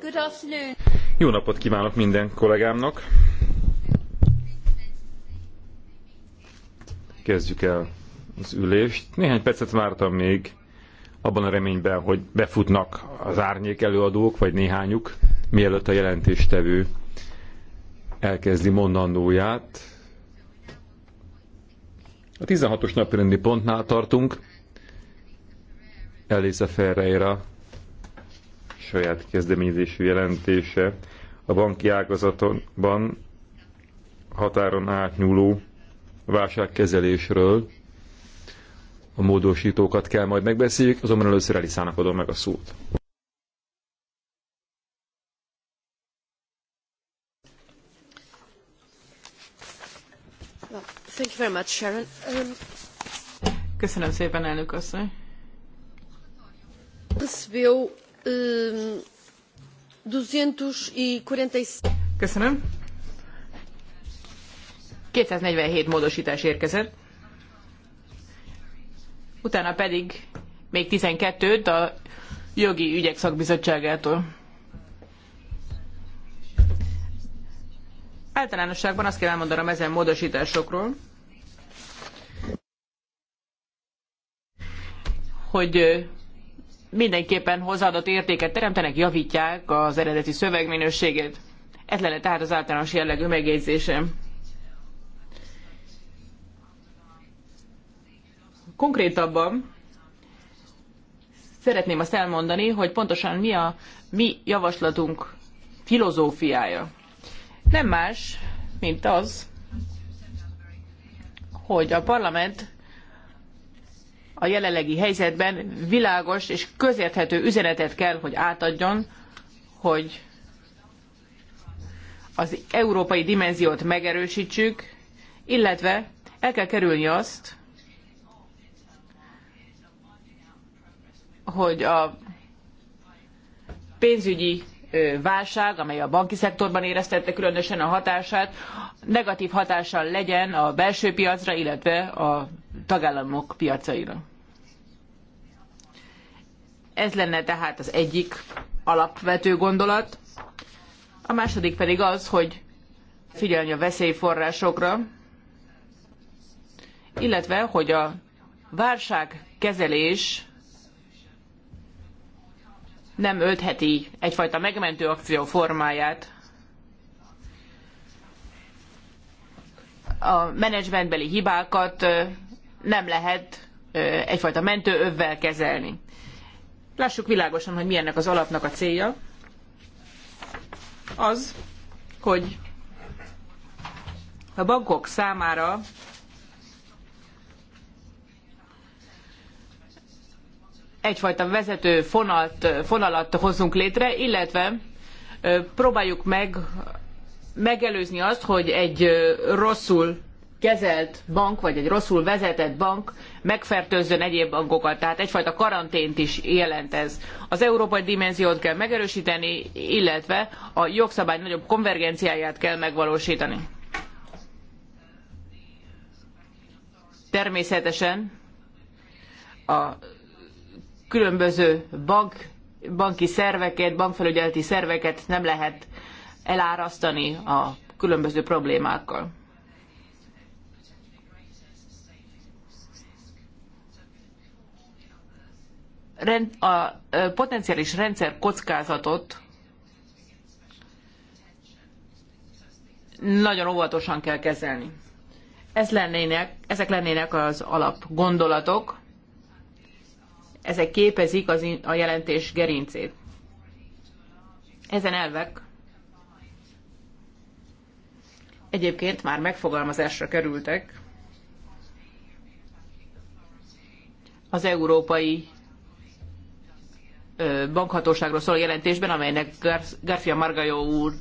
Good afternoon. Jó napot kívánok minden kollégámnak. Kezdjük el az ülést. Néhány percet vártam még abban a reményben, hogy befutnak az árnyék előadók, vagy néhányuk, mielőtt a jelentéstevő elkezdi mondandóját. A 16-os napirendi pontnál tartunk. Elisa Ferreira saját kezdeményezésű jelentése a banki ágazatonban határon átnyúló válságkezelésről. A módosítókat kell majd megbeszéljük, azonban először Eliszának adom meg a szót. Thank you very much, Sharon. Um... Köszönöm szépen, elnök asszony. Recebeu 247... E e Köszönöm. 247 módosítás érkezett. Utána pedig még 12-t a jogi ügyek szakbizottságától. Általánosságban azt kell elmondanom ezen módosításokról, hogy mindenképpen hozzáadott értéket teremtenek, javítják az eredeti szövegminőségét. Ez lenne tehát az általános jellegű megjegyzésem. Konkrétabban szeretném azt elmondani, hogy pontosan mi a mi javaslatunk filozófiája. Nem más, mint az, hogy a parlament a jelenlegi helyzetben világos és közérthető üzenetet kell, hogy átadjon, hogy az európai dimenziót megerősítsük, illetve el kell kerülni azt, hogy a pénzügyi válság, amely a banki szektorban éreztette különösen a hatását, negatív hatással legyen a belső piacra, illetve a tagállamok piacaira. Ez lenne tehát az egyik alapvető gondolat. A második pedig az, hogy figyelni a veszélyforrásokra, illetve hogy a válságkezelés nem öltheti egyfajta megmentő akció formáját. A menedzsmentbeli hibákat nem lehet egyfajta mentőövvel kezelni. Lássuk világosan, hogy milyennek az alapnak a célja. Az, hogy a bankok számára egyfajta vezető fonalt, fonalat hozzunk létre, illetve próbáljuk meg megelőzni azt, hogy egy rosszul kezelt bank, vagy egy rosszul vezetett bank megfertőzzön egyéb bankokat. Tehát egyfajta karantént is jelent ez. Az európai dimenziót kell megerősíteni, illetve a jogszabály nagyobb konvergenciáját kell megvalósítani. Természetesen a különböző bank, banki szerveket, bankfelügyeleti szerveket nem lehet elárasztani a különböző problémákkal. a potenciális rendszer kockázatot nagyon óvatosan kell kezelni. Ez lennének, ezek lennének az alap gondolatok. ezek képezik az, a jelentés gerincét. Ezen elvek egyébként már megfogalmazásra kerültek az Európai bankhatóságról szóló jelentésben, amelynek Gar- Garfia Margajó úr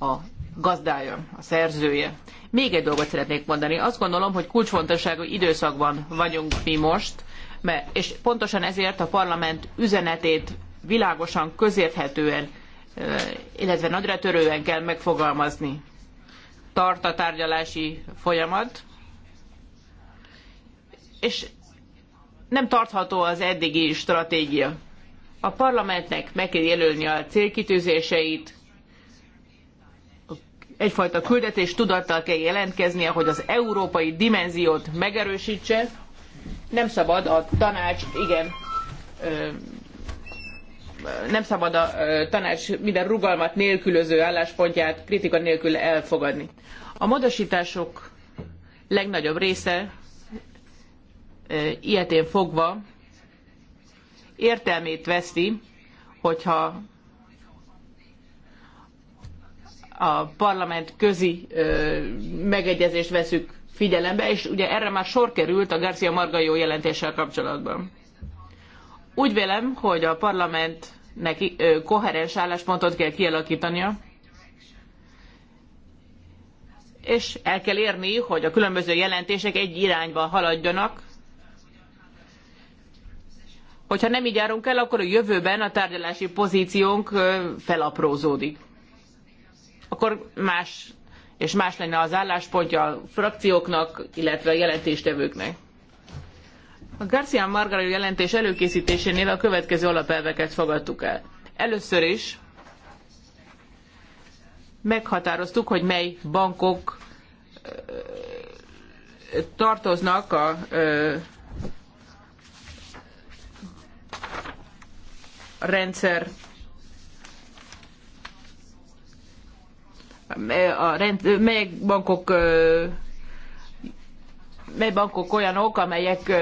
a gazdája, a szerzője. Még egy dolgot szeretnék mondani. Azt gondolom, hogy kulcsfontosságú időszakban vagyunk mi most, mert, és pontosan ezért a parlament üzenetét világosan, közérthetően, illetve nagyra törően kell megfogalmazni. Tart a tárgyalási folyamat, és nem tartható az eddigi stratégia. A parlamentnek meg kell jelölni a célkitűzéseit, egyfajta küldetés tudattal kell jelentkeznie, hogy az európai dimenziót megerősítse. Nem szabad a tanács, igen, nem szabad a tanács minden rugalmat nélkülöző álláspontját kritika nélkül elfogadni. A módosítások legnagyobb része ilyetén fogva értelmét veszti, hogyha a parlament közi megegyezést veszük figyelembe, és ugye erre már sor került a Garcia Margajó jelentéssel kapcsolatban. Úgy vélem, hogy a parlamentnek koherens álláspontot kell kialakítania, és el kell érni, hogy a különböző jelentések egy irányba haladjanak, hogyha nem így járunk el, akkor a jövőben a tárgyalási pozíciónk felaprózódik. Akkor más és más lenne az álláspontja a frakcióknak, illetve a jelentéstevőknek. A García Margaró jelentés előkészítésénél a következő alapelveket fogadtuk el. Először is meghatároztuk, hogy mely bankok tartoznak a rendszer a rend, mely bankok mely bankok olyanok, amelyek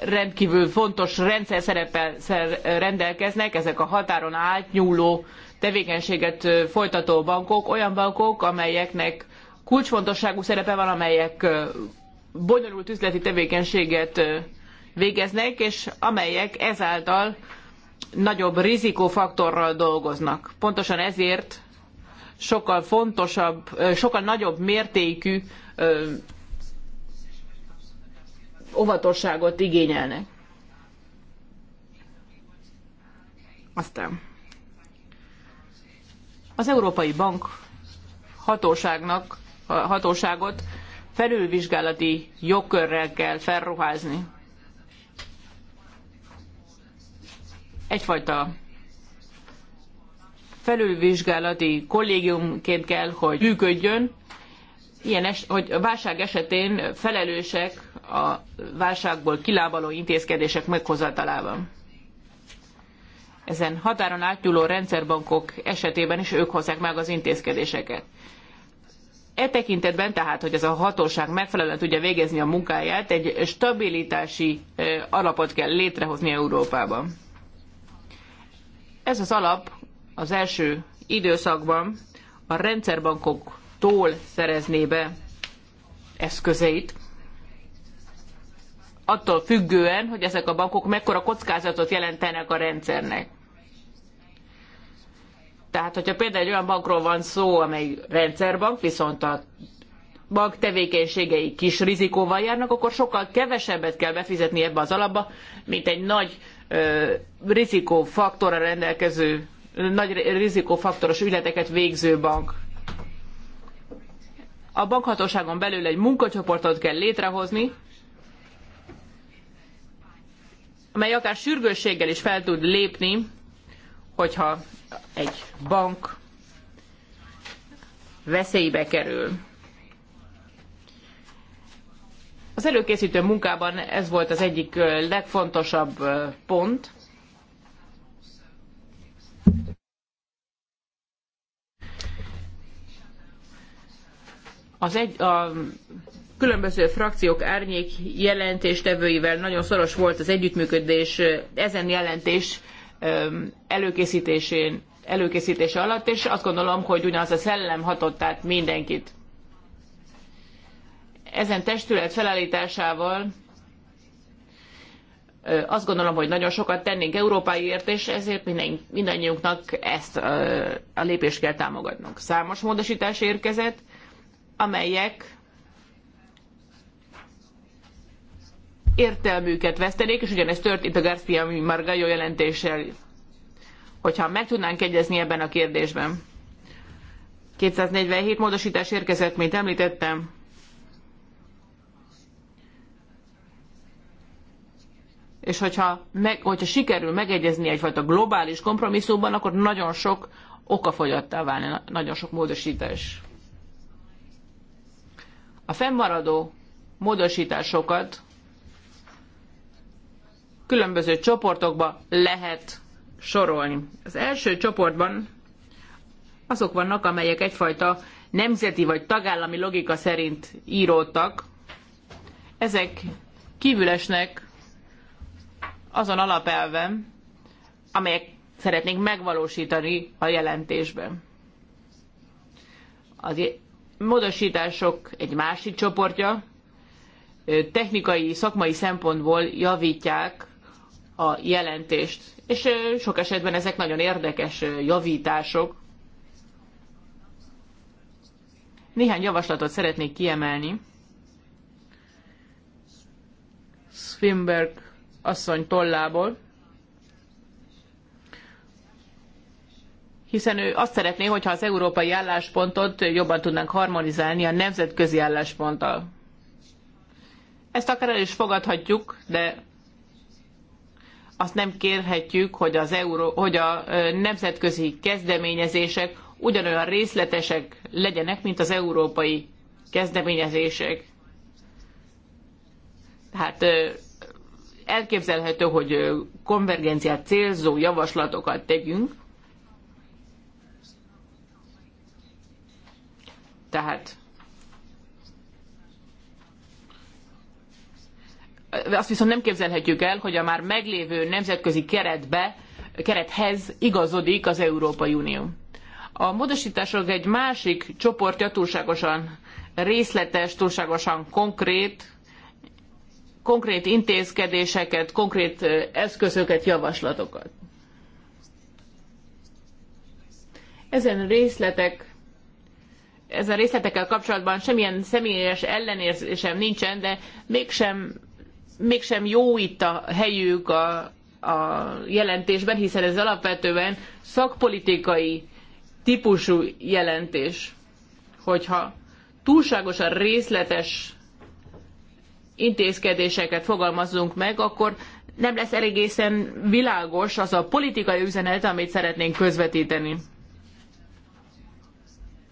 rendkívül fontos rendszer szerepel rendelkeznek, ezek a határon átnyúló tevékenységet folytató bankok, olyan bankok, amelyeknek kulcsfontosságú szerepe van, amelyek bonyolult üzleti tevékenységet végeznek, és amelyek ezáltal nagyobb rizikófaktorral dolgoznak. Pontosan ezért sokkal fontosabb, sokkal nagyobb mértékű óvatosságot igényelnek. Aztán az Európai Bank hatóságnak, hatóságot felülvizsgálati jogkörrel kell felruházni. egyfajta felülvizsgálati kollégiumként kell, hogy működjön, ilyen es, hogy a válság esetén felelősek a válságból kilábaló intézkedések meghozatalában. Ezen határon átnyúló rendszerbankok esetében is ők hozzák meg az intézkedéseket. E tekintetben tehát, hogy ez a hatóság megfelelően tudja végezni a munkáját, egy stabilitási alapot kell létrehozni Európában. Ez az alap az első időszakban a rendszerbankoktól szerezné be eszközeit, attól függően, hogy ezek a bankok mekkora kockázatot jelentenek a rendszernek. Tehát, hogyha például egy olyan bankról van szó, amely rendszerbank, viszont a bank tevékenységei kis rizikóval járnak, akkor sokkal kevesebbet kell befizetni ebbe az alapba, mint egy nagy rizikófaktorra rendelkező, nagy rizikófaktoros ügyleteket végző bank. A bankhatóságon belül egy munkacsoportot kell létrehozni, amely akár sürgősséggel is fel tud lépni, hogyha egy bank veszélybe kerül. Az előkészítő munkában ez volt az egyik legfontosabb pont. Az egy, a különböző frakciók árnyék jelentéstevőivel nagyon szoros volt az együttműködés ezen jelentés előkészítésén, előkészítése alatt, és azt gondolom, hogy ugyanaz a szellem hatott át mindenkit. Ezen testület felállításával azt gondolom, hogy nagyon sokat tennénk európaiért, és ezért mindannyiunknak ezt a, lépést kell támogatnunk. Számos módosítás érkezett, amelyek értelmüket vesztenék, és ugyanezt történt a García Margallo jelentéssel, hogyha meg tudnánk egyezni ebben a kérdésben. 247 módosítás érkezett, mint említettem. és hogyha, meg, hogyha sikerül megegyezni egyfajta globális kompromisszumban, akkor nagyon sok oka fogyattá válni, nagyon sok módosítás. A fennmaradó módosításokat különböző csoportokba lehet sorolni. Az első csoportban azok vannak, amelyek egyfajta nemzeti vagy tagállami logika szerint íródtak. Ezek kívülesnek azon alapelvem, amelyek szeretnénk megvalósítani a jelentésben. Az módosítások egy másik csoportja technikai, szakmai szempontból javítják a jelentést. És sok esetben ezek nagyon érdekes javítások. Néhány javaslatot szeretnék kiemelni. Swinberg asszony tollából, hiszen ő azt szeretné, hogyha az európai álláspontot jobban tudnánk harmonizálni a nemzetközi állásponttal. Ezt akár el is fogadhatjuk, de azt nem kérhetjük, hogy, az Euró, hogy a nemzetközi kezdeményezések ugyanolyan részletesek legyenek, mint az európai kezdeményezések. Tehát elképzelhető, hogy konvergenciát célzó javaslatokat tegyünk, tehát azt viszont nem képzelhetjük el, hogy a már meglévő nemzetközi keretbe, kerethez igazodik az Európai Unió. A módosítások egy másik csoportja túlságosan részletes, túlságosan konkrét, konkrét intézkedéseket, konkrét eszközöket, javaslatokat. Ezen részletek ezen részletekkel kapcsolatban semmilyen személyes ellenérzésem nincsen, de mégsem, mégsem jó itt a helyük a, a jelentésben, hiszen ez alapvetően szakpolitikai típusú jelentés. Hogyha túlságosan részletes intézkedéseket fogalmazzunk meg, akkor nem lesz egészen világos az a politikai üzenet, amit szeretnénk közvetíteni.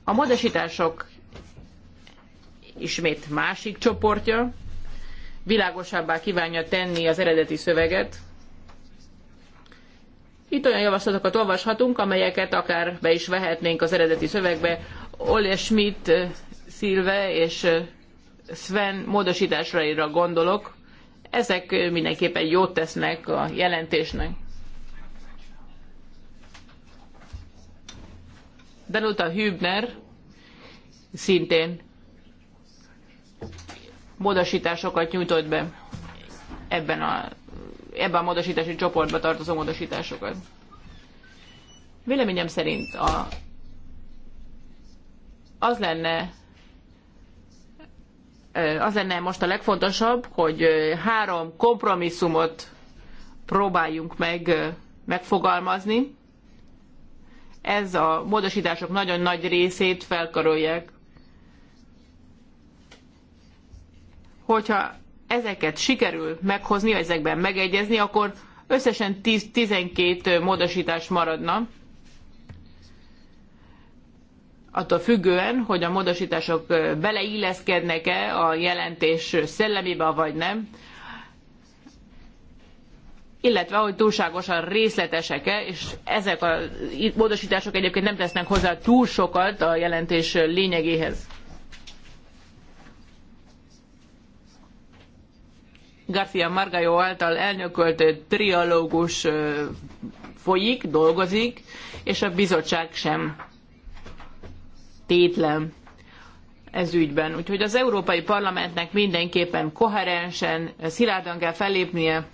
A módosítások ismét másik csoportja világosabbá kívánja tenni az eredeti szöveget. Itt olyan javaslatokat olvashatunk, amelyeket akár be is vehetnénk az eredeti szövegbe. Ole Schmidt, Szilve és Sven módosításaira gondolok, ezek mindenképpen jót tesznek a jelentésnek. Danuta Hübner szintén módosításokat nyújtott be ebben a, ebben a módosítási csoportba tartozó módosításokat. Véleményem szerint a, az lenne az lenne most a legfontosabb, hogy három kompromisszumot próbáljunk meg megfogalmazni. Ez a módosítások nagyon nagy részét felkarolják. Hogyha ezeket sikerül meghozni, ezekben megegyezni, akkor összesen 10-12 módosítás maradna attól függően, hogy a módosítások beleilleszkednek-e a jelentés szellemébe, vagy nem, illetve hogy túlságosan részletesek-e, és ezek a módosítások egyébként nem tesznek hozzá túl sokat a jelentés lényegéhez. García Margallo által elnökölt trialógus folyik, dolgozik, és a bizottság sem tétlen ez ügyben. Úgyhogy az Európai Parlamentnek mindenképpen koherensen, szilárdan kell fellépnie,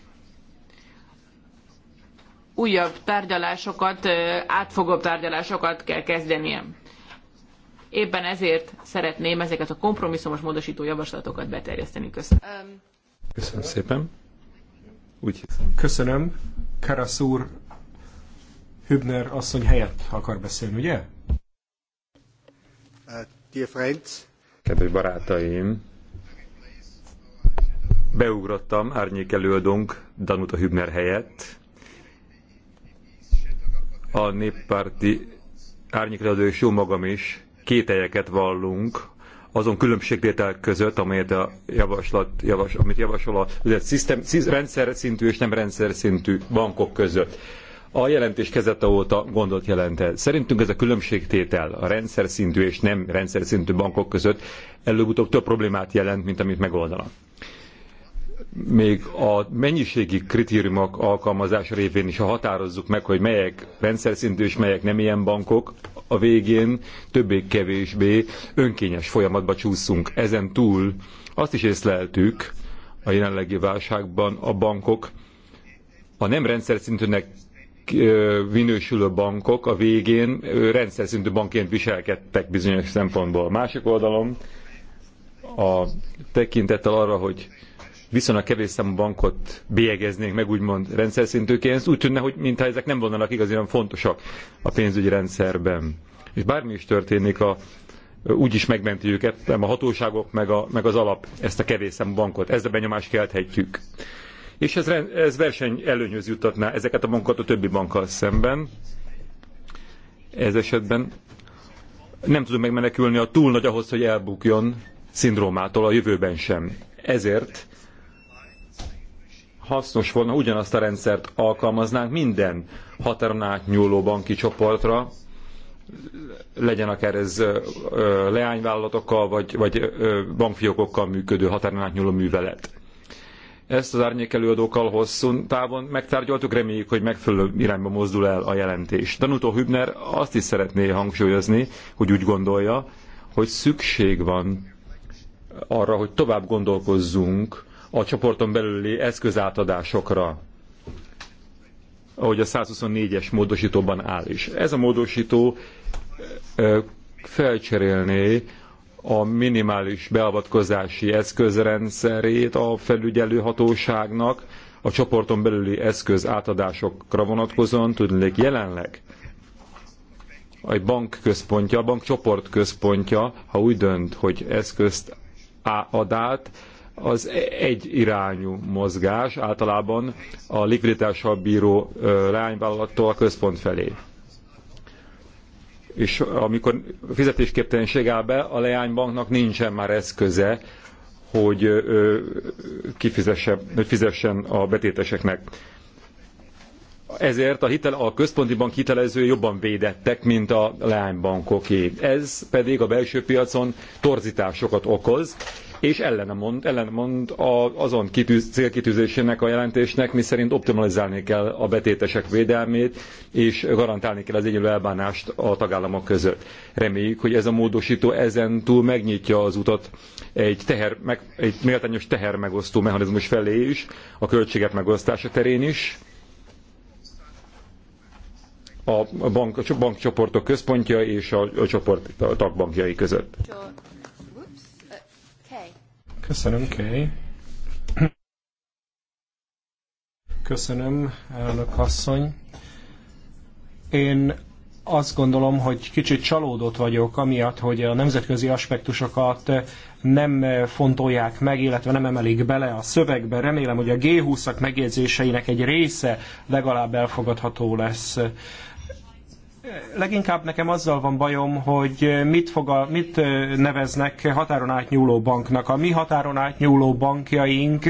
újabb tárgyalásokat, átfogóbb tárgyalásokat kell kezdenie. Éppen ezért szeretném ezeket a kompromisszumos módosító javaslatokat beterjeszteni. Köszönöm. Köszönöm szépen. Úgy Köszönöm. Karasz úr Hübner asszony helyett akar beszélni, ugye? Kedves barátaim, beugrottam árnyék előadónk Danuta Hübner helyett. A néppárti árnyék előadó és jó magam is kételyeket vallunk azon különbségtétel között, amelyet a javaslat, javas, amit javasol a rendszer szintű és nem rendszer szintű bankok között a jelentés kezdete óta gondot jelentett. Szerintünk ez a különbségtétel a rendszer szintű és nem rendszer szintű bankok között előbb-utóbb több problémát jelent, mint amit megoldana. Még a mennyiségi kritériumok alkalmazása révén is, ha határozzuk meg, hogy melyek rendszer szintű és melyek nem ilyen bankok, a végén többé-kevésbé önkényes folyamatba csúszunk. Ezen túl azt is észleltük a jelenlegi válságban a bankok a nem rendszer szintűnek minősülő bankok a végén rendszer szintű bankként viselkedtek bizonyos szempontból. Másik oldalon a tekintettel arra, hogy viszonylag kevés számú bankot bélyegeznénk meg, úgymond rendszer szintűként, úgy tűnne, hogy mintha ezek nem volnának igazán fontosak a pénzügyi rendszerben. És bármi is történik, a, úgy is megmentjük a hatóságok meg, a, meg az alap ezt a kevés számú bankot. Ezt a benyomást kelthetjük és ez, ez verseny előnyöz jutatná ezeket a bankokat a többi bankkal szemben. Ez esetben nem tudunk megmenekülni a túl nagy ahhoz, hogy elbukjon szindrómától a jövőben sem. Ezért hasznos volna, ugyanazt a rendszert alkalmaznánk minden határon átnyúló banki csoportra, legyen akár ez leányvállalatokkal, vagy, vagy bankfiókokkal működő határon átnyúló művelet. Ezt az árnyék előadókkal hosszú távon megtárgyaltuk, reméljük, hogy megfelelő irányba mozdul el a jelentés. Danuto Hübner azt is szeretné hangsúlyozni, hogy úgy gondolja, hogy szükség van arra, hogy tovább gondolkozzunk a csoporton belüli eszközátadásokra, ahogy a 124-es módosítóban áll is. Ez a módosító felcserélné a minimális beavatkozási eszközrendszerét a felügyelő hatóságnak a csoporton belüli eszköz átadásokra vonatkozóan tudnék jelenleg a bank központja, a bank csoport központja, ha úgy dönt, hogy eszközt ad át, az egy irányú mozgás általában a likviditással bíró leányvállalattól a központ felé és amikor fizetésképtelenség áll be, a leánybanknak nincsen már eszköze, hogy kifizesse, hogy fizessen a betéteseknek. Ezért a, hitel, a központi bank hitelezői jobban védettek, mint a leánybankoké. Ez pedig a belső piacon torzításokat okoz, és ellene mond, ellene mond a, azon kitűz, célkitűzésének a jelentésnek, miszerint optimalizálni kell a betétesek védelmét, és garantálni kell az egyenlő elbánást a tagállamok között. Reméljük, hogy ez a módosító ezen túl megnyitja az utat egy, teher, meg, egy méltányos megosztó mechanizmus felé is, a költségek megosztása terén is, a, bank, a bankcsoportok központja és a, a csoport a tagbankjai között. Köszönöm, Kay. Köszönöm, elnök asszony. Én azt gondolom, hogy kicsit csalódott vagyok, amiatt, hogy a nemzetközi aspektusokat nem fontolják meg, illetve nem emelik bele a szövegbe. Remélem, hogy a G20-ak megjegyzéseinek egy része legalább elfogadható lesz leginkább nekem azzal van bajom, hogy mit, fog a, mit neveznek határon átnyúló banknak. A mi határon átnyúló bankjaink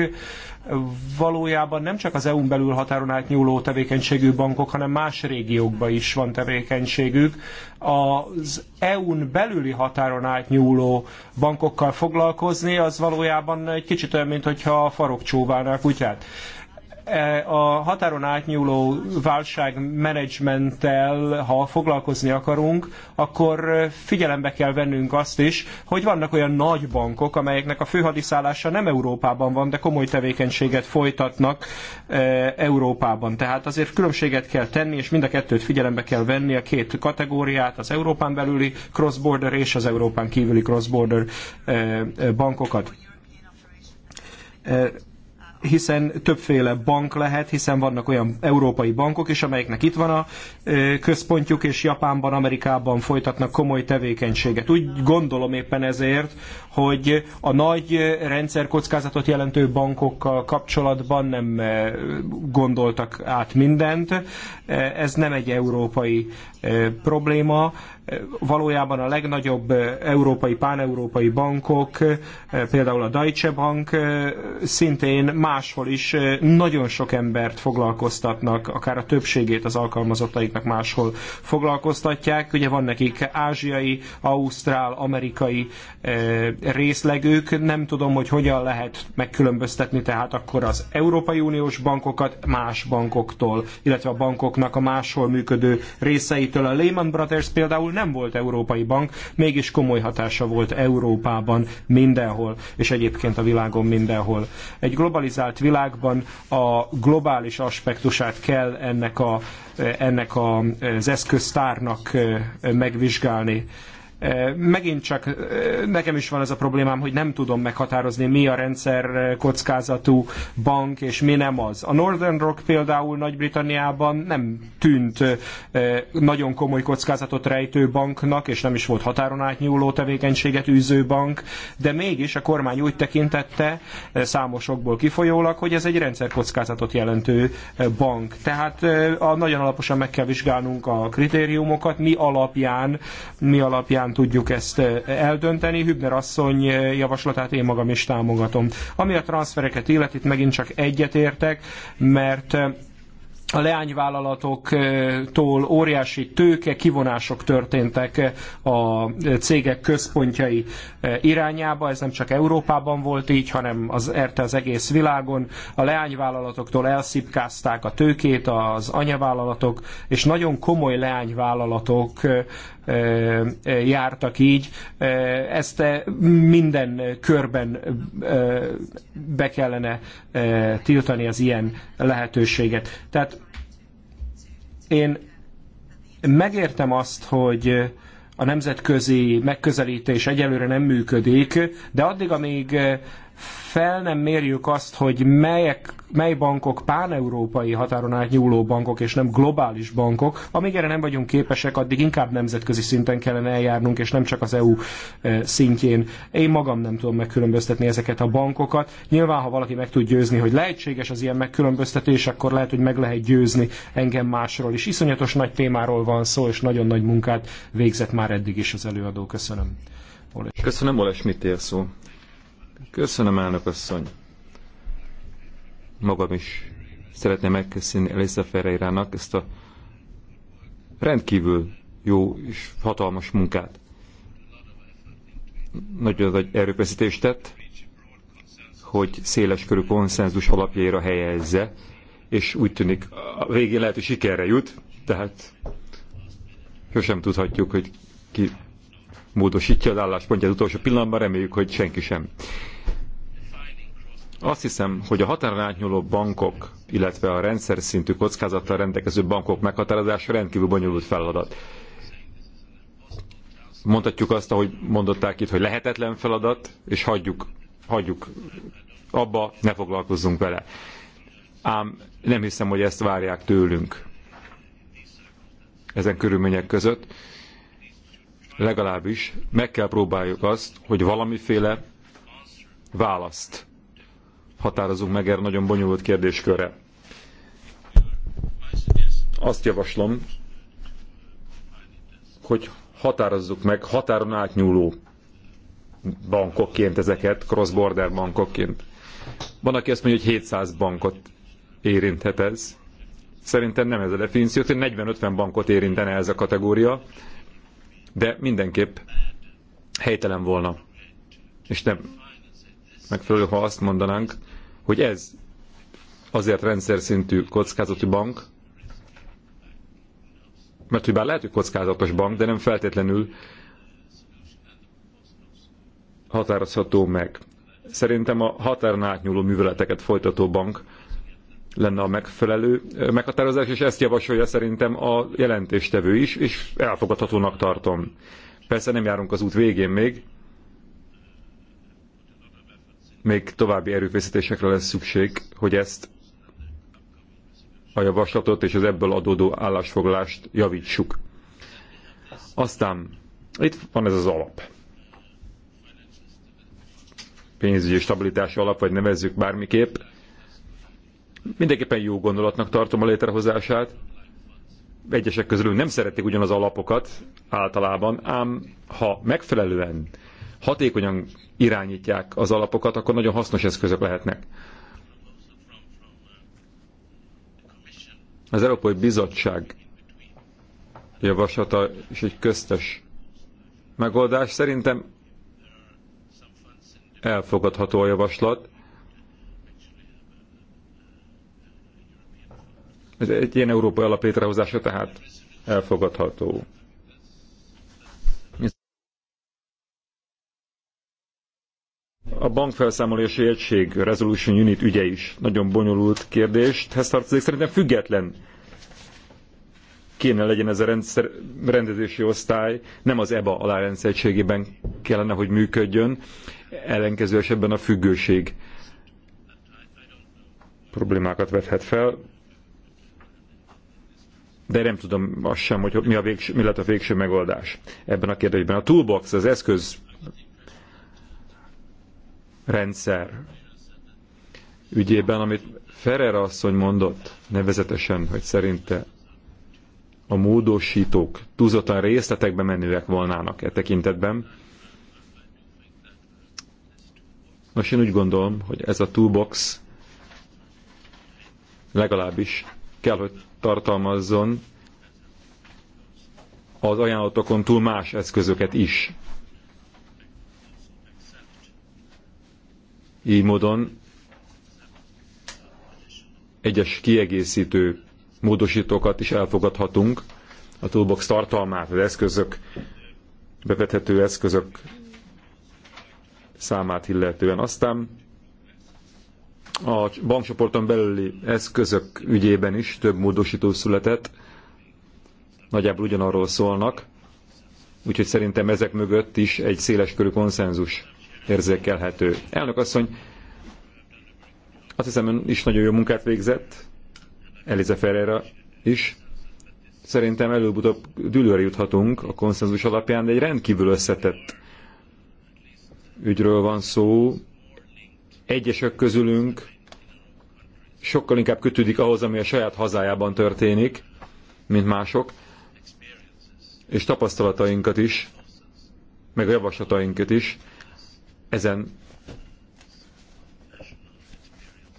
valójában nem csak az EU-n belül határon átnyúló tevékenységű bankok, hanem más régiókban is van tevékenységük. Az EU-n belüli határon átnyúló bankokkal foglalkozni, az valójában egy kicsit olyan, mintha a farok csóválná a kutyát. Eh, a határon átnyúló válságmenedzsmenttel, ha foglalkozni akarunk, akkor eh, figyelembe kell vennünk azt is, hogy vannak olyan nagy bankok, amelyeknek a főhadiszállása nem Európában van, de komoly tevékenységet folytatnak eh, Európában. Tehát azért különbséget kell tenni, és mind a kettőt figyelembe kell venni, a két kategóriát, az Európán belüli cross-border és az Európán kívüli cross-border bankokat hiszen többféle bank lehet, hiszen vannak olyan európai bankok is, amelyeknek itt van a központjuk, és Japánban, Amerikában folytatnak komoly tevékenységet. Úgy gondolom éppen ezért, hogy a nagy rendszerkockázatot jelentő bankokkal kapcsolatban nem gondoltak át mindent. Ez nem egy európai probléma, valójában a legnagyobb eh, európai, páneurópai bankok, eh, például a Deutsche Bank eh, szintén máshol is nagyon sok embert foglalkoztatnak, akár a többségét az alkalmazottaiknak máshol foglalkoztatják. Ugye van nekik ázsiai, ausztrál, amerikai részlegük, nem tudom, hogy hogyan lehet megkülönböztetni tehát akkor az Európai Uniós bankokat más bankoktól, illetve a bankoknak a máshol működő részeitől. A Lehman Brothers például nem nem volt európai bank, mégis komoly hatása volt Európában mindenhol, és egyébként a világon mindenhol. Egy globalizált világban a globális aspektusát kell ennek, a, ennek a, az eszköztárnak megvizsgálni. Megint csak nekem is van ez a problémám, hogy nem tudom meghatározni, mi a rendszer kockázatú bank, és mi nem az. A Northern Rock például Nagy-Britanniában nem tűnt nagyon komoly kockázatot rejtő banknak, és nem is volt határon átnyúló tevékenységet űző bank, de mégis a kormány úgy tekintette, számosokból kifolyólag, hogy ez egy rendszerkockázatot jelentő bank. Tehát nagyon alaposan meg kell vizsgálnunk a kritériumokat, mi alapján, mi alapján alapján tudjuk ezt eh, eldönteni. Hübner asszony eh, javaslatát én magam is támogatom. Ami a transfereket illet, itt megint csak egyetértek, mert eh, a leányvállalatoktól óriási tőke kivonások történtek a cégek központjai irányába. Ez nem csak Európában volt így, hanem az, erte az egész világon. A leányvállalatoktól elszipkázták a tőkét az anyavállalatok, és nagyon komoly leányvállalatok jártak így. Ezt minden körben be kellene tiltani az ilyen lehetőséget. Tehát én megértem azt, hogy a nemzetközi megközelítés egyelőre nem működik, de addig, amíg fel nem mérjük azt, hogy melyek mely bankok páneurópai határon átnyúló bankok, és nem globális bankok. Amíg erre nem vagyunk képesek, addig inkább nemzetközi szinten kellene eljárnunk, és nem csak az EU eh, szintjén. Én magam nem tudom megkülönböztetni ezeket a bankokat. Nyilván, ha valaki meg tud győzni, hogy lehetséges az ilyen megkülönböztetés, akkor lehet, hogy meg lehet győzni engem másról is. Iszonyatos nagy témáról van szó, és nagyon nagy munkát végzett már eddig is az előadó. Köszönöm. Oles. Köszönöm, Oles, mit ér szó? Köszönöm, elnök asszony magam is szeretném megköszönni Elisa Ferreirának ezt a rendkívül jó és hatalmas munkát. Nagyon nagy erőfeszítést tett, hogy széles körű konszenzus alapjaira helyezze, és úgy tűnik a végén lehet, hogy sikerre jut, tehát sosem tudhatjuk, hogy ki módosítja az álláspontját utolsó pillanatban, reméljük, hogy senki sem. Azt hiszem, hogy a határon átnyúló bankok, illetve a rendszer szintű kockázattal rendelkező bankok meghatározása rendkívül bonyolult feladat. Mondhatjuk azt, ahogy mondották itt, hogy lehetetlen feladat, és hagyjuk, hagyjuk abba, ne foglalkozzunk vele. Ám nem hiszem, hogy ezt várják tőlünk ezen körülmények között. Legalábbis meg kell próbáljuk azt, hogy valamiféle választ határozunk meg erre nagyon bonyolult kérdéskörre. Azt javaslom, hogy határozzuk meg határon átnyúló bankokként ezeket, cross-border bankokként. Van, aki azt mondja, hogy 700 bankot érinthet ez. Szerintem nem ez a definíció, hogy 40-50 bankot érintene ez a kategória, de mindenképp helytelen volna. És nem megfelelő, ha azt mondanánk, hogy ez azért rendszer szintű kockázatú bank, mert hogy bár lehet, hogy kockázatos bank, de nem feltétlenül határozható meg. Szerintem a határon átnyúló műveleteket folytató bank lenne a megfelelő meghatározás, és ezt javasolja szerintem a jelentéstevő is, és elfogadhatónak tartom. Persze nem járunk az út végén még, még további erőfeszítésekre lesz szükség, hogy ezt a javaslatot és az ebből adódó állásfoglalást javítsuk. Aztán itt van ez az alap. Pénzügyi stabilitás alap, vagy nevezzük bármiképp. Mindenképpen jó gondolatnak tartom a létrehozását. Egyesek közül nem szeretik ugyanaz alapokat általában, ám ha megfelelően hatékonyan irányítják az alapokat, akkor nagyon hasznos eszközök lehetnek. Az Európai Bizottság javaslata és egy köztes megoldás. Szerintem elfogadható a javaslat. Ez egy ilyen európai alaplétrehozása tehát elfogadható. a bankfelszámolási egység Resolution Unit ügye is nagyon bonyolult kérdéshez tartozik. Szerintem független kéne legyen ez a rendszer, rendezési osztály, nem az EBA alárendszertségében kellene, hogy működjön, ellenkező esetben a függőség problémákat vethet fel. De nem tudom azt sem, hogy mi, a végső, mi lett a végső megoldás ebben a kérdésben. A toolbox, az eszköz rendszer ügyében, amit Ferrer asszony mondott, nevezetesen, hogy szerinte a módosítók túlzottan részletekbe menőek volnának e tekintetben. Nos, én úgy gondolom, hogy ez a toolbox legalábbis kell, hogy tartalmazzon az ajánlatokon túl más eszközöket is Így módon egyes kiegészítő módosítókat is elfogadhatunk, a toolbox tartalmát, az eszközök, bevethető eszközök számát illetően. Aztán a bankcsoporton belüli eszközök ügyében is több módosító született, nagyjából ugyanarról szólnak, úgyhogy szerintem ezek mögött is egy körű konszenzus érzékelhető. Elnök asszony, azt hiszem ön is nagyon jó munkát végzett, Eliza Ferreira is. Szerintem előbb-utóbb dülőre juthatunk a konszenzus alapján, de egy rendkívül összetett ügyről van szó. Egyesek közülünk sokkal inkább kötődik ahhoz, ami a saját hazájában történik, mint mások, és tapasztalatainkat is, meg a javaslatainkat is ezen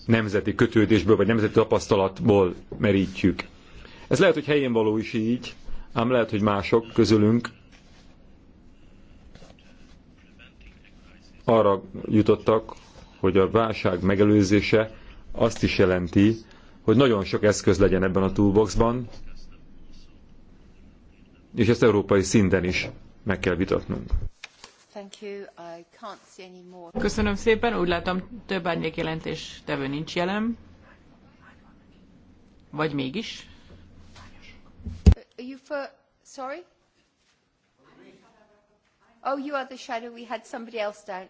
nemzeti kötődésből, vagy nemzeti tapasztalatból merítjük. Ez lehet, hogy helyén való is így, ám lehet, hogy mások közülünk arra jutottak, hogy a válság megelőzése azt is jelenti, hogy nagyon sok eszköz legyen ebben a toolboxban, és ezt európai szinten is meg kell vitatnunk. Köszönöm szépen, úgy látom több árnyék jelentés tevő nincs jelen. Vagy mégis? Are you for, sorry? Oh, you are the shadow, we had somebody else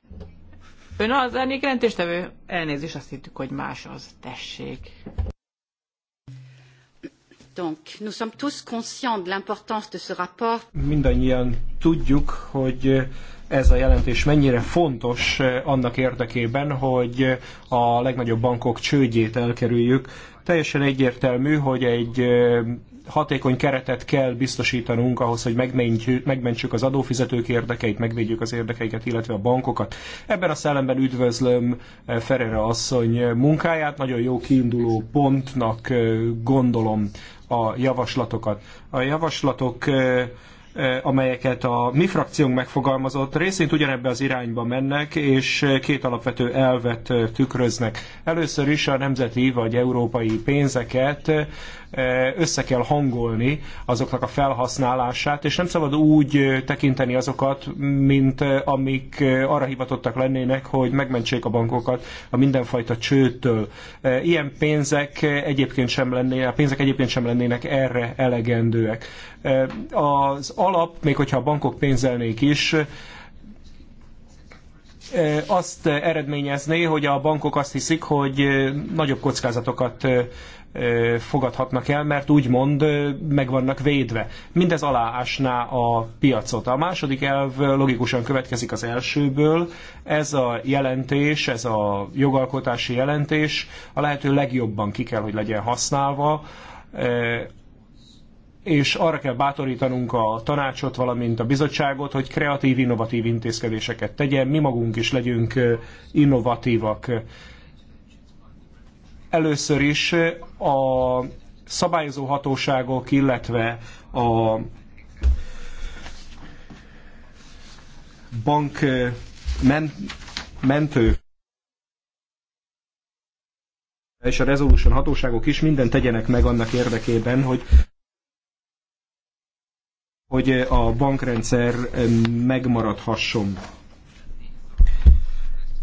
Ön az árnyék jelentéstevő? Elnézést, azt hittük, hogy más az. Tessék. Donc, nous sommes tous conscients de l'importance de ce rapport. Mindannyian tudjuk, hogy ez a jelentés mennyire fontos eh, annak érdekében, hogy a legnagyobb bankok csődjét elkerüljük. Teljesen egyértelmű, hogy egy eh, hatékony keretet kell biztosítanunk ahhoz, hogy megmentsük az adófizetők érdekeit, megvédjük az érdekeiket, illetve a bankokat. Ebben a szellemben üdvözlöm eh, Ferreira asszony munkáját, nagyon jó kiinduló pontnak gondolom a javaslatokat. A javaslatok Eh, amelyeket a mi frakciónk megfogalmazott, részint ugyanebbe az irányba mennek, és két alapvető elvet tükröznek. Először is a nemzeti vagy európai pénzeket össze kell hangolni azoknak a felhasználását, és nem szabad úgy tekinteni azokat, mint amik arra hivatottak lennének, hogy megmentsék a bankokat a mindenfajta csőtől. Ilyen pénzek egyébként sem lennének, a pénzek egyébként sem lennének erre elegendőek. Az alap, még hogyha a bankok pénzelnék is, azt eredményezné, hogy a bankok azt hiszik, hogy nagyobb kockázatokat fogadhatnak el, mert úgymond meg vannak védve. Mindez aláásná a piacot. A második elv logikusan következik az elsőből. Ez a jelentés, ez a jogalkotási jelentés a lehető legjobban ki kell, hogy legyen használva és arra kell bátorítanunk a tanácsot, valamint a bizottságot, hogy kreatív, innovatív intézkedéseket tegyen, mi magunk is legyünk innovatívak. Először is a szabályozó hatóságok, illetve a bank mentő és a resolution hatóságok is mindent tegyenek meg annak érdekében, hogy hogy a bankrendszer megmaradhasson.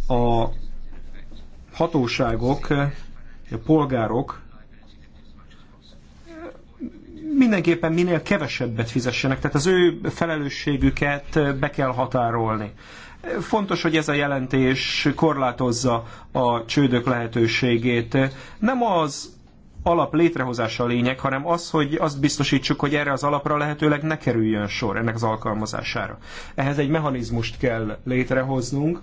A hatóságok polgárok mindenképpen minél kevesebbet fizessenek, tehát az ő felelősségüket be kell határolni. Fontos, hogy ez a jelentés korlátozza a csődök lehetőségét. Nem az alap létrehozása a lényeg, hanem az, hogy azt biztosítsuk, hogy erre az alapra lehetőleg ne kerüljön sor ennek az alkalmazására. Ehhez egy mechanizmust kell létrehoznunk,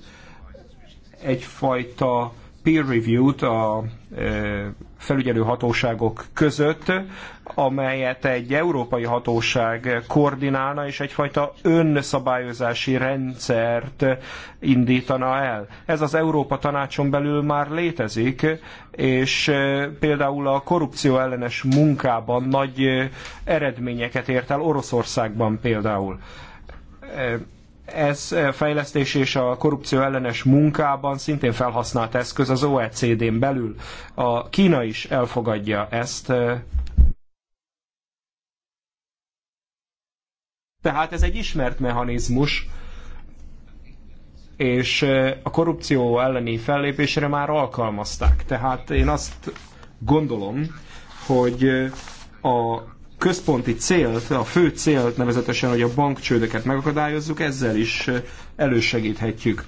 egyfajta peer review-t a e, felügyelő hatóságok között, amelyet egy európai hatóság koordinálna, és egyfajta önszabályozási rendszert indítana el. Ez az Európa Tanácson belül már létezik, és e, például a korrupció ellenes munkában nagy e, eredményeket ért el Oroszországban például ez eh, fejlesztés és a korrupció ellenes munkában szintén felhasznált eszköz az OECD-n belül. A Kína is elfogadja ezt. Eh. Tehát ez egy ismert mechanizmus, és eh, a korrupció elleni fellépésre már alkalmazták. Tehát én azt gondolom, hogy a központi célt, a fő célt nevezetesen, hogy a bankcsődöket megakadályozzuk, ezzel is elősegíthetjük.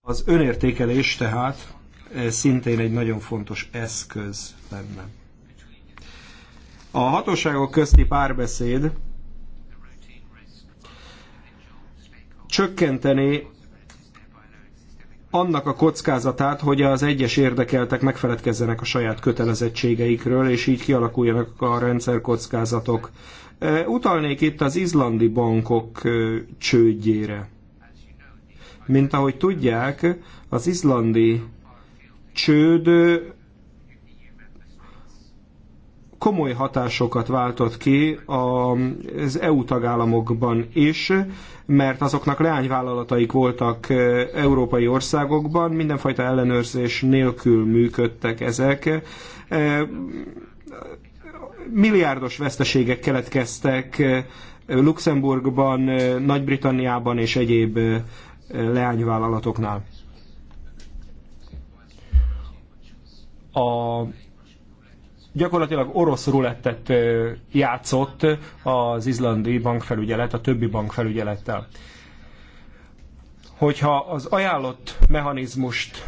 Az önértékelés tehát szintén egy nagyon fontos eszköz lenne. A hatóságok közti párbeszéd csökkenteni annak a kockázatát, hogy az egyes érdekeltek megfeledkezzenek a saját kötelezettségeikről, és így kialakuljanak a rendszerkockázatok. Utalnék itt az izlandi bankok csődjére. Mint ahogy tudják, az izlandi csőd komoly hatásokat váltott ki az EU tagállamokban is, mert azoknak leányvállalataik voltak eh, európai országokban, mindenfajta ellenőrzés nélkül működtek ezek eh, milliárdos veszteségek keletkeztek eh, Luxemburgban, Nagy-Britanniában és egyéb leányvállalatoknál. A gyakorlatilag orosz rulettet játszott az izlandi bankfelügyelet a többi bankfelügyelettel. Hogyha az ajánlott mechanizmust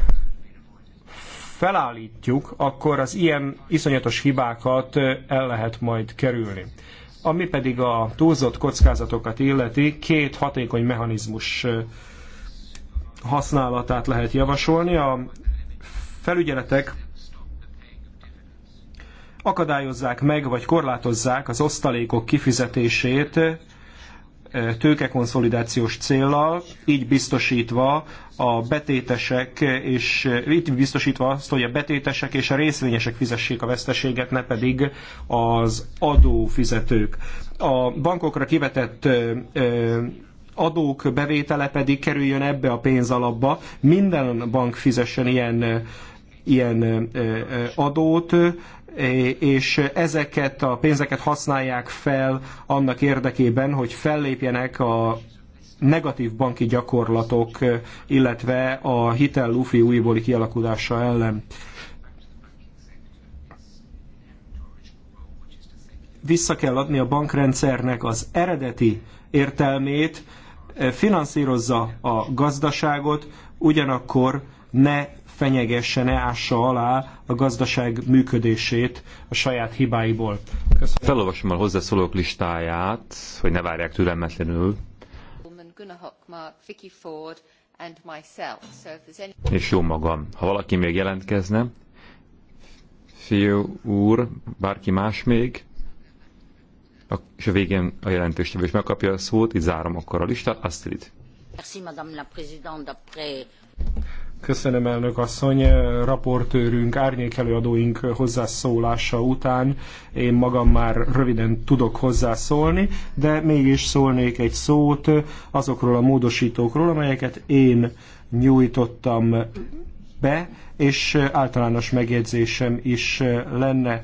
felállítjuk, akkor az ilyen iszonyatos hibákat el lehet majd kerülni. Ami pedig a túlzott kockázatokat illeti, két hatékony mechanizmus használatát lehet javasolni. A felügyeletek akadályozzák meg, vagy korlátozzák az osztalékok kifizetését tőkekonszolidációs céllal, így biztosítva a betétesek, és így biztosítva azt, hogy a betétesek és a részvényesek fizessék a veszteséget, ne pedig az adófizetők. A bankokra kivetett adók bevétele pedig kerüljön ebbe a pénzalapba. Minden bank fizessen ilyen ilyen adót, és ezeket a pénzeket használják fel annak érdekében, hogy fellépjenek a negatív banki gyakorlatok, illetve a hitel lufi újbóli kialakulása ellen. Vissza kell adni a bankrendszernek az eredeti értelmét, finanszírozza a gazdaságot, ugyanakkor ne fenyegesse, ne ássa alá a gazdaság működését a saját hibáiból. Köszönöm. Felolvasom a hozzászólók listáját, hogy ne várják türelmetlenül. És jó magam. Ha valaki még jelentkezne, fiú úr, bárki más még, a, és a végén a jelentéstevő is megkapja a szót, így zárom akkor a listát. Astrid. Merci, Madame la Présidente. Köszönöm, elnök asszony. Eh, raportőrünk, árnyékelőadóink hozzászólása után én magam már röviden tudok hozzászólni, de mégis szólnék egy szót azokról a módosítókról, amelyeket én nyújtottam be, és általános megjegyzésem is lenne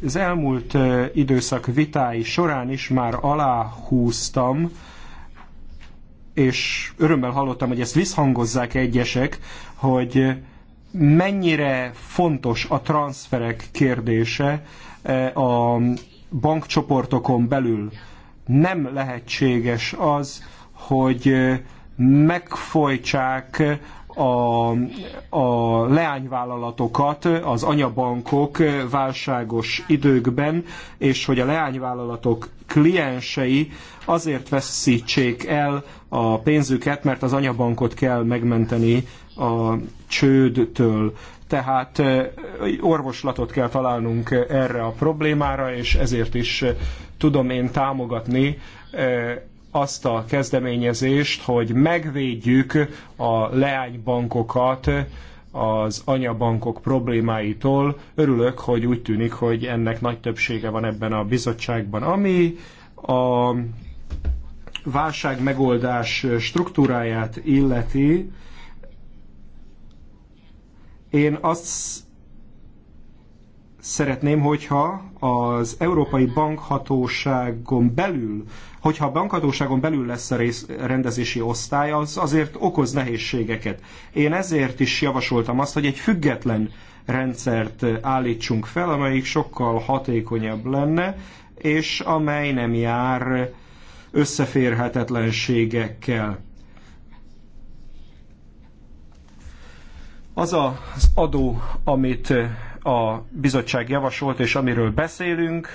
az elmúlt eh, időszak vitái során is már aláhúztam, és örömmel hallottam, hogy ezt visszhangozzák egyesek, hogy mennyire fontos a transferek kérdése eh, a bankcsoportokon belül. Nem lehetséges az, hogy eh, megfojtsák a, a leányvállalatokat az anyabankok válságos időkben, és hogy a leányvállalatok kliensei azért veszítsék el a pénzüket, mert az anyabankot kell megmenteni a csődtől. Tehát orvoslatot kell találnunk erre a problémára, és ezért is tudom én támogatni azt a kezdeményezést, hogy megvédjük a leánybankokat az anyabankok problémáitól. Örülök, hogy úgy tűnik, hogy ennek nagy többsége van ebben a bizottságban. Ami a válság megoldás struktúráját illeti, én azt szeretném, hogyha az Európai Bankhatóságon belül, hogyha a bankhatóságon belül lesz a rész, rendezési osztály, az azért okoz nehézségeket. Én ezért is javasoltam azt, hogy egy független rendszert állítsunk fel, amelyik sokkal hatékonyabb lenne, és amely nem jár összeférhetetlenségekkel. Az az adó, amit a bizottság javasolt, és amiről beszélünk,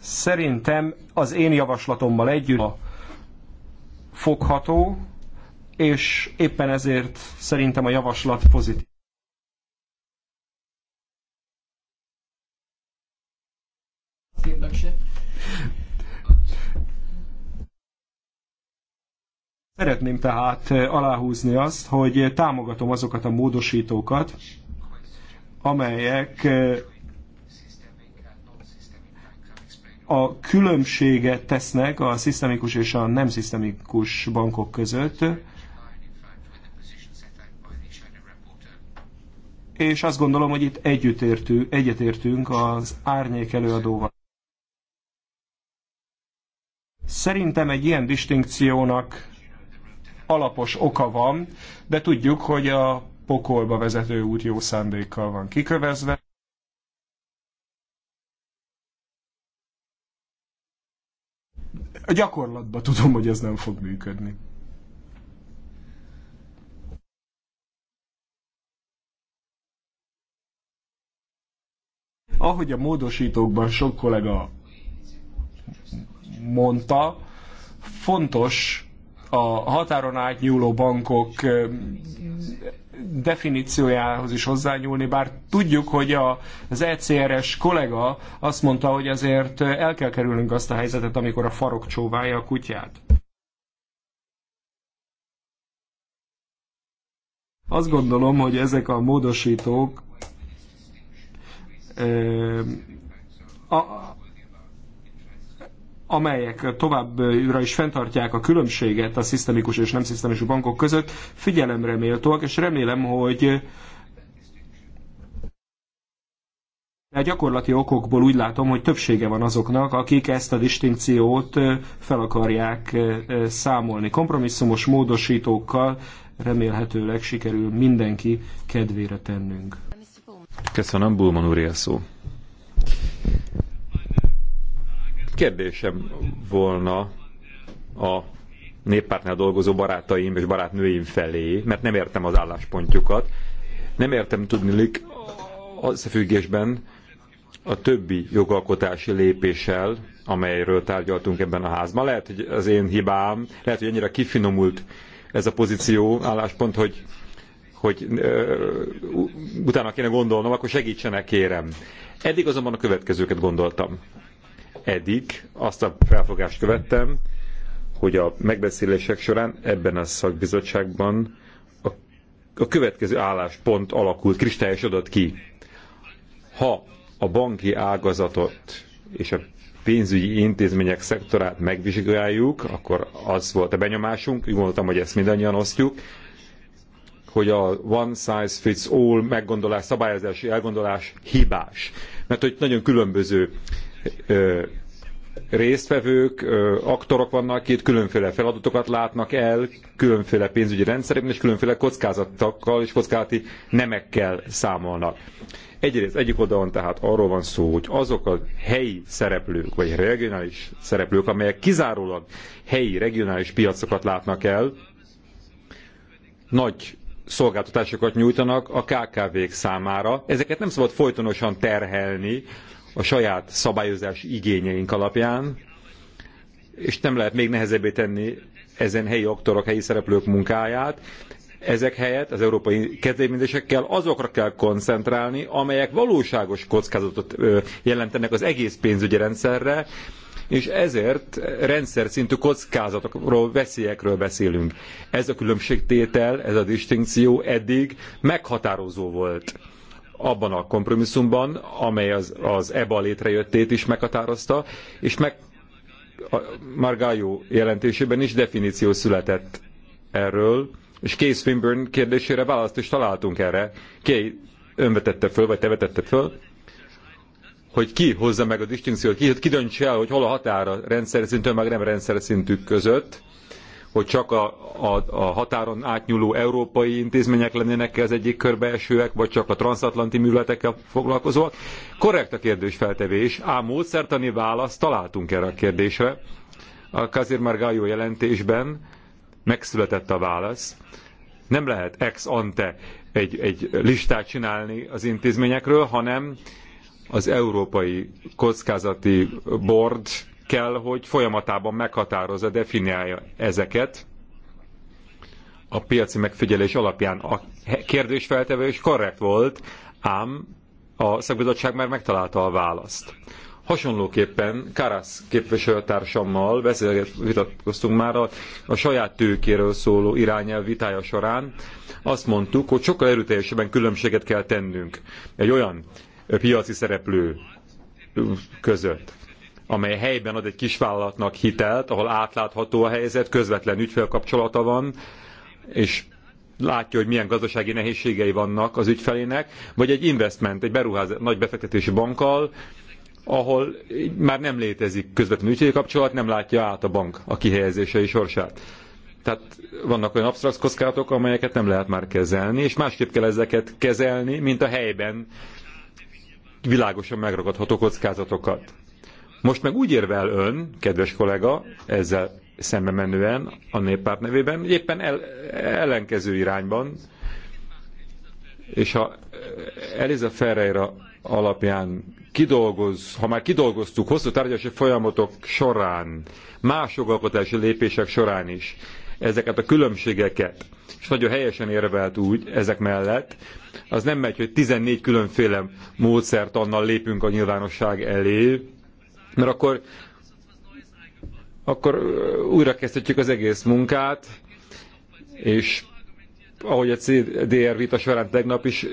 szerintem az én javaslatommal együtt a fogható, és éppen ezért szerintem a javaslat pozitív. Szeretném tehát aláhúzni azt, hogy támogatom azokat a módosítókat, amelyek a különbséget tesznek a szisztemikus és a nem szisztemikus bankok között, és azt gondolom, hogy itt együttértő, egyetértünk az árnyék előadóval. Szerintem egy ilyen distinkciónak alapos oka van, de tudjuk, hogy a pokolba vezető út jó szándékkal van kikövezve. A gyakorlatban tudom, hogy ez nem fog működni. Ahogy a módosítókban sok kollega mondta, fontos a határon átnyúló bankok definíciójához is hozzányúlni, bár tudjuk, hogy a, az ECRS kollega azt mondta, hogy azért el kell kerülnünk azt a helyzetet, amikor a farok csóválja a kutyát. Azt gondolom, hogy ezek a módosítók a, amelyek továbbra is fenntartják a különbséget a szisztemikus és nem szisztemikus bankok között, figyelemre méltóak, és remélem, hogy a gyakorlati okokból úgy látom, hogy többsége van azoknak, akik ezt a distinkciót fel akarják számolni. Kompromisszumos módosítókkal remélhetőleg sikerül mindenki kedvére tennünk. Köszönöm, Bulman úr, szó. Kérdésem volna a néppártnál dolgozó barátaim és barátnőim felé, mert nem értem az álláspontjukat. Nem értem tudni lik összefüggésben a többi jogalkotási lépéssel, amelyről tárgyaltunk ebben a házban. Lehet, hogy az én hibám, lehet, hogy annyira kifinomult ez a pozíció, álláspont, hogy hogy ö, utána kéne gondolnom, akkor segítsenek, kérem. Eddig azonban a következőket gondoltam eddig azt a felfogást követtem, hogy a megbeszélések során ebben a szakbizottságban a, a következő álláspont alakult, kristályosodott ki. Ha a banki ágazatot és a pénzügyi intézmények szektorát megvizsgáljuk, akkor az volt a benyomásunk, úgy gondoltam, hogy ezt mindannyian osztjuk, hogy a one size fits all meggondolás, szabályozási elgondolás hibás. Mert hogy nagyon különböző résztvevők, aktorok vannak itt, különféle feladatokat látnak el, különféle pénzügyi rendszerekben és különféle kockázatokkal és kockázati nemekkel számolnak. Egyrészt egyik oldalon tehát arról van szó, hogy azok a helyi szereplők, vagy regionális szereplők, amelyek kizárólag helyi, regionális piacokat látnak el, nagy szolgáltatásokat nyújtanak a KKV-k számára. Ezeket nem szabad folytonosan terhelni, a saját szabályozási igényeink alapján, és nem lehet még nehezebbé tenni ezen helyi aktorok, helyi szereplők munkáját. Ezek helyett az európai kezdeményezésekkel azokra kell koncentrálni, amelyek valóságos kockázatot jelentenek az egész pénzügyi rendszerre, és ezért rendszer szintű kockázatokról, veszélyekről beszélünk. Ez a különbségtétel, ez a distinkció eddig meghatározó volt abban a kompromisszumban, amely az, az EBA létrejöttét is meghatározta, és meg a jelentésében is definíció született erről, és Case Swinburne kérdésére választ is találtunk erre. Kay önvetette föl, vagy te vetette föl, hogy ki hozza meg a distinkciót, ki, ki döntse el, hogy hol a határa rendszer szintű, meg nem rendszer szintű között, hogy csak a, a, a határon átnyúló európai intézmények lennének az egyik körbeesőek, vagy csak a transatlanti műveletekkel foglalkozóak. Korrekt a kérdésfeltevés, ám módszertani választ találtunk erre a kérdésre. A Kazir Margallo jelentésben megszületett a válasz. Nem lehet ex ante egy, egy listát csinálni az intézményekről, hanem az Európai Kockázati Board kell, hogy folyamatában meghatározza, definiálja ezeket a piaci megfigyelés alapján. A is korrekt volt, ám a szakbizottság már megtalálta a választ. Hasonlóképpen Karasz képviselőtársammal beszélget, vitatkoztunk már a, a saját tőkéről szóló irányelv vitája során. Azt mondtuk, hogy sokkal erőteljesebben különbséget kell tennünk egy olyan piaci szereplő között, amely helyben ad egy kisvállalatnak hitelt, ahol átlátható a helyzet, közvetlen ügyfélkapcsolata van, és látja, hogy milyen gazdasági nehézségei vannak az ügyfelének, vagy egy investment, egy beruház, nagy befektetési bankkal, ahol már nem létezik közvetlen ügyfélkapcsolat, kapcsolat, nem látja át a bank a kihelyezései sorsát. Tehát vannak olyan absztrakt kockázatok, amelyeket nem lehet már kezelni, és másképp kell ezeket kezelni, mint a helyben világosan megragadható kockázatokat. Most meg úgy érvel ön, kedves kollega, ezzel szembe menően a néppárt nevében, hogy éppen el, ellenkező irányban, és ha Eliza Ferreira alapján kidolgoz, ha már kidolgoztuk hosszú tárgyalási folyamatok során, más jogalkotási lépések során is ezeket a különbségeket, és nagyon helyesen érvelt úgy ezek mellett, az nem megy, hogy 14 különféle módszert annal lépünk a nyilvánosság elé, mert akkor, akkor újrakezdhetjük az egész munkát, és ahogy a CDR vita során tegnap is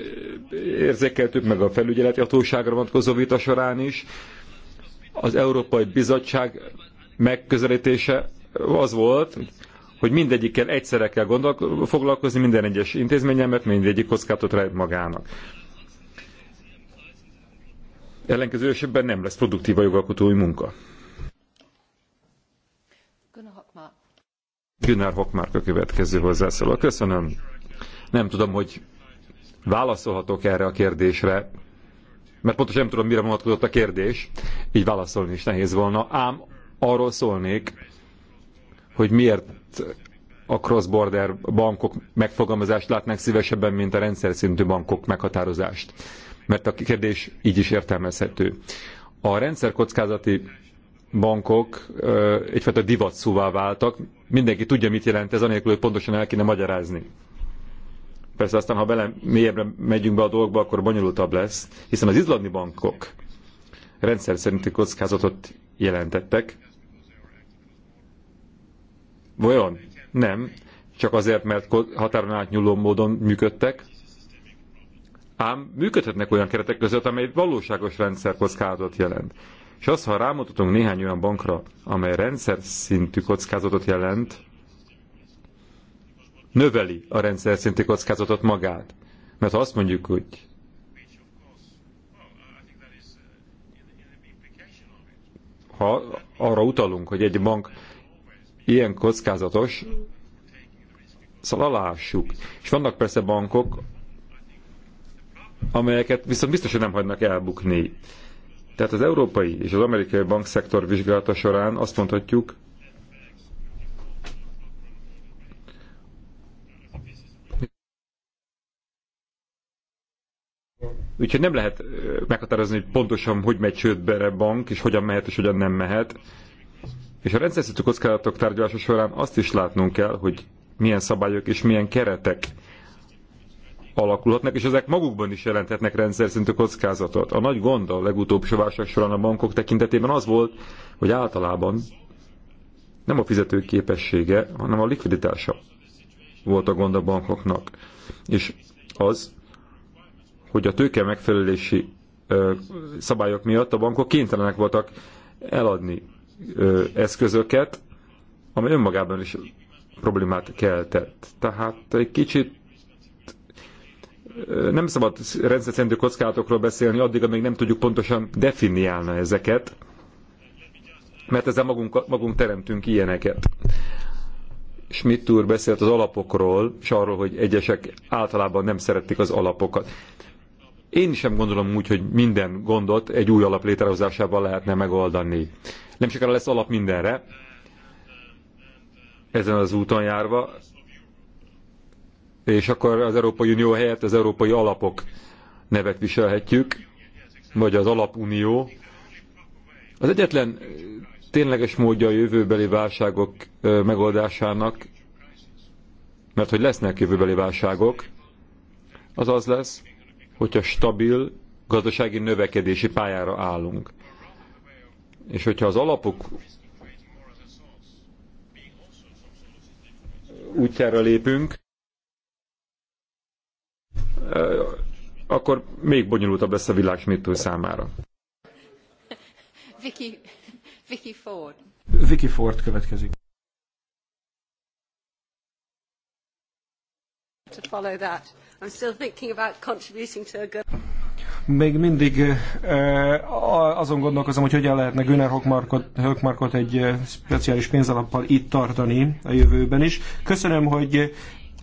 érzékeltük, meg a felügyeleti hatóságra vonatkozó vita során is, az Európai Bizottság megközelítése az volt, hogy mindegyikkel egyszerre kell foglalkozni, minden egyes intézményemet mindegyik kockátot rejt magának. Ellenkező esetben nem lesz produktív a jogalkotói munka. Gunnar Hockmark a következő hozzászól. Köszönöm. Nem tudom, hogy válaszolhatok erre a kérdésre, mert pontosan nem tudom, mire vonatkozott a kérdés, így válaszolni is nehéz volna, ám arról szólnék, hogy miért a cross-border bankok megfogalmazást látnánk szívesebben, mint a rendszer szintű bankok meghatározást mert a kérdés így is értelmezhető. A rendszerkockázati bankok egyfajta divatszúvá váltak, mindenki tudja, mit jelent ez, anélkül, hogy pontosan el kéne magyarázni. Persze aztán, ha bele mélyebbre megyünk be a dolgba, akkor bonyolultabb lesz, hiszen az izlandi bankok rendszer szerinti kockázatot jelentettek. Vajon? Nem. Csak azért, mert határon átnyúló módon működtek, ám működhetnek olyan keretek között, amely valóságos rendszer kockázatot jelent. És az, ha rámutatunk néhány olyan bankra, amely rendszer szintű kockázatot jelent, növeli a rendszer szintű kockázatot magát. Mert ha azt mondjuk, hogy ha arra utalunk, hogy egy bank ilyen kockázatos, szóval alássuk. És vannak persze bankok, amelyeket viszont biztosan nem hagynak elbukni. Tehát az európai és az amerikai bankszektor vizsgálata során azt mondhatjuk, Úgyhogy nem lehet meghatározni, hogy pontosan hogy megy csődbe a bank, és hogyan mehet, és hogyan nem mehet. És a rendszerszintű kockázatok tárgyalása során azt is látnunk kell, hogy milyen szabályok és milyen keretek alakulhatnak, és ezek magukban is jelenthetnek rendszer szintű kockázatot. A nagy gond a legutóbb válság során a bankok tekintetében az volt, hogy általában nem a fizetők képessége, hanem a likviditása volt a gond a bankoknak. És az, hogy a tőke megfelelési ö, szabályok miatt a bankok kénytelenek voltak eladni ö, eszközöket, ami önmagában is problémát keltett. Tehát egy kicsit nem szabad rendszerszerű kockázatokról beszélni addig, amíg nem tudjuk pontosan definiálni ezeket, mert ezzel magunk, magunk teremtünk ilyeneket. Schmidt úr beszélt az alapokról, és arról, hogy egyesek általában nem szerették az alapokat. Én sem gondolom úgy, hogy minden gondot egy új alap létrehozásával lehetne megoldani. Nem sokára lesz alap mindenre, ezen az úton járva, és akkor az Európai Unió helyett az Európai Alapok nevet viselhetjük, vagy az Alapunió. Az egyetlen tényleges módja a jövőbeli válságok megoldásának, mert hogy lesznek jövőbeli válságok, az az lesz, hogyha stabil gazdasági növekedési pályára állunk. És hogyha az alapok útjára lépünk, akkor még bonyolultabb lesz a világ Schmidt számára. Vicky, Vicky Ford. Vicky Ford következik. To follow that. I'm still thinking about contributing to a good még mindig azon gondolkozom, hogy hogyan lehetne Gunnar Hökmarkot, Hökmarkot egy speciális pénzalappal itt tartani a jövőben is. Köszönöm, hogy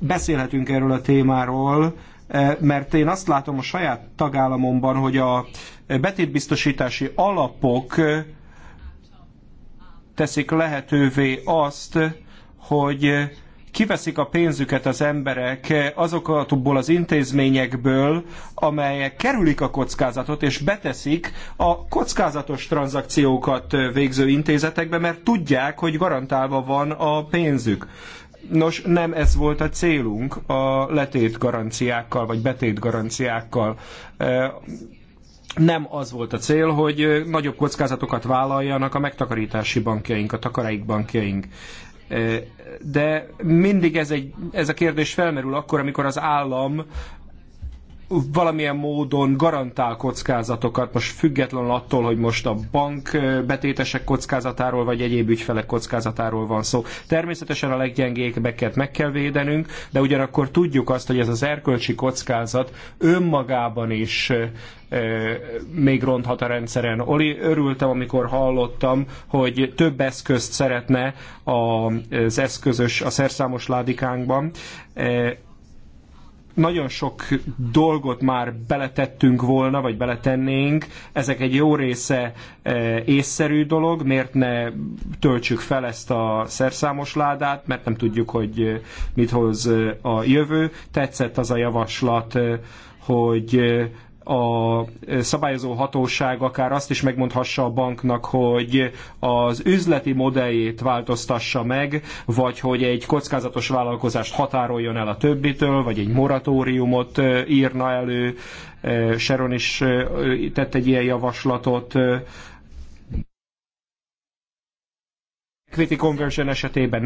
beszélhetünk erről a témáról, Eh, mert én azt látom a saját tagállamomban, hogy a betétbiztosítási alapok eh, teszik lehetővé azt, hogy eh, kiveszik a pénzüket az emberek azokból az intézményekből, amelyek kerülik a kockázatot, és beteszik a kockázatos tranzakciókat végző intézetekbe, mert tudják, hogy garantálva van a pénzük. Nos, nem ez volt a célunk a letét garanciákkal, vagy betét garanciákkal nem az volt a cél, hogy nagyobb kockázatokat vállaljanak a megtakarítási bankjaink, a takarékbankjaink. De mindig ez, egy, ez a kérdés felmerül akkor, amikor az állam valamilyen módon garantál kockázatokat, most függetlenül attól, hogy most a bank betétesek kockázatáról, vagy egyéb ügyfelek kockázatáról van szó. Természetesen a leggyengébbeket meg kell védenünk, de ugyanakkor tudjuk azt, hogy ez az erkölcsi kockázat önmagában is még ronthat a rendszeren. Oli, örültem, amikor hallottam, hogy több eszközt szeretne az eszközös, a szerszámos ládikánkban nagyon sok dolgot már beletettünk volna, vagy beletennénk, ezek egy jó része e, észszerű dolog, miért ne töltsük fel ezt a szerszámos ládát, mert nem tudjuk, hogy e, mit hoz e, a jövő. Tetszett az a javaslat, hogy a szabályozó hatóság akár azt is megmondhassa a banknak, hogy az üzleti modelljét változtassa meg, vagy hogy egy kockázatos vállalkozást határoljon el a többitől, vagy egy moratóriumot írna elő. Sharon is tett egy ilyen javaslatot. Equity conversion esetében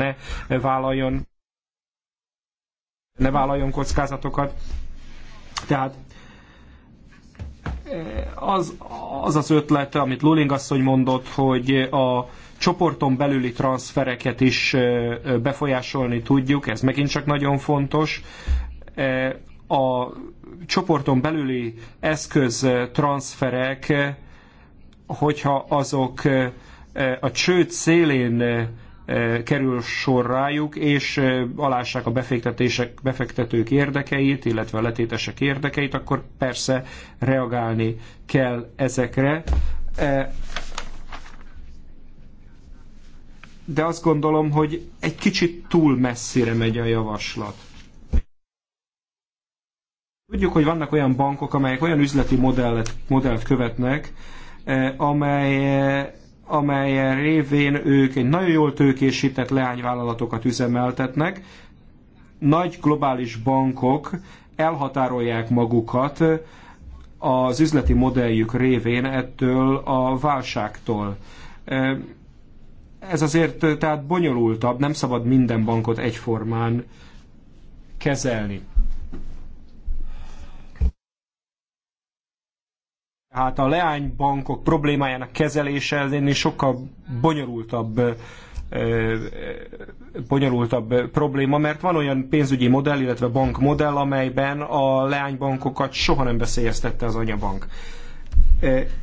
ne vállaljon ne vállaljon kockázatokat. Tehát az, az az ötlete, amit Luling asszony mondott, hogy a csoporton belüli transfereket is befolyásolni tudjuk, ez megint csak nagyon fontos. A csoporton belüli eszköz transferek, hogyha azok a csőd szélén kerül sor rájuk, és alássák a befektetések, befektetők érdekeit, illetve a letétesek érdekeit, akkor persze reagálni kell ezekre. De azt gondolom, hogy egy kicsit túl messzire megy a javaslat. Tudjuk, hogy vannak olyan bankok, amelyek olyan üzleti modellet, modellt követnek, amely amelyen révén ők egy nagyon jól tőkésített leányvállalatokat üzemeltetnek. Nagy globális bankok elhatárolják magukat az üzleti modelljük révén ettől a válságtól. Ez azért tehát bonyolultabb, nem szabad minden bankot egyformán kezelni. hát a leánybankok problémájának kezelése ennél sokkal bonyolultabb bonyolultabb probléma, mert van olyan pénzügyi modell, illetve bankmodell, amelyben a leánybankokat soha nem beszélyeztette az anyabank.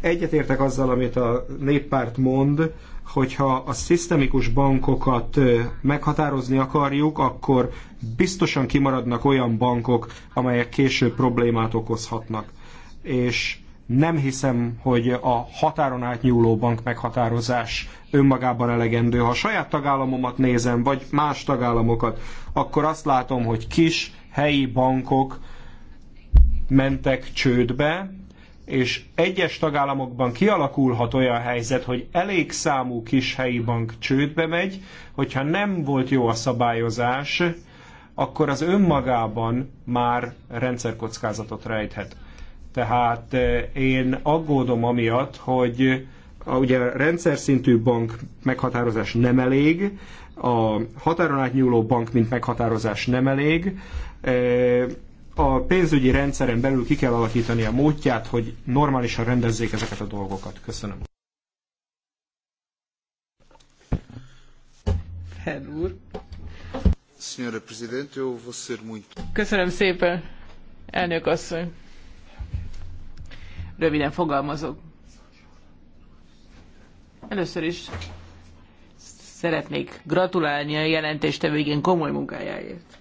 Egyetértek azzal, amit a néppárt mond, hogyha a szisztemikus bankokat meghatározni akarjuk, akkor biztosan kimaradnak olyan bankok, amelyek később problémát okozhatnak. És nem hiszem, hogy a határon átnyúló bank meghatározás önmagában elegendő. Ha a saját tagállamomat nézem, vagy más tagállamokat, akkor azt látom, hogy kis helyi bankok mentek csődbe, és egyes tagállamokban kialakulhat olyan helyzet, hogy elég számú kis helyi bank csődbe megy, hogyha nem volt jó a szabályozás, akkor az önmagában már rendszerkockázatot rejthet. Tehát eh, én aggódom amiatt, hogy eh, ugye rendszer szintű bank meghatározás nem elég, a határon átnyúló bank, mint meghatározás nem elég. Eh, a pénzügyi rendszeren belül ki kell alakítani a módját, hogy normálisan rendezzék ezeket a dolgokat. Köszönöm. Köszönöm szépen, elnök asszony röviden fogalmazok. Először is szeretnék gratulálni a jelentéstevő igen komoly munkájáért.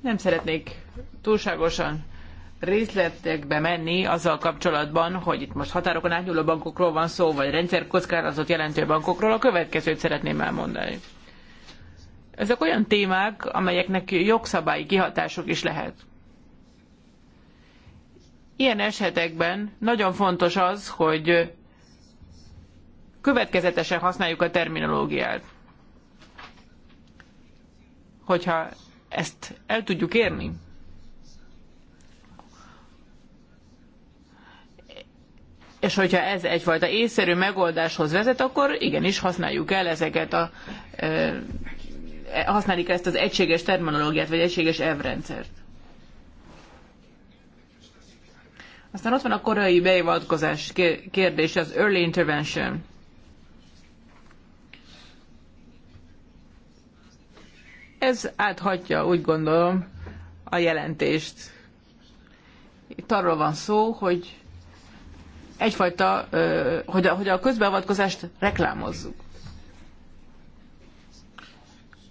Nem szeretnék túlságosan részletekbe menni azzal kapcsolatban, hogy itt most határokon átnyúló bankokról van szó, vagy rendszerkockázatot jelentő bankokról, a következőt szeretném elmondani. Ezek olyan témák, amelyeknek jogszabályi kihatások is lehet. Ilyen esetekben nagyon fontos az, hogy következetesen használjuk a terminológiát. Hogyha ezt el tudjuk érni, és hogyha ez egyfajta észszerű megoldáshoz vezet, akkor igenis használjuk el ezeket a használik ezt az egységes terminológiát, vagy egységes elvrendszert. Aztán ott van a korai beivatkozás kérdése, az early intervention. Ez áthatja, úgy gondolom, a jelentést. Itt arról van szó, hogy egyfajta, hogy a, hogy a közbeavatkozást reklámozzuk.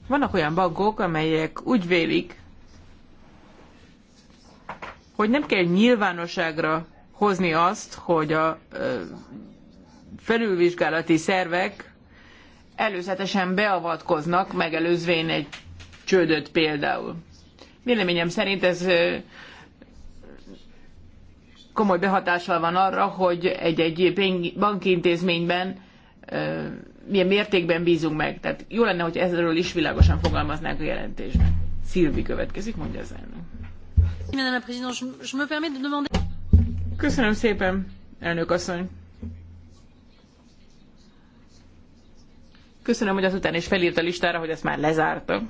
Vannak olyan bankok, amelyek úgy vélik, hogy nem kell nyilvánosságra hozni azt, hogy a felülvizsgálati szervek előzetesen beavatkoznak, megelőzvén egy csődöt például. Véleményem szerint ez komoly behatással van arra, hogy egy-egy bankintézményben? milyen mértékben bízunk meg. Tehát jó lenne, hogy ezről is világosan fogalmaznánk a jelentésben. Szilvi következik, mondja az elnök. Köszönöm szépen, elnök asszony. Köszönöm, hogy azután is felírt a listára, hogy ezt már lezárta.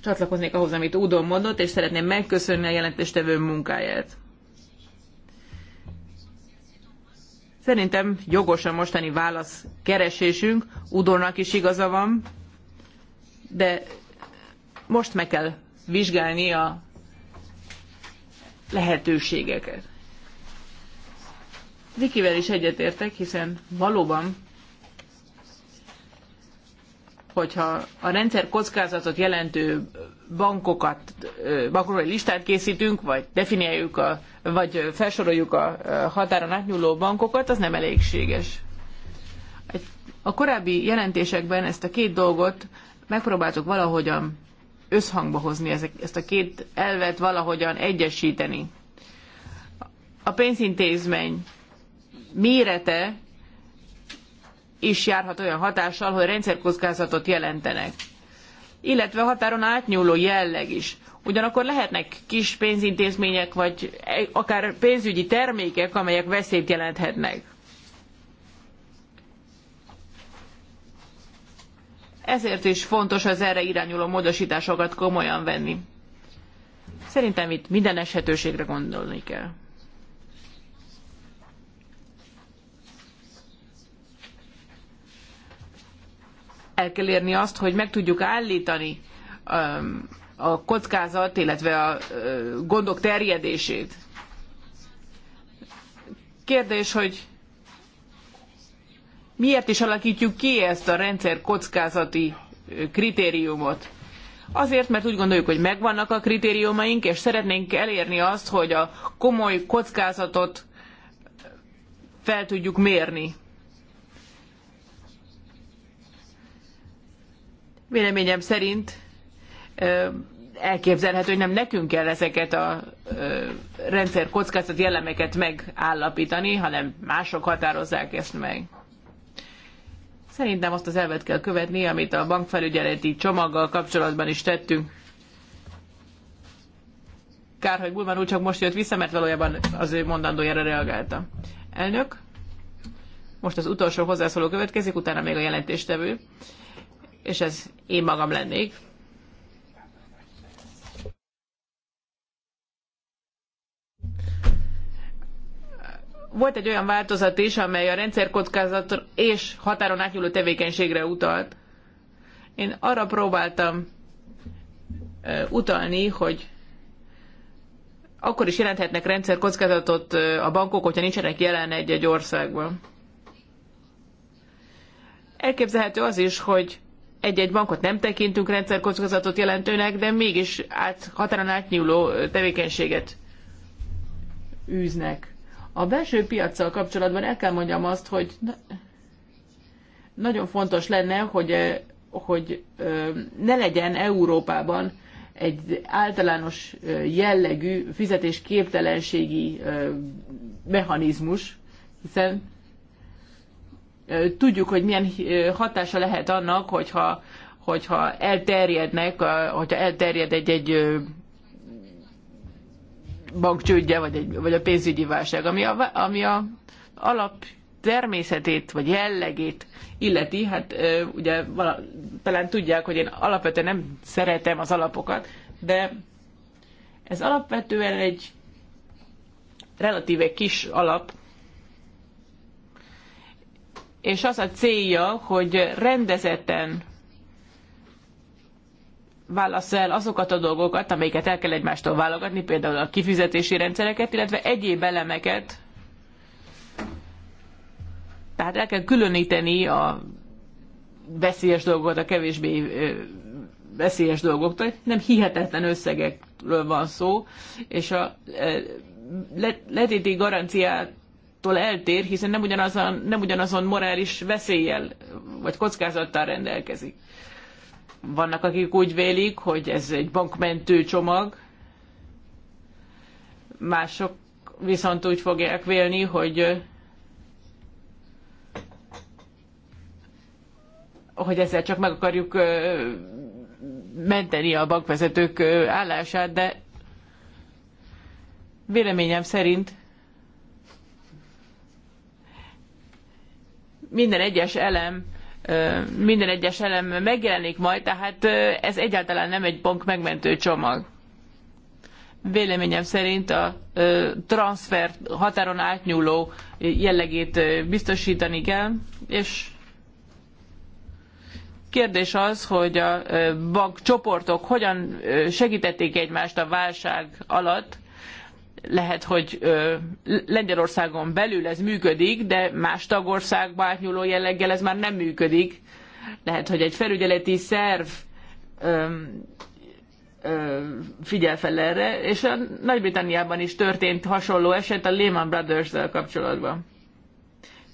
Csatlakoznék ahhoz, amit Udon mondott, és szeretném megköszönni a jelentéstevő munkáját. Szerintem jogos a mostani válasz keresésünk, Udornak is igaza van, de most meg kell vizsgálni a lehetőségeket. Vikivel is egyetértek, hiszen valóban, hogyha a rendszer kockázatot jelentő bankokat, bankról egy listát készítünk, vagy definiáljuk, a, vagy felsoroljuk a határon átnyúló bankokat, az nem elégséges. A korábbi jelentésekben ezt a két dolgot megpróbáltuk valahogyan összhangba hozni, ezt a két elvet valahogyan egyesíteni. A pénzintézmény mérete is járhat olyan hatással, hogy rendszerkockázatot jelentenek illetve határon átnyúló jelleg is. Ugyanakkor lehetnek kis pénzintézmények, vagy akár pénzügyi termékek, amelyek veszélyt jelenthetnek. Ezért is fontos az erre irányuló módosításokat komolyan venni. Szerintem itt minden eshetőségre gondolni kell. el kell érni azt, hogy meg tudjuk állítani um, a kockázat, illetve a uh, gondok terjedését. Kérdés, hogy miért is alakítjuk ki ezt a rendszer kockázati uh, kritériumot? Azért, mert úgy gondoljuk, hogy megvannak a kritériumaink, és szeretnénk elérni azt, hogy a komoly kockázatot uh, fel tudjuk mérni. Véleményem szerint elképzelhető, hogy nem nekünk kell ezeket a rendszer kockázat jellemeket megállapítani, hanem mások határozzák ezt meg. Szerintem azt az elvet kell követni, amit a bankfelügyeleti csomaggal kapcsolatban is tettünk. Kár, hogy Bulman úr csak most jött vissza, mert valójában az ő mondandójára reagálta. Elnök, most az utolsó hozzászóló következik, utána még a jelentéstevő és ez én magam lennék. Volt egy olyan változat is, amely a rendszerkockázat és határon átnyúló tevékenységre utalt. Én arra próbáltam utalni, hogy akkor is jelenthetnek rendszerkockázatot a bankok, hogyha nincsenek jelen egy-egy országban. Elképzelhető az is, hogy egy-egy bankot nem tekintünk rendszerkockázatot jelentőnek, de mégis át, határon átnyúló tevékenységet űznek. A belső piaccal kapcsolatban el kell mondjam azt, hogy nagyon fontos lenne, hogy, hogy ne legyen Európában egy általános jellegű fizetésképtelenségi mechanizmus, hiszen tudjuk, hogy milyen hatása lehet annak, hogyha, hogyha elterjednek, hogyha elterjed egy-egy bankcsődje, vagy, egy, vagy a pénzügyi válság, ami a, ami a alap természetét, vagy jellegét illeti, hát ugye vala, talán tudják, hogy én alapvetően nem szeretem az alapokat, de ez alapvetően egy relatíve kis alap, és az a célja, hogy rendezetten válasz el azokat a dolgokat, amelyeket el kell egymástól válogatni, például a kifizetési rendszereket, illetve egyéb elemeket. Tehát el kell különíteni a veszélyes dolgokat a kevésbé veszélyes dolgoktól. Nem hihetetlen összegekről van szó, és a letéti garanciát attól eltér, hiszen nem ugyanazon, nem ugyanazon morális veszéllyel vagy kockázattal rendelkezik. Vannak, akik úgy vélik, hogy ez egy bankmentő csomag, mások viszont úgy fogják vélni, hogy hogy ezzel csak meg akarjuk menteni a bankvezetők állását, de véleményem szerint minden egyes elem minden egyes elem megjelenik majd, tehát ez egyáltalán nem egy bank megmentő csomag. Véleményem szerint a transfer határon átnyúló jellegét biztosítani kell, és kérdés az, hogy a bankcsoportok hogyan segítették egymást a válság alatt, lehet, hogy Lengyelországon belül ez működik, de más tagországba átnyúló jelleggel ez már nem működik. Lehet, hogy egy felügyeleti szerv figyel fel erre, és a Nagy-Britanniában is történt hasonló eset a Lehman Brothers-zel kapcsolatban.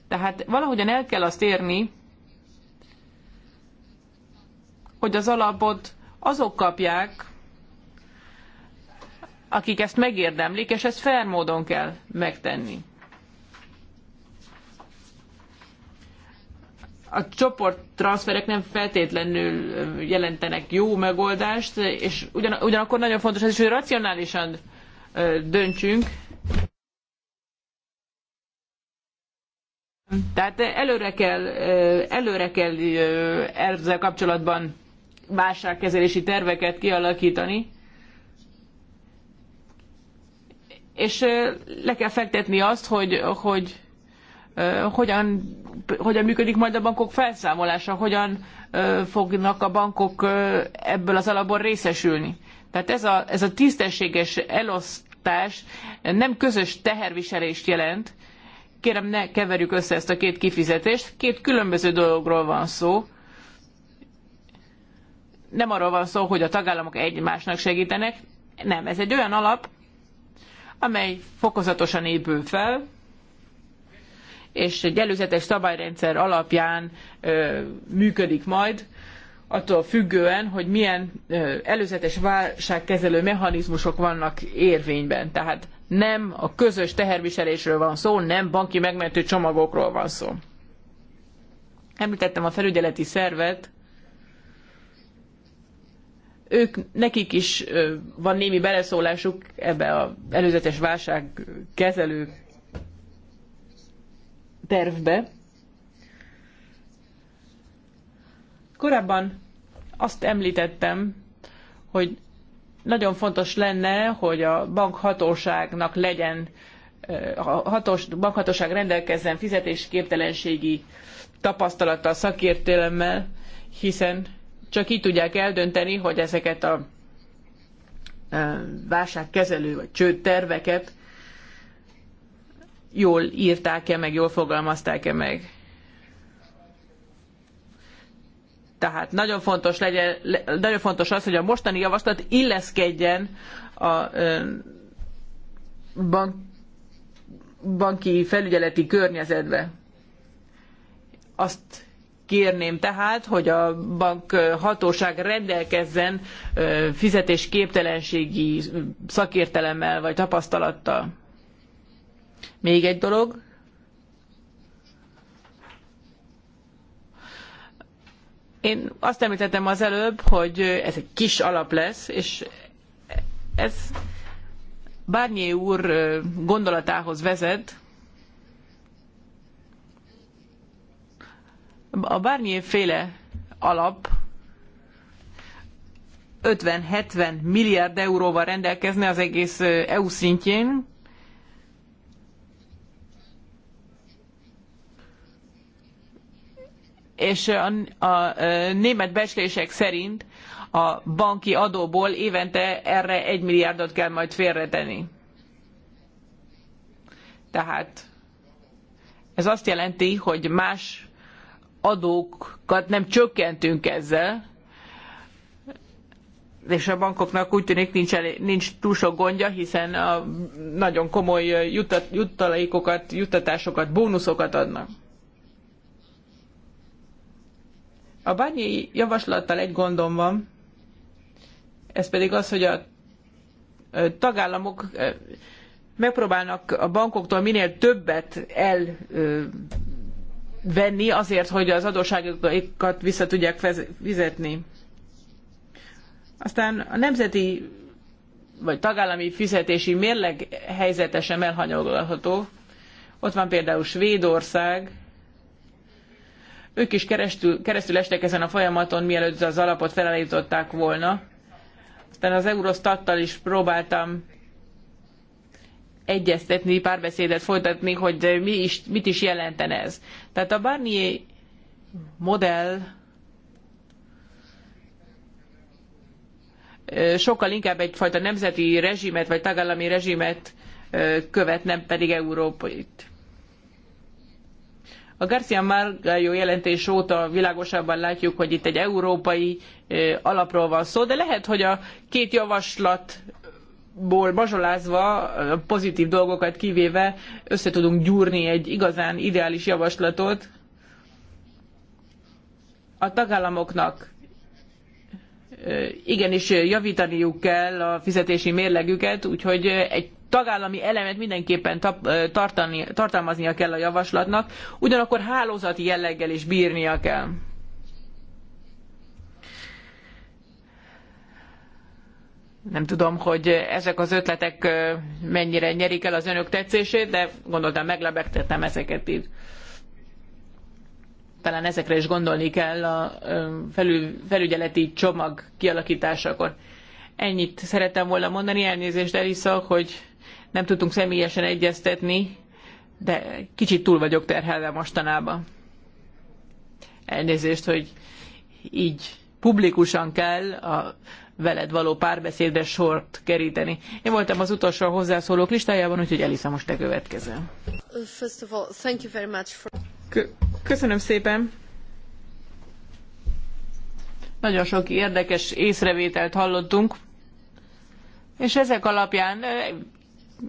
Tehát valahogyan el kell azt érni, hogy az alapot azok kapják, akik ezt megérdemlik, és ezt fair módon kell megtenni. A csoporttranszferek nem feltétlenül jelentenek jó megoldást, és ugyan, ugyanakkor nagyon fontos az is, hogy racionálisan döntsünk. Tehát előre kell, előre kell ezzel kapcsolatban válságkezelési terveket kialakítani és le kell fektetni azt, hogy, hogy hogyan, hogyan működik majd a bankok felszámolása, hogyan fognak a bankok ebből az alapból részesülni. Tehát ez a, ez a tisztességes elosztás nem közös teherviselést jelent. Kérem, ne keverjük össze ezt a két kifizetést. Két különböző dologról van szó. Nem arról van szó, hogy a tagállamok egymásnak segítenek. Nem, ez egy olyan alap, amely fokozatosan épül fel, és egy előzetes szabályrendszer alapján ö, működik majd, attól függően, hogy milyen ö, előzetes válságkezelő mechanizmusok vannak érvényben. Tehát nem a közös teherviselésről van szó, nem banki megmentő csomagokról van szó. Említettem a felügyeleti szervet, ők, nekik is van némi beleszólásuk ebbe az előzetes kezelő tervbe. Korábban azt említettem, hogy nagyon fontos lenne, hogy a bankhatóságnak legyen, a hatós, bankhatóság rendelkezzen fizetésképtelenségi tapasztalattal, szakértelemmel, hiszen csak így tudják eldönteni, hogy ezeket a válságkezelő vagy csődterveket jól írták-e meg, jól fogalmazták-e meg. Tehát nagyon fontos, legyen, nagyon fontos az, hogy a mostani javaslat illeszkedjen a bank, banki felügyeleti környezetbe. Azt Kérném tehát, hogy a bank hatóság rendelkezzen fizetésképtelenségi szakértelemmel vagy tapasztalattal. Még egy dolog, Én azt említettem az előbb, hogy ez egy kis alap lesz, és ez Barnier úr gondolatához vezet, A bármilyenféle alap 50-70 milliárd euróval rendelkezne az egész EU szintjén, és a, a, a német becslések szerint a banki adóból évente erre egy milliárdot kell majd félretenni. Tehát ez azt jelenti, hogy más adókat nem csökkentünk ezzel, és a bankoknak úgy tűnik nincs, nincs túl sok gondja, hiszen a nagyon komoly jutat, juttalékokat, juttatásokat, bónuszokat adnak. A bányi javaslattal egy gondom van, ez pedig az, hogy a tagállamok megpróbálnak a bankoktól minél többet el venni azért, hogy az adósságokat vissza tudják fizetni. Aztán a nemzeti vagy tagállami fizetési mérleg helyzete sem elhanyagolható. Ott van például Svédország, ők is keresztül, keresztül estek ezen a folyamaton, mielőtt az alapot felállították volna. Aztán az Eurostattal is próbáltam egyeztetni, párbeszédet folytatni, hogy mi is, mit is jelenten ez. Tehát a Barnier modell sokkal inkább egyfajta nemzeti rezsimet, vagy tagállami rezsimet követ, nem pedig európait. A Garcia Margallo jelentés óta világosabban látjuk, hogy itt egy európai alapról van szó, de lehet, hogy a két javaslat ból bazsolázva, pozitív dolgokat kivéve össze tudunk gyúrni egy igazán ideális javaslatot. A tagállamoknak igenis javítaniuk kell a fizetési mérlegüket, úgyhogy egy tagállami elemet mindenképpen tartalmaznia kell a javaslatnak, ugyanakkor hálózati jelleggel is bírnia kell. Nem tudom, hogy ezek az ötletek mennyire nyerik el az önök tetszését, de gondoltam, meglebegtettem ezeket itt. Talán ezekre is gondolni kell a felül, felügyeleti csomag kialakításakor. Ennyit szerettem volna mondani, elnézést Elisza, hogy nem tudtunk személyesen egyeztetni, de kicsit túl vagyok terhelve mostanában. Elnézést, hogy így publikusan kell a veled való párbeszédre sort keríteni. Én voltam az utolsó a hozzászólók listájában, úgyhogy Elisa, most te következel. Köszönöm szépen. Nagyon sok érdekes észrevételt hallottunk, és ezek alapján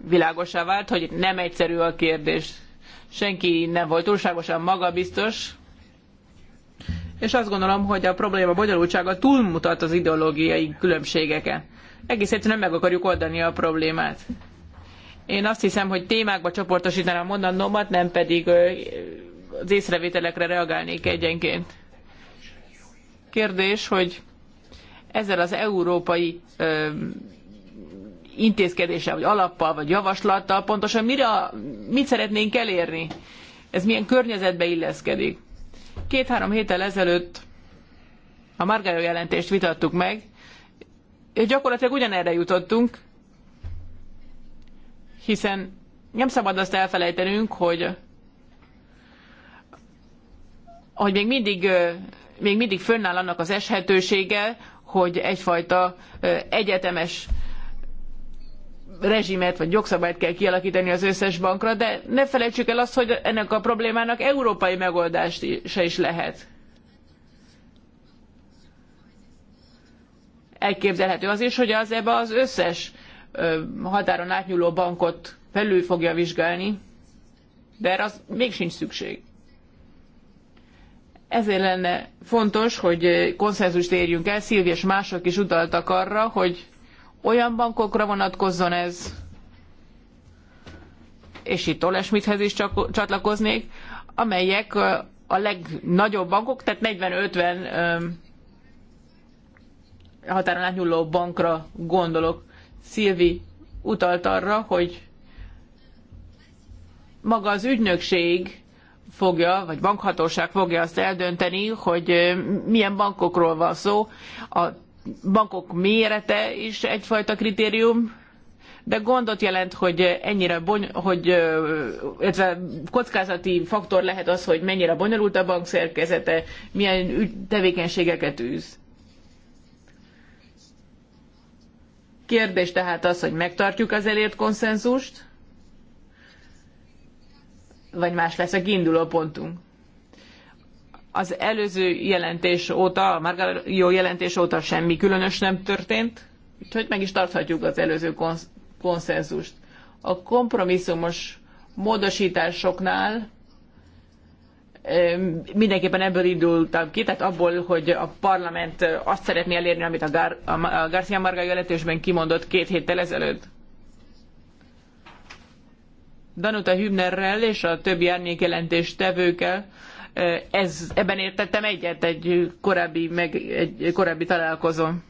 világosá vált, hogy nem egyszerű a kérdés. Senki nem volt túlságosan magabiztos, és azt gondolom, hogy a probléma bonyolultsága túlmutat az ideológiai különbségeken. Egész egyszerűen meg akarjuk oldani a problémát. Én azt hiszem, hogy témákba csoportosítanám mondandómat, nem pedig az észrevételekre reagálnék egyenként. Kérdés, hogy ezzel az európai ö, intézkedése, vagy alappal, vagy javaslattal pontosan mire, mit szeretnénk elérni? Ez milyen környezetbe illeszkedik? Két-három héttel ezelőtt a Margaro jelentést vitattuk meg, és gyakorlatilag ugyanerre jutottunk, hiszen nem szabad azt elfelejtenünk, hogy hogy még mindig, még mindig fönnáll annak az eshetősége, hogy egyfajta egyetemes rezsimet vagy jogszabályt kell kialakítani az összes bankra, de ne felejtsük el azt, hogy ennek a problémának európai megoldást is, is lehet. Elképzelhető az is, hogy az ebbe az összes határon átnyúló bankot felül fogja vizsgálni, de erre az még sincs szükség. Ezért lenne fontos, hogy konszenzust érjünk el. Szilvi és mások is utaltak arra, hogy olyan bankokra vonatkozzon ez, és itt Olesmithez is csatlakoznék, amelyek a legnagyobb bankok, tehát 40-50 határon átnyúló bankra gondolok. Szilvi utalt arra, hogy maga az ügynökség fogja, vagy bankhatóság fogja azt eldönteni, hogy milyen bankokról van szó. A bankok mérete is egyfajta kritérium, de gondot jelent, hogy ennyire bony- hogy, illetve kockázati faktor lehet az, hogy mennyire bonyolult a bank szerkezete, milyen tevékenységeket űz. Kérdés tehát az, hogy megtartjuk az elért konszenzust, vagy más lesz a kiinduló pontunk az előző jelentés óta, a jó jelentés óta semmi különös nem történt, úgyhogy meg is tarthatjuk az előző konsz- konszenzust. A kompromisszumos módosításoknál mindenképpen ebből indultam ki, tehát abból, hogy a parlament azt szeretné elérni, amit a, Gar- a García Marga jelentésben kimondott két héttel ezelőtt. Danuta Hübnerrel és a többi árnyék jelentés tevőkkel ez, ebben értettem egyet egy korábbi, meg, egy korábbi találkozón.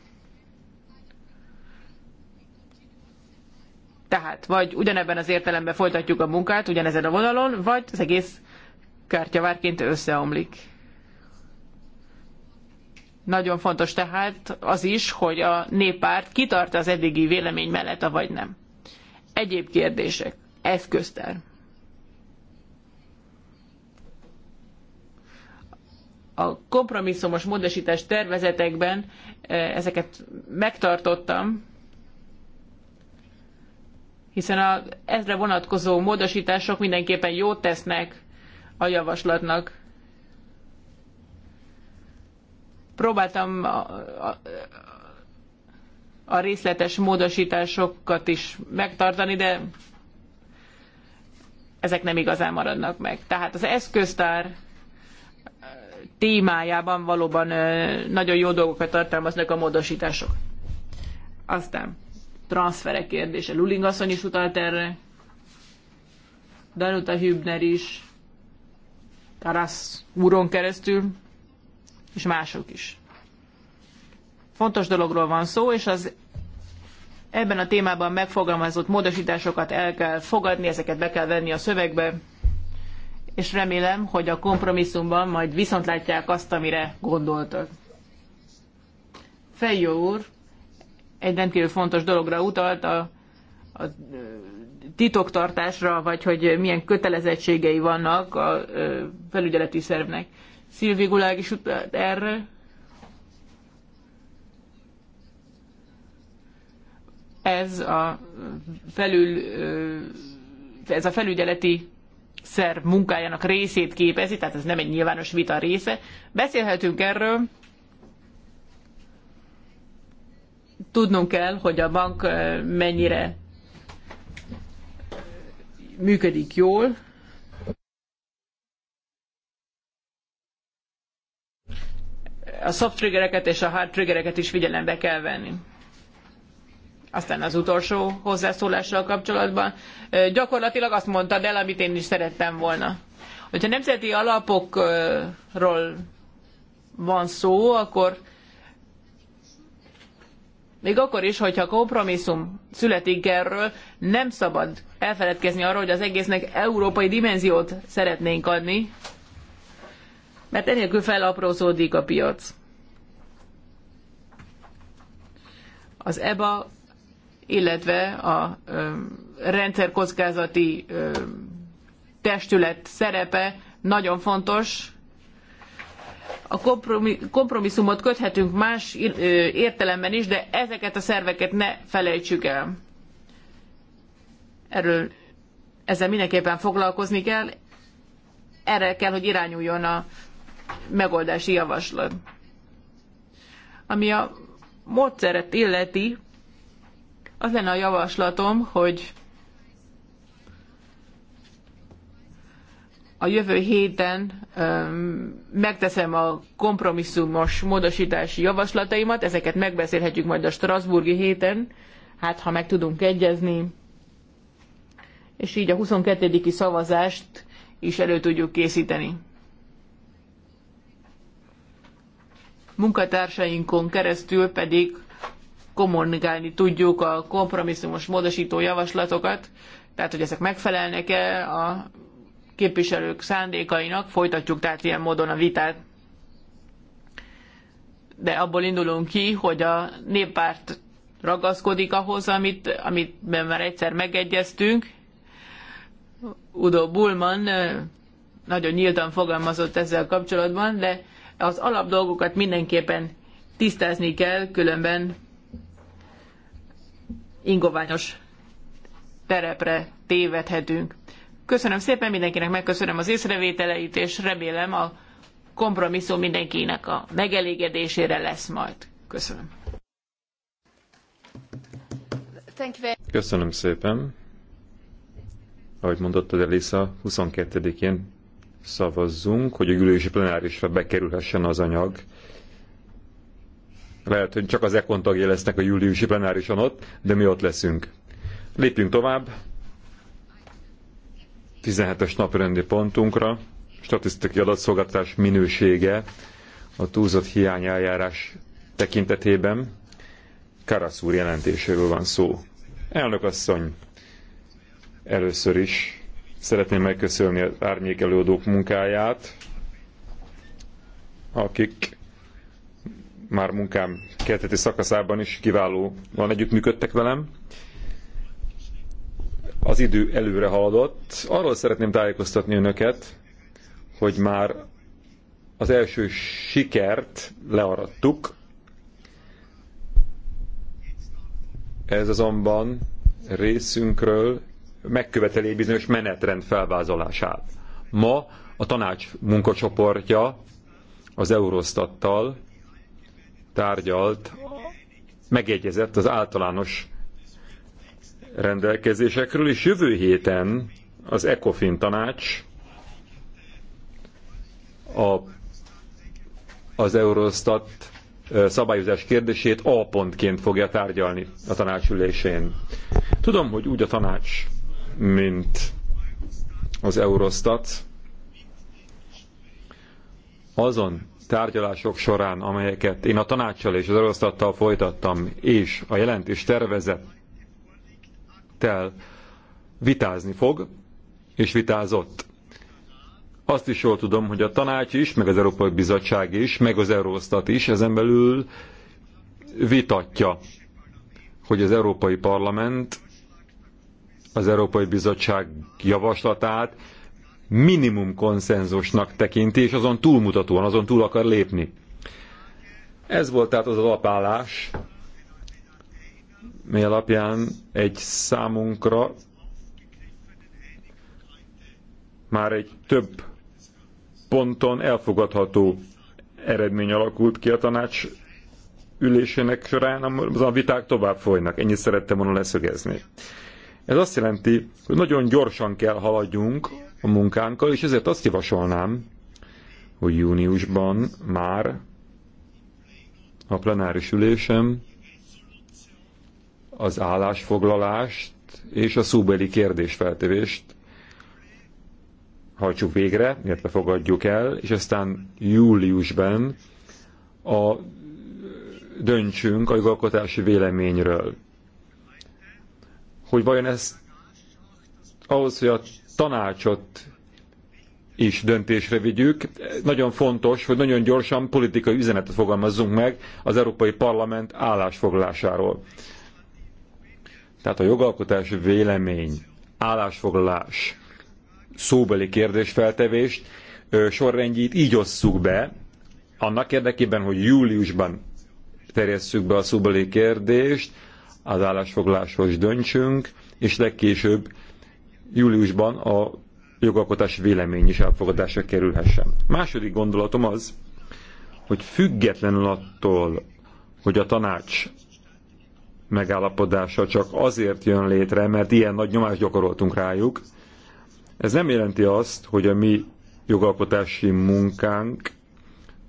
Tehát vagy ugyanebben az értelemben folytatjuk a munkát, ugyanezen a vonalon, vagy az egész kártyavárként összeomlik. Nagyon fontos tehát az is, hogy a néppárt kitart az eddigi vélemény mellett, vagy nem. Egyéb kérdések. Eszköztár. a kompromisszumos módosítás tervezetekben eh, ezeket megtartottam, hiszen a ezre vonatkozó módosítások mindenképpen jót tesznek a javaslatnak. Próbáltam a, a, a részletes módosításokat is megtartani, de ezek nem igazán maradnak meg. Tehát az eszköztár témájában valóban nagyon jó dolgokat tartalmaznak a módosítások. Aztán transferek kérdése. Luling asszony is utalt erre, Danuta Hübner is, Karasz úron keresztül, és mások is. Fontos dologról van szó, és az ebben a témában megfogalmazott módosításokat el kell fogadni, ezeket be kell venni a szövegbe, és remélem, hogy a kompromisszumban majd viszontlátják azt, amire gondoltak. Fejjó úr egy rendkívül fontos dologra utalt, a, a titoktartásra, vagy hogy milyen kötelezettségei vannak a felügyeleti szervnek. Szilvi Gulág is utalt erre. Ez a felül ez a felügyeleti szerv munkájának részét képezi, tehát ez nem egy nyilvános vita része. Beszélhetünk erről, tudnunk kell, hogy a bank mennyire működik jól. A soft triggereket és a hard triggereket is figyelembe kell venni. Aztán az utolsó hozzászólással kapcsolatban gyakorlatilag azt mondtad el, amit én is szerettem volna. Hogyha nemzeti alapokról van szó, akkor még akkor is, hogyha kompromisszum születik erről, nem szabad elfeledkezni arról, hogy az egésznek európai dimenziót szeretnénk adni, mert enélkül felaprózódik a piac. Az EBA illetve a rendszerkockázati testület szerepe nagyon fontos. A kompromisszumot köthetünk más értelemben is, de ezeket a szerveket ne felejtsük el. Erről ezzel mindenképpen foglalkozni kell. Erre kell, hogy irányuljon a megoldási javaslat. Ami a módszeret illeti, az lenne a javaslatom, hogy a jövő héten um, megteszem a kompromisszumos módosítási javaslataimat, ezeket megbeszélhetjük majd a Strasburgi héten, hát ha meg tudunk egyezni, és így a 22. szavazást is elő tudjuk készíteni. Munkatársainkon keresztül pedig kommunikálni tudjuk a kompromisszumos módosító javaslatokat, tehát hogy ezek megfelelnek-e a képviselők szándékainak, folytatjuk tehát ilyen módon a vitát. De abból indulunk ki, hogy a néppárt ragaszkodik ahhoz, amit, amit már egyszer megegyeztünk. Udo Bullman nagyon nyíltan fogalmazott ezzel kapcsolatban, de az alapdolgokat mindenképpen tisztázni kell, különben ingoványos terepre tévedhetünk. Köszönöm szépen mindenkinek, megköszönöm az észrevételeit, és remélem a kompromisszum mindenkinek a megelégedésére lesz majd. Köszönöm. Köszönöm szépen. Ahogy mondottad, Elisa, 22-én szavazzunk, hogy a gyűlési plenárisra bekerülhessen az anyag. Lehet, hogy csak az ekon tagjai lesznek a júliusi plenárison ott, de mi ott leszünk. Lépjünk tovább. 17-es naprendi pontunkra. Statisztikai adatszolgáltatás minősége a túlzott eljárás tekintetében. Karasz úr jelentéséről van szó. Elnök asszony, először is szeretném megköszönni az árnyék előadók munkáját, akik már munkám kezdeti szakaszában is kiválóan együttműködtek velem. Az idő előre haladott. Arról szeretném tájékoztatni önöket, hogy már az első sikert learadtuk. Ez azonban részünkről megköveteli bizonyos menetrend felvázolását. Ma a tanács munkacsoportja az Eurostattal tárgyalt, megegyezett az általános rendelkezésekről, és jövő héten az ECOFIN tanács a, az Eurostat szabályozás kérdését A pontként fogja tárgyalni a tanácsülésén. Tudom, hogy úgy a tanács, mint az Eurostat azon tárgyalások során, amelyeket én a tanácssal és az Eurostattal folytattam, és a jelentés tervezettel vitázni fog, és vitázott. Azt is jól tudom, hogy a tanács is, meg az Európai Bizottság is, meg az Eurostat is ezen belül vitatja, hogy az Európai Parlament az Európai Bizottság javaslatát minimum konszenzusnak tekinti, és azon túlmutatóan, azon túl akar lépni. Ez volt tehát az alapállás, mely alapján egy számunkra már egy több ponton elfogadható eredmény alakult ki a tanács ülésének során, a viták tovább folynak. Ennyit szerettem volna leszögezni. Ez azt jelenti, hogy nagyon gyorsan kell haladjunk a munkánkkal, és ezért azt javasolnám, hogy júniusban már a plenáris ülésem az állásfoglalást és a szóbeli kérdésfeltevést hajtsuk végre, illetve fogadjuk el, és aztán júliusban a döntsünk a jogalkotási véleményről. Hogy vajon ez ahhoz, hogy a tanácsot is döntésre vigyük. Nagyon fontos, hogy nagyon gyorsan politikai üzenetet fogalmazzunk meg az Európai Parlament állásfoglalásáról. Tehát a jogalkotási vélemény, állásfoglalás, szóbeli kérdésfeltevést sorrendjét így osszuk be, annak érdekében, hogy júliusban terjesszük be a szóbeli kérdést, az állásfoglaláshoz döntsünk, és legkésőbb júliusban a jogalkotás vélemény is elfogadásra kerülhessen. Második gondolatom az, hogy függetlenül attól, hogy a tanács megállapodása csak azért jön létre, mert ilyen nagy nyomást gyakoroltunk rájuk, ez nem jelenti azt, hogy a mi jogalkotási munkánk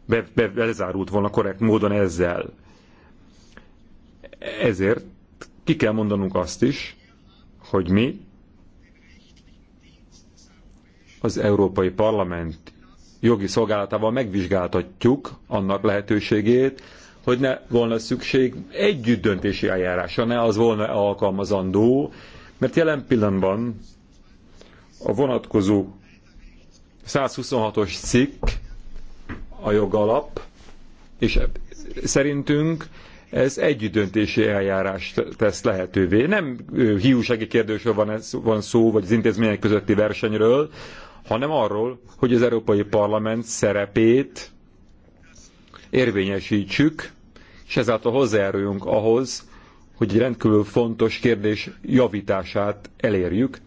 be, be, volna korrekt módon ezzel. Ezért ki kell mondanunk azt is, hogy mi az Európai Parlament jogi szolgálatával megvizsgáltatjuk annak lehetőségét, hogy ne volna szükség együtt döntési eljárásra, ne az volna alkalmazandó, mert jelen pillanatban a vonatkozó 126-os cikk a jogalap, és szerintünk ez döntési eljárást tesz lehetővé. Nem hiúsági kérdésről van, ez, van szó, vagy az intézmények közötti versenyről, hanem arról, hogy az Európai Parlament szerepét érvényesítsük, és ezáltal hozzájáruljunk ahhoz, hogy egy rendkívül fontos kérdés javítását elérjük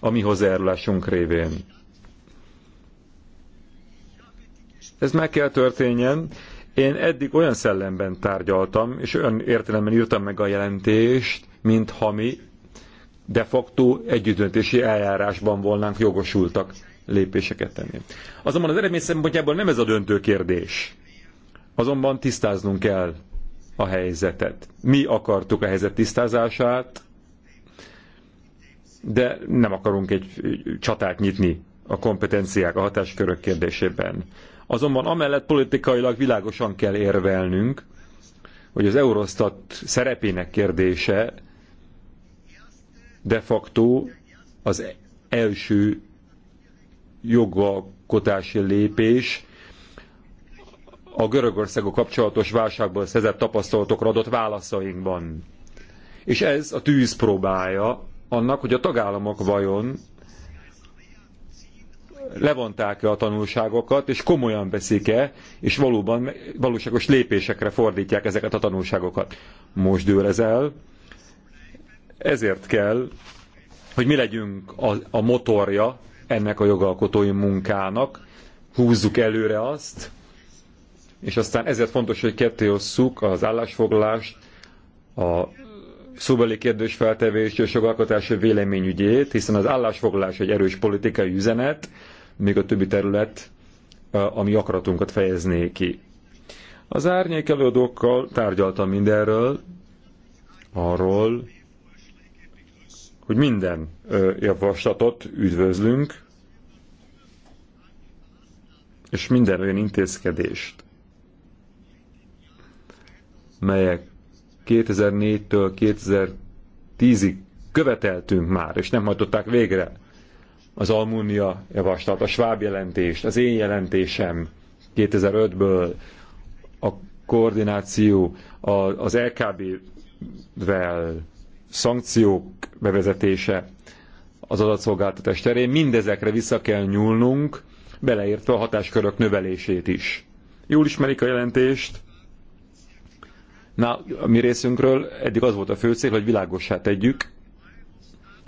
a mi hozzájárulásunk révén. Ez meg kell történjen. Én eddig olyan szellemben tárgyaltam, és olyan értelemben írtam meg a jelentést, mint ha mi de facto együttdöntési eljárásban volnánk jogosultak lépéseket tenni. Azonban az eredmény szempontjából nem ez a döntő kérdés. Azonban tisztáznunk kell a helyzetet. Mi akartuk a helyzet tisztázását, de nem akarunk egy csatát nyitni a kompetenciák, a hatáskörök kérdésében. Azonban amellett politikailag világosan kell érvelnünk, hogy az Eurostat szerepének kérdése de facto az e- első jogalkotási lépés a Görögországok kapcsolatos válságból szerzett tapasztalatokra adott válaszainkban. És ez a tűz próbája annak, hogy a tagállamok vajon levonták-e a tanulságokat, és komolyan veszik-e, és valóban valóságos lépésekre fordítják ezeket a tanulságokat. Most dől ez el. Ezért kell, hogy mi legyünk a, a motorja ennek a jogalkotói munkának, húzzuk előre azt, és aztán ezért fontos, hogy ketté osszuk az állásfoglalást, a szóbeli kérdés feltevést és jogalkotási véleményügyét, hiszen az állásfoglalás egy erős politikai üzenet, még a többi terület, ami akaratunkat fejezné ki. Az árnyék előadókkal tárgyaltam mindenről, arról, hogy minden javaslatot üdvözlünk, és minden olyan intézkedést, melyek 2004-től 2010-ig követeltünk már, és nem hajtották végre az Almunia javaslat, a Schwab jelentést, az én jelentésem 2005-ből, a koordináció az LKB-vel, szankciók bevezetése az adatszolgáltatás terén, mindezekre vissza kell nyúlnunk, beleértve a hatáskörök növelését is. Jól ismerik a jelentést. Na, a mi részünkről eddig az volt a fő cél, hogy világossá tegyük,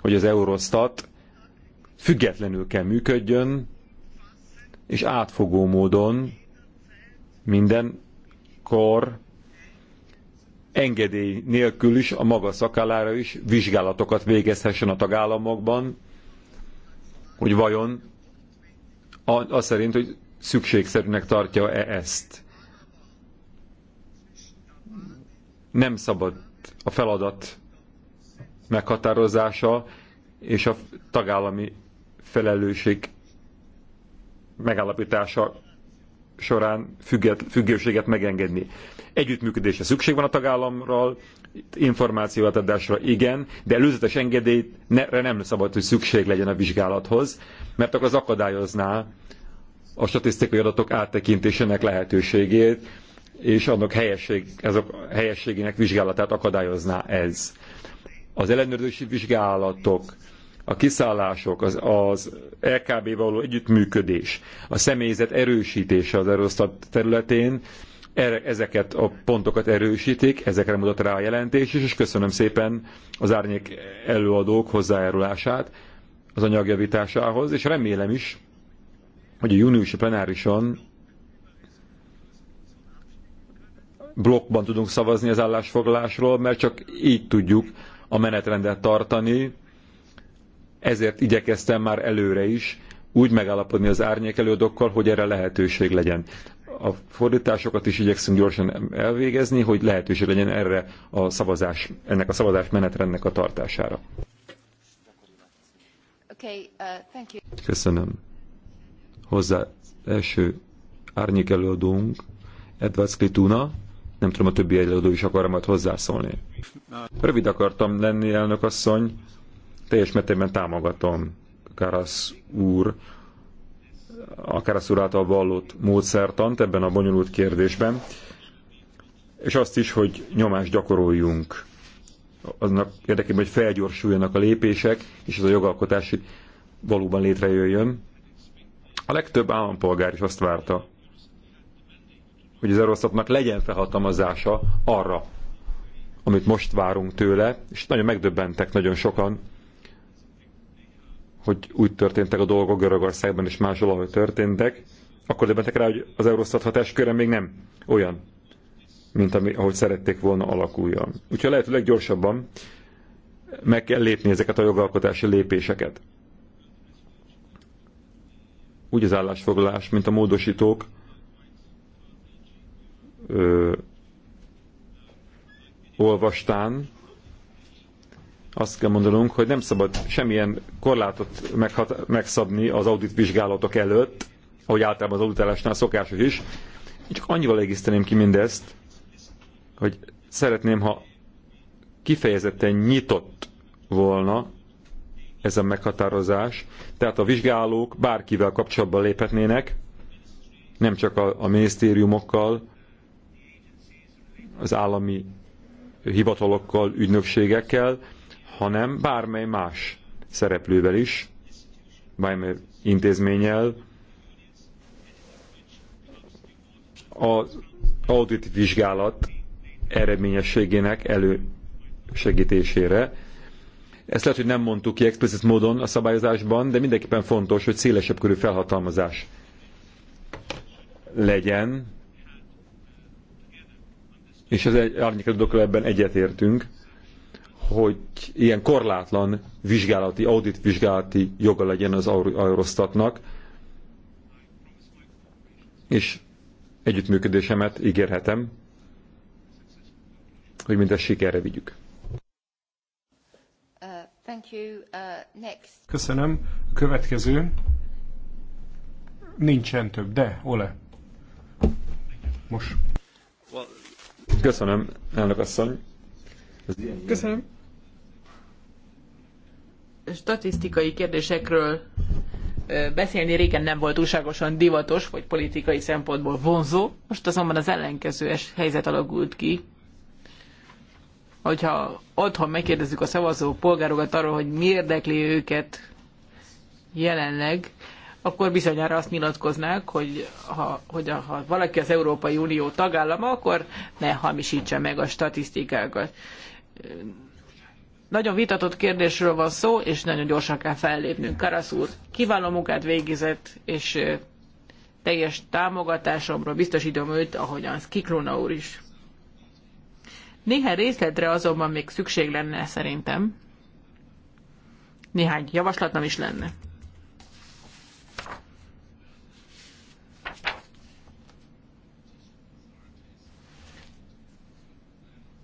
hogy az Eurostat függetlenül kell működjön, és átfogó módon mindenkor engedély nélkül is a maga szakállára is vizsgálatokat végezhessen a tagállamokban, hogy vajon az szerint, hogy szükségszerűnek tartja-e ezt. Nem szabad a feladat meghatározása és a tagállami felelősség megállapítása során függőséget megengedni. Együttműködésre szükség van a tagállamral, információátadásra igen, de előzetes engedélyre nem szabad, hogy szükség legyen a vizsgálathoz, mert akkor az akadályozná a statisztikai adatok áttekintésének lehetőségét, és annak helyesség, azok helyességének vizsgálatát akadályozná ez. Az ellenőrzési vizsgálatok, a kiszállások, az, az LKB való együttműködés, a személyzet erősítése az Eurostat területén, erre, ezeket a pontokat erősítik, ezekre mutat rá a jelentés is, és köszönöm szépen az árnyék előadók hozzájárulását az anyagjavításához, és remélem is, hogy a júniusi plenárison blokkban tudunk szavazni az állásfoglalásról, mert csak így tudjuk a menetrendet tartani, ezért igyekeztem már előre is úgy megállapodni az árnyék előadókkal, hogy erre lehetőség legyen a fordításokat is igyekszünk gyorsan elvégezni, hogy lehetőség legyen erre a szavazás, ennek a szavazás menetrendnek a tartására. Okay, uh, Köszönöm. Hozzá első árnyék előadónk, Edward Skrituna, nem tudom, a többi előadó is akar majd hozzászólni. Rövid akartam lenni, elnök asszony, teljes mértékben támogatom Karasz úr a Karaszúr által vallott módszertant ebben a bonyolult kérdésben, és azt is, hogy nyomást gyakoroljunk aznak érdekében, hogy felgyorsuljanak a lépések, és ez a jogalkotás valóban létrejöjjön. A legtöbb állampolgár is azt várta, hogy az erőszaknak legyen felhatalmazása arra, amit most várunk tőle, és nagyon megdöbbentek nagyon sokan, hogy úgy történtek a dolgok Görögországban és máshol, ahogy történtek, akkor döbbentek rá, hogy az Eurostat hatásköre még nem olyan, mint ami, ahogy szerették volna alakuljon. Úgyhogy lehetőleg gyorsabban meg kell lépni ezeket a jogalkotási lépéseket. Úgy az állásfoglalás, mint a módosítók ö, olvastán azt kell mondanunk, hogy nem szabad semmilyen korlátot megszabni az auditvizsgálatok előtt, ahogy általában az auditálásnál szokásos is. Csak annyival egészteném ki mindezt, hogy szeretném, ha kifejezetten nyitott volna ez a meghatározás, tehát a vizsgálók bárkivel kapcsolatban léphetnének, nem csak a, a minisztériumokkal, az állami hivatalokkal, ügynökségekkel, hanem bármely más szereplővel is, bármely intézménnyel az audit vizsgálat eredményességének elősegítésére. Ezt lehet, hogy nem mondtuk ki explicit módon a szabályozásban, de mindenképpen fontos, hogy szélesebb körű felhatalmazás legyen, és az árnyékadókkal ebben egyetértünk, hogy ilyen korlátlan vizsgálati, audit vizsgálati joga legyen az Eurostatnak, és együttműködésemet ígérhetem, hogy mindezt sikerre vigyük. Uh, uh, Köszönöm. A következő. Nincsen több, de Ole. Most. Köszönöm, elnök asszony. Köszönöm statisztikai kérdésekről beszélni régen nem volt túlságosan divatos, vagy politikai szempontból vonzó, most azonban az ellenkező helyzet alakult ki. Hogyha otthon megkérdezzük a szavazó polgárokat arról, hogy mi érdekli őket jelenleg, akkor bizonyára azt nyilatkoznák, hogy ha, hogy a, ha valaki az Európai Unió tagállama, akkor ne hamisítsa meg a statisztikákat nagyon vitatott kérdésről van szó, és nagyon gyorsan kell fellépnünk. Karasz úr kiváló munkát végzett, és teljes támogatásomról biztosítom őt, ahogyan Kikluna úr is. Néhány részletre azonban még szükség lenne szerintem. Néhány javaslatnom is lenne.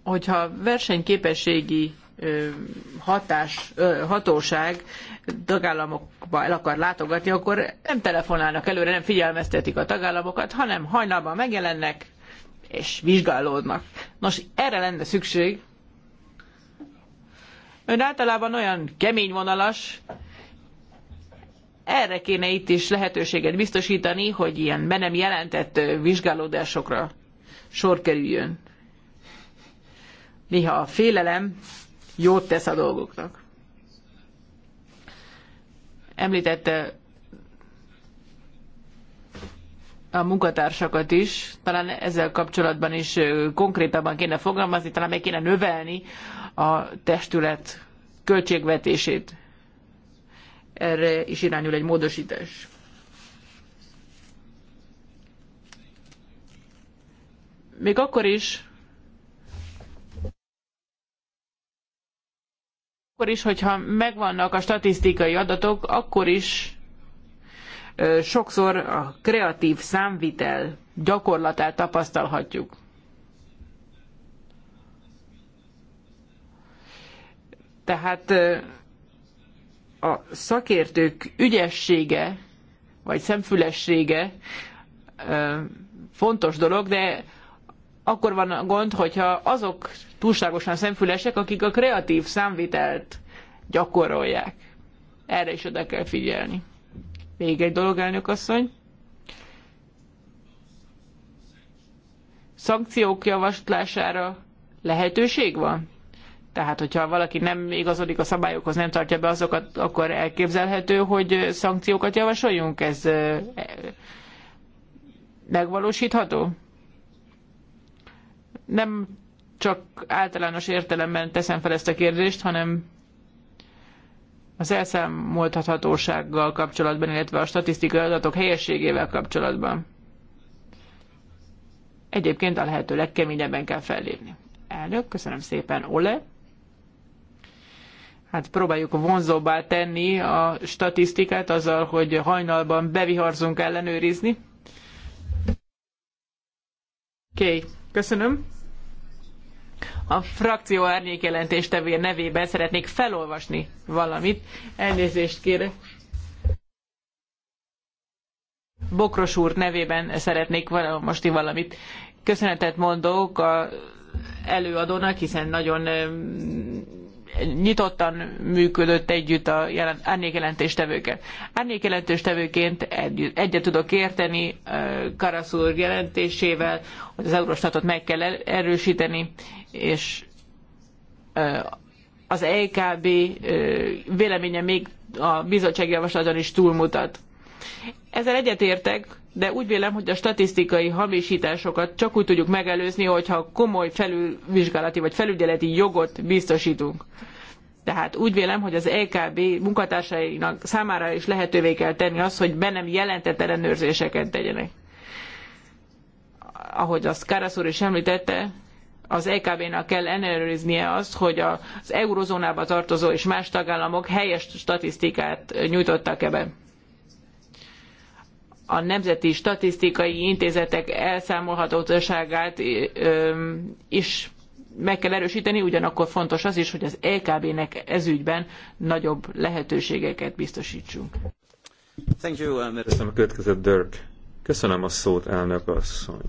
Hogyha versenyképességi hatás, hatóság tagállamokba el akar látogatni, akkor nem telefonálnak előre, nem figyelmeztetik a tagállamokat, hanem hajnalban megjelennek és vizsgálódnak. Nos, erre lenne szükség. Ön általában olyan kemény vonalas, erre kéne itt is lehetőséget biztosítani, hogy ilyen be nem jelentett vizsgálódásokra sor kerüljön. Néha a félelem jót tesz a dolgoknak. Említette a munkatársakat is, talán ezzel kapcsolatban is konkrétabban kéne fogalmazni, talán meg kéne növelni a testület költségvetését. Erre is irányul egy módosítás. Még akkor is, akkor is, hogyha megvannak a statisztikai adatok, akkor is sokszor a kreatív számvitel gyakorlatát tapasztalhatjuk. Tehát a szakértők ügyessége, vagy szemfülessége fontos dolog, de akkor van a gond, hogyha azok túlságosan szemfülesek, akik a kreatív számvitelt gyakorolják. Erre is oda kell figyelni. Még egy dolog, elnök asszony. Szankciók javaslására lehetőség van? Tehát, hogyha valaki nem igazodik a szabályokhoz, nem tartja be azokat, akkor elképzelhető, hogy szankciókat javasoljunk? Ez e, megvalósítható? Nem csak általános értelemben teszem fel ezt a kérdést, hanem az elszámoltathatósággal kapcsolatban, illetve a statisztikai adatok helyességével kapcsolatban. Egyébként a lehető legkeményebben kell fellépni. Elnök, köszönöm szépen, Ole. Hát próbáljuk vonzóbbá tenni a statisztikát azzal, hogy hajnalban beviharzunk ellenőrizni. Oké, okay. köszönöm a frakció árnyékjelentéstevője nevében szeretnék felolvasni valamit. Elnézést kérek. Bokros úr nevében szeretnék most valamit. Köszönetet mondok a előadónak, hiszen nagyon nyitottan működött együtt a jelen, árnyékjelentéstevőkkel. Árnyékjelentéstevőként egy, egyet tudok érteni Karasz úr jelentésével, hogy az Eurostatot meg kell er-, erősíteni, és az EKB véleménye még a bizottság javaslaton is túlmutat. Ezzel egyetértek, de úgy vélem, hogy a statisztikai hamisításokat csak úgy tudjuk megelőzni, hogyha komoly felülvizsgálati vagy felügyeleti jogot biztosítunk. Tehát úgy vélem, hogy az EKB munkatársainak számára is lehetővé kell tenni azt, hogy be nem jelentett ellenőrzéseket tegyenek. Ahogy azt Kárasz úr is említette, az EKB-nak kell ellenőriznie azt, hogy az eurozónába tartozó és más tagállamok helyes statisztikát nyújtottak ebben a Nemzeti Statisztikai Intézetek elszámolhatóságát is meg kell erősíteni, ugyanakkor fontos az is, hogy az EKB-nek ezügyben nagyobb lehetőségeket biztosítsunk. Thank you, uh, Köszönöm a következő Dirk. Köszönöm a szót, elnök asszony.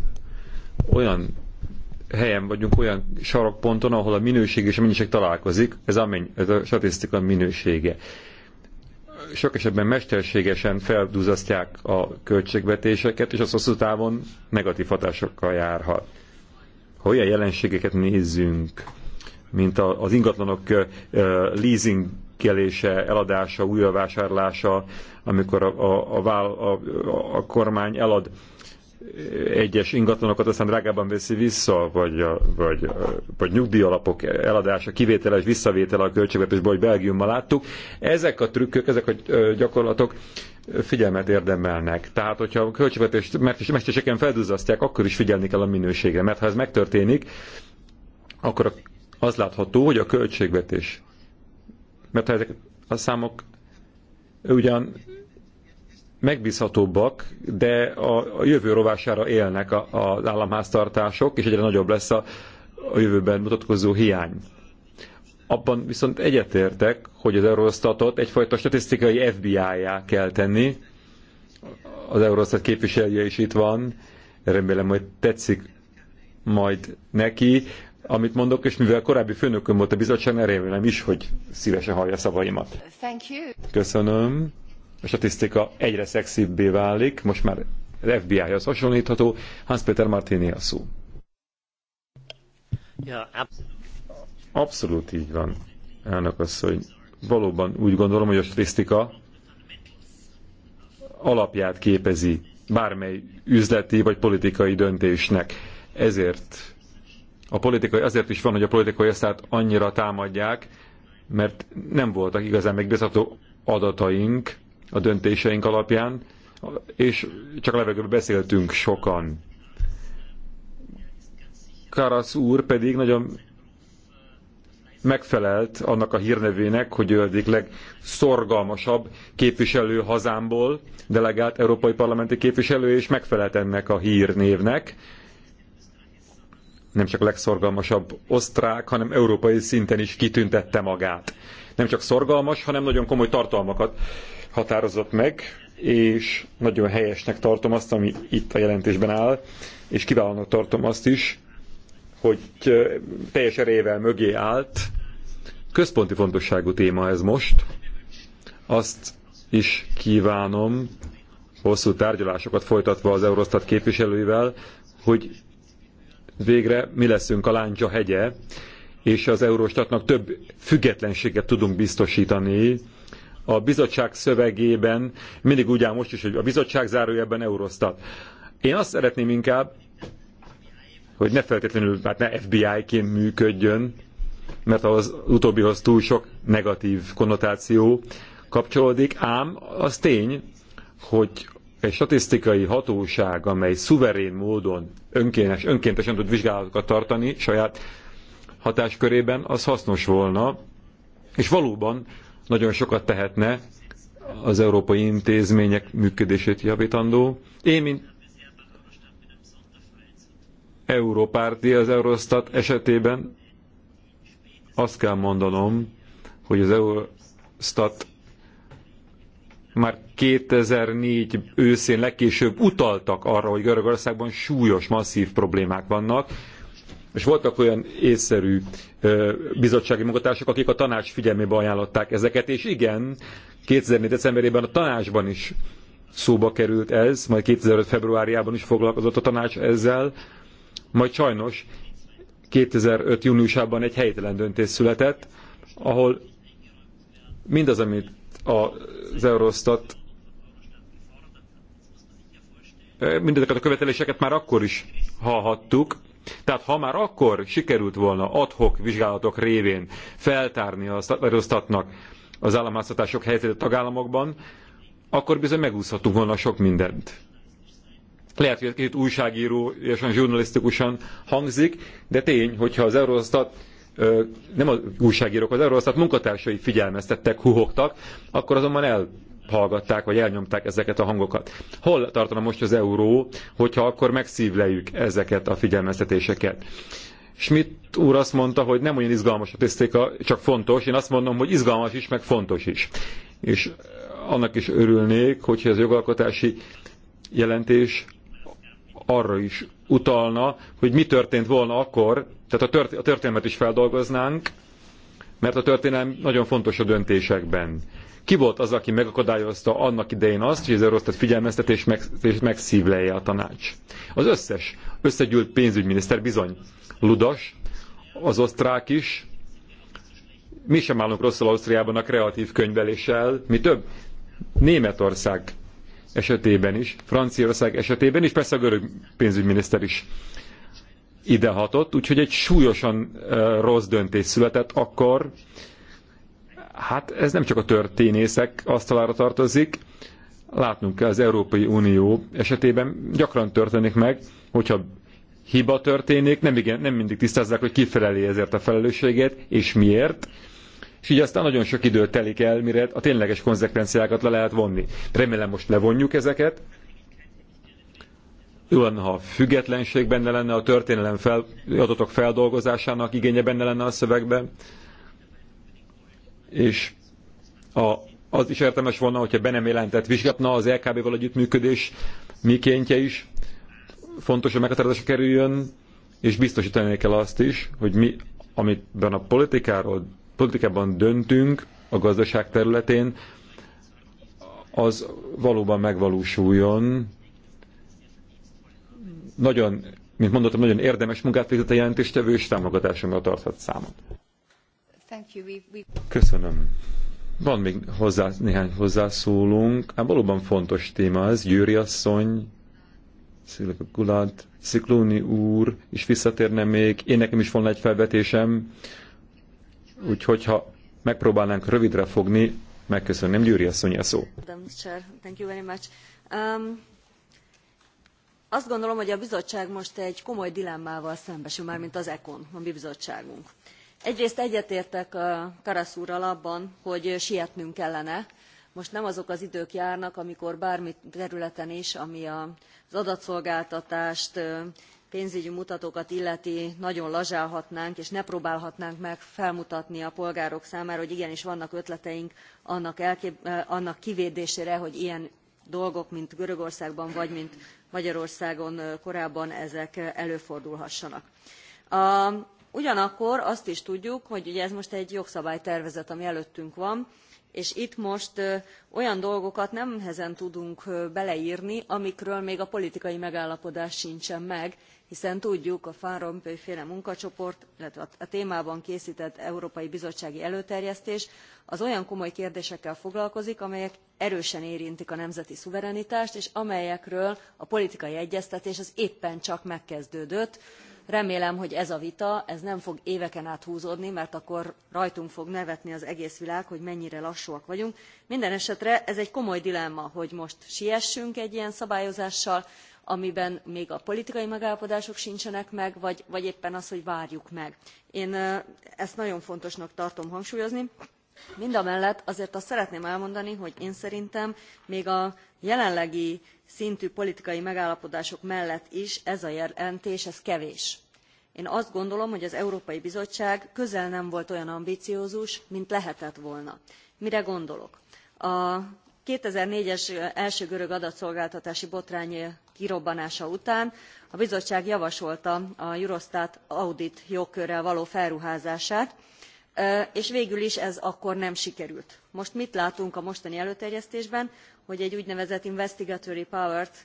Olyan helyen vagyunk, olyan sarokponton, ahol a minőség és a mennyiség találkozik, ez, a, menny, ez a statisztika minősége sok esetben mesterségesen felduzasztják a költségvetéseket, és az hosszú távon negatív hatásokkal járhat. Ha olyan jelenségeket nézzünk, mint az ingatlanok leasingkelése, eladása, újravásárlása, amikor a, a, a, a, a kormány elad egyes ingatlanokat aztán drágában veszi vissza, vagy, vagy, vagy nyugdíjalapok eladása, kivételes visszavétele a költségvetésből, hogy Belgiummal láttuk. Ezek a trükkök, ezek a gyakorlatok figyelmet érdemelnek. Tehát, hogyha a költségvetést mesterseken felduzasztják, akkor is figyelni kell a minőségre, mert ha ez megtörténik, akkor az látható, hogy a költségvetés. Mert ha ezek a számok ugyan megbízhatóbbak, de a, a jövő rovására élnek a, az államháztartások, és egyre nagyobb lesz a, a jövőben mutatkozó hiány. Abban viszont egyetértek, hogy az Eurostatot egyfajta statisztikai FBI-já kell tenni. Az Eurostat képviselője is itt van, remélem, hogy tetszik majd neki, amit mondok, és mivel korábbi főnököm volt a bizottság, remélem is, hogy szívesen hallja szavaimat. Köszönöm a statisztika egyre szexibbé válik, most már az FBI-hoz hasonlítható. Hans-Peter Martini a szó. Ja, Abszolút így van, elnök asszony. Valóban úgy gondolom, hogy a statisztika alapját képezi bármely üzleti vagy politikai döntésnek. Ezért a politikai, azért is van, hogy a politikai asztát annyira támadják, mert nem voltak igazán megbízható adataink a döntéseink alapján, és csak levegőben beszéltünk sokan. Karasz úr pedig nagyon megfelelt annak a hírnevének, hogy ő egyik legszorgalmasabb képviselő hazámból, delegált európai parlamenti képviselő, és megfelelt ennek a hírnévnek. Nem csak a legszorgalmasabb osztrák, hanem európai szinten is kitüntette magát. Nem csak szorgalmas, hanem nagyon komoly tartalmakat határozott meg, és nagyon helyesnek tartom azt, ami itt a jelentésben áll, és kiválónak tartom azt is, hogy teljes erejével mögé állt. Központi fontosságú téma ez most. Azt is kívánom, hosszú tárgyalásokat folytatva az Eurostat képviselőivel, hogy végre mi leszünk a láncsa hegye, és az Eurostatnak több függetlenséget tudunk biztosítani, a bizottság szövegében mindig úgy áll most is, hogy a bizottság zárójelben Eurostat. Én azt szeretném inkább, hogy ne feltétlenül, hát ne FBI-ként működjön, mert az utóbbihoz túl sok negatív konnotáció kapcsolódik, ám az tény, hogy egy statisztikai hatóság, amely szuverén módon önkéntes, önkéntesen tud vizsgálatokat tartani saját hatáskörében, az hasznos volna, és valóban nagyon sokat tehetne az európai intézmények működését javítandó. Én, mint európárti az Eurostat esetében, azt kell mondanom, hogy az Eurostat már 2004 őszén legkésőbb utaltak arra, hogy Görögországban súlyos, masszív problémák vannak, és voltak olyan észszerű bizottsági munkatársak, akik a tanács figyelmébe ajánlották ezeket, és igen, 2004. decemberében a tanácsban is szóba került ez, majd 2005. februárjában is foglalkozott a tanács ezzel, majd sajnos 2005. júniusában egy helytelen döntés született, ahol mindaz, amit az Eurostat mindezeket a követeléseket már akkor is hallhattuk, tehát ha már akkor sikerült volna adhok vizsgálatok révén feltárni a szatároztatnak az államháztatások helyzetét a tagállamokban, akkor bizony megúszhattuk volna sok mindent. Lehet, hogy két újságíró és journalisztikusan hangzik, de tény, hogyha az Eurostat nem az újságírók, az Eurostat munkatársai figyelmeztettek, huhogtak, akkor azonban el hallgatták, vagy elnyomták ezeket a hangokat. Hol tartana most az euró, hogyha akkor megszívlejük ezeket a figyelmeztetéseket? Schmidt úr azt mondta, hogy nem olyan izgalmas a tisztéka, csak fontos. Én azt mondom, hogy izgalmas is, meg fontos is. És annak is örülnék, hogyha az jogalkotási jelentés arra is utalna, hogy mi történt volna akkor, tehát a, tört, a történelmet is feldolgoznánk, mert a történelem nagyon fontos a döntésekben. Ki volt az, aki megakadályozta annak idején azt, hogy az Eurostat figyelmeztetés meg, és megszívlelje a tanács? Az összes összegyűlt pénzügyminiszter bizony. Ludas, az osztrák is. Mi sem állunk rosszul Ausztriában a kreatív könyveléssel, mi több. Németország esetében is, Franciaország esetében is, persze a görög pénzügyminiszter is idehatott, úgyhogy egy súlyosan rossz döntés született akkor, Hát ez nem csak a történészek asztalára tartozik, látnunk kell az Európai Unió esetében gyakran történik meg, hogyha hiba történik, nem, igen, nem mindig tisztázzák, hogy kifeleli ezért a felelősséget, és miért, és így aztán nagyon sok idő telik el, mire a tényleges konzekvenciákat le lehet vonni. Remélem most levonjuk ezeket. Jó lenne, ha a függetlenség benne lenne, a történelem fel, adatok feldolgozásának igénye benne lenne a szövegben, és a, az is értemes volna, hogyha be nem jelentett vizsgatna az LKB-val együttműködés mikéntje is, fontos, hogy meghatározásra kerüljön, és biztosítani kell azt is, hogy mi, amiben a politikáról, politikában döntünk a gazdaság területén, az valóban megvalósuljon. Nagyon, mint mondottam, nagyon érdemes munkát végzett a jelentéstevő, és támogatásunkra tarthat számot. Köszönöm. Van még hozzá, néhány hozzászólunk. Hát valóban fontos téma ez. Győri asszony, Szilika Gulát, Sziklóni úr, és visszatérne még. Én nekem is volna egy felvetésem. Úgyhogy ha megpróbálnánk rövidre fogni, megköszönném Győri asszony a szó. Um, azt gondolom, hogy a bizottság most egy komoly dilemmával szembesül, mármint az ECON, a mi bizottságunk egyrészt egyetértek karas úrral abban hogy sietnünk kellene most nem azok az idők járnak amikor bármi területen is ami az adatszolgáltatást pénzügyi mutatókat illeti nagyon lazsálhatnánk és ne próbálhatnánk meg felmutatni a polgárok számára hogy igenis vannak ötleteink annak, annak kivédésére hogy ilyen dolgok mint görögországban vagy mint magyarországon korábban ezek előfordulhassanak. a ugyanakkor azt is tudjuk hogy ugye ez most egy jogszabálytervezet ami előttünk van és itt most olyan dolgokat nem nehezen tudunk beleírni, amikről még a politikai megállapodás sincsen meg hiszen tudjuk a van rompuy féle munkacsoport illetve a témában késztett európai bizottsági előterjesztés az olyan komoly kérdésekkel foglalkozik amelyek erősen érintik a nemzeti szuverenitást és amelyekről a politikai egyeztetés az éppen csak megkezdődött remélem hogy ez a vita ez nem fog éveken át húzódni mert akkor rajtunk fog nevetni az egész világ hogy mennyire lassúak vagyunk. mindenesetre ez egy komoly dilemma hogy most siessünk egy ilyen szabályozással amiben még a politikai megállapodások sincsenek meg vagy, vagy éppen az hogy várjuk meg. én ezt nagyon fontosnak tartom hangsúlyozni mindamellett azért azt szeretném elmondani hogy én szerintem még a jelenlegi szintű politikai megállapodások mellett is ez a jelentés kevés. én azt gondolom hogy az európai bizottság közel nem volt olyan ambiciózus mint lehetett volna. mire gondolok? a two thousand and four es első görög adatszolgáltatási botrány kirobbanása után a bizottság javasolta a eurostat audit jogkörrel való felruházását és végül is ez akkor nem sikerült. most mit látunk a mostani előterjesztésben hogy egy úgynevezett investigatory power t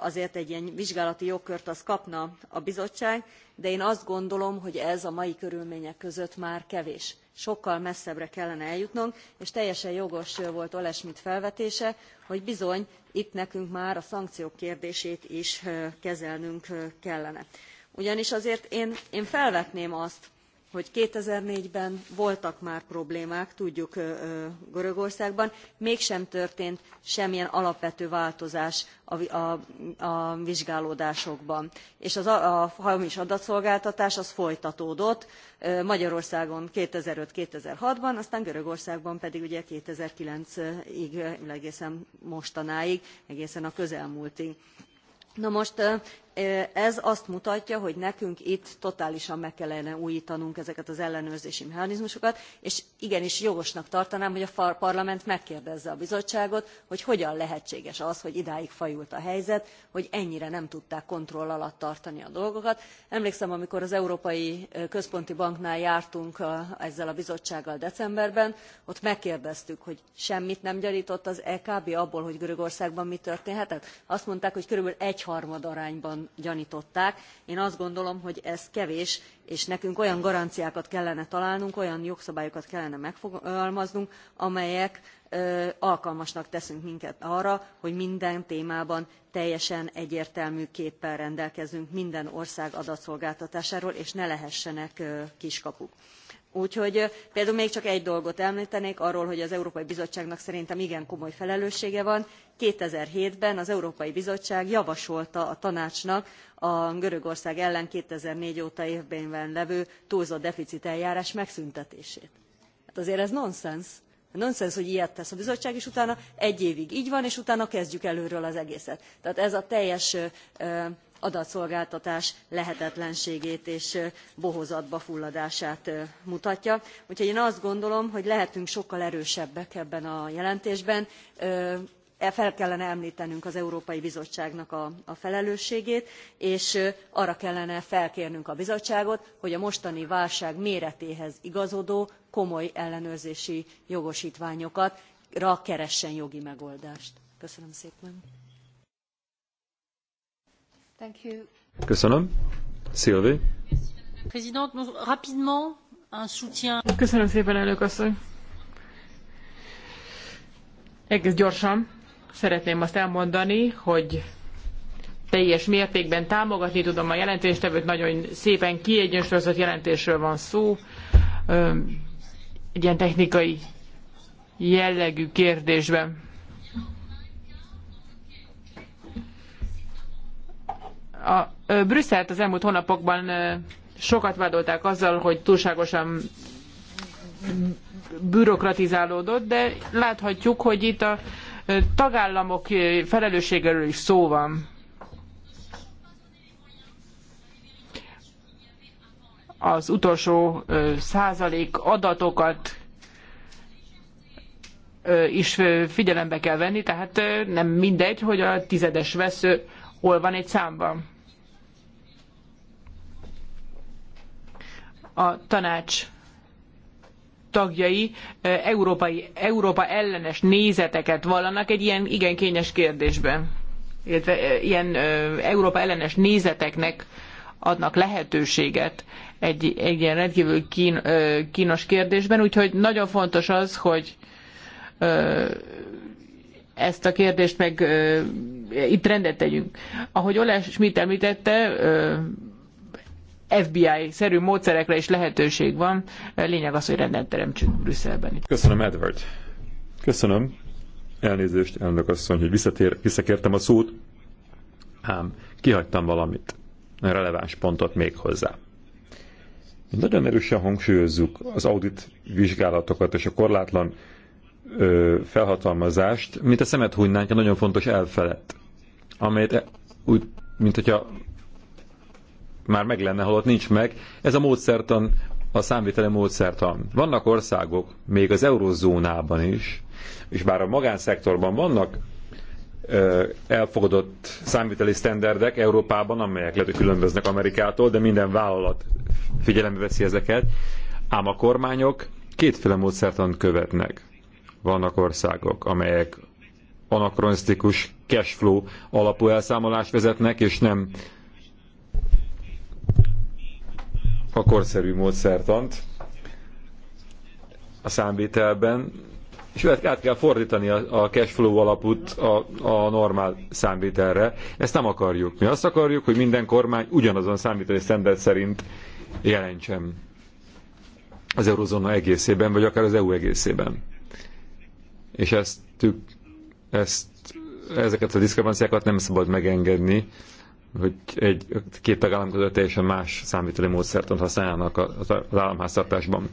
azért egy ilyen vizsgálati jogkört azt kapna a bizottság de én azt gondolom hogy ez a mai körülmények között már kevés sokkal messzebbre kellene eljutnunk és teljesen jogos volt olle schmidt felvetése hogy bizony itt nekünk már a szankciók kérdését is kezelnünk kellene ugyanis azért én, én felvetném azt hogy two thousand and four ben voltak már problémák tudjuk görögországban mégsem történt semmilyen alapvető változás a, vizsgálódásokban és az, a hamis adatszolgáltatás az folytatódott magyarországon two thousand and five two thousand and six ban aztán görögországban pedig ugye two thousand and nine ig egészen mostanáig egészen a közelmúltig. na most ez azt mutatja hogy nekünk itt totálisan meg kellene újtanunk ezeket az ellenőrzési mechanizmusokat és igenis jogosnak tartanám hogy a parlament megkérdezze a bizottságot hogy hogyan lehetséges az hogy idáig fajult a helyzet hogy ennyire nem tudták kontroll alatt tartani a dolgokat. emlékszem amikor az európai központi banknál jártunk ezzel a bizottsággal decemberben ott megkérdeztük hogy semmit nem gyartott az ekb abból hogy görögországban mi történhetett? azt mondták hogy körülbelül egyharmad arányban gyanították. én azt gondolom hogy ez kevés és nekünk olyan garanciákat kellene találnunk olyan jogszabályokat kellene megfogalmaznunk amelyek alkalmasnak tesznek minket arra hogy minden témában teljesen egyértelmű képpel rendelkezzünk minden ország adatszolgáltatásáról és ne lehessenek kiskapuk úgyhogy például még csak egy dolgot emltenék arról hogy az európai bizottságnak szerintem igen komoly felelőssége van two thousand and seven ben az európai bizottság javasolta a tanácsnak a görögország ellen two thousand and four óta érvényben levő túlzott deficiteljárás megszüntetését. hát azért ez nonsens nonsense, hogy ilyet tesz a bizottság és utána egy évig gy van és utána kezdjük előről az egészet. tehát ez a teljes adatszolgáltatás lehetetlenségét és bohózatba fulladását mutatja. úgyhogy én azt gondolom hogy lehetünk sokkal erősebbek ebben a jelentésben e fel kellene emltenünk az európai bizottságnak a, a felelősségét és arra kellene felkérnünk a bizottságot hogy a mostani válság méretéhez igazodó komoly ellenőrzési jogostványokra keressen jogi megoldást. köszönöm szépen! Köszönöm. Szilvi. Köszönöm szépen, elnök asszony. Egész gyorsan szeretném azt elmondani, hogy teljes mértékben támogatni tudom a jelentéstevőt, nagyon szépen kiegyensúlyozott jelentésről van szó. Egy ilyen technikai jellegű kérdésben. A Brüsszelt az elmúlt hónapokban sokat vádolták azzal, hogy túlságosan bürokratizálódott, de láthatjuk, hogy itt a tagállamok felelősségéről is szó van. Az utolsó százalék adatokat is figyelembe kell venni, tehát nem mindegy, hogy a tizedes vesző hol van egy számban. a tanács tagjai európai, Európa ellenes nézeteket vallanak egy ilyen igen kényes kérdésben, illetve ilyen Európa ellenes nézeteknek adnak lehetőséget egy, egy ilyen rendkívül kín, kínos kérdésben, úgyhogy nagyon fontos az, hogy ezt a kérdést meg itt rendet tegyünk. Ahogy Olás Schmidt említette, FBI-szerű módszerekre is lehetőség van. Lényeg az, hogy rendet teremtsünk Brüsszelben. Köszönöm, Edward. Köszönöm. Elnézést, elnök asszony, hogy visszatér, visszakértem a szót. Ám, kihagytam valamit. Releváns pontot még hozzá. Nagyon erősen hangsúlyozzuk az audit vizsgálatokat és a korlátlan ö, felhatalmazást, mint a szemet hunynánk, nagyon fontos elfelett, amelyet e- úgy, mint hogyha már meg lenne, holott nincs meg. Ez a módszertan, a számviteli módszertan. Vannak országok, még az eurozónában is, és bár a magánszektorban vannak elfogadott számviteli sztenderdek Európában, amelyek lehet, hogy különböznek Amerikától, de minden vállalat figyelembe veszi ezeket, ám a kormányok kétféle módszertan követnek. Vannak országok, amelyek anakronisztikus cashflow alapú elszámolást vezetnek, és nem a korszerű módszertant a számvételben, és át kell fordítani a, cash flow alapút a, a normál számvételre. Ezt nem akarjuk. Mi azt akarjuk, hogy minden kormány ugyanazon számítani szendet szerint jelentsen az eurozóna egészében, vagy akár az EU egészében. És ezt, ezt, ezeket a diszkrepanciákat nem szabad megengedni hogy egy, két tagállam között teljesen más számviteli módszertant használnak az államháztartásban.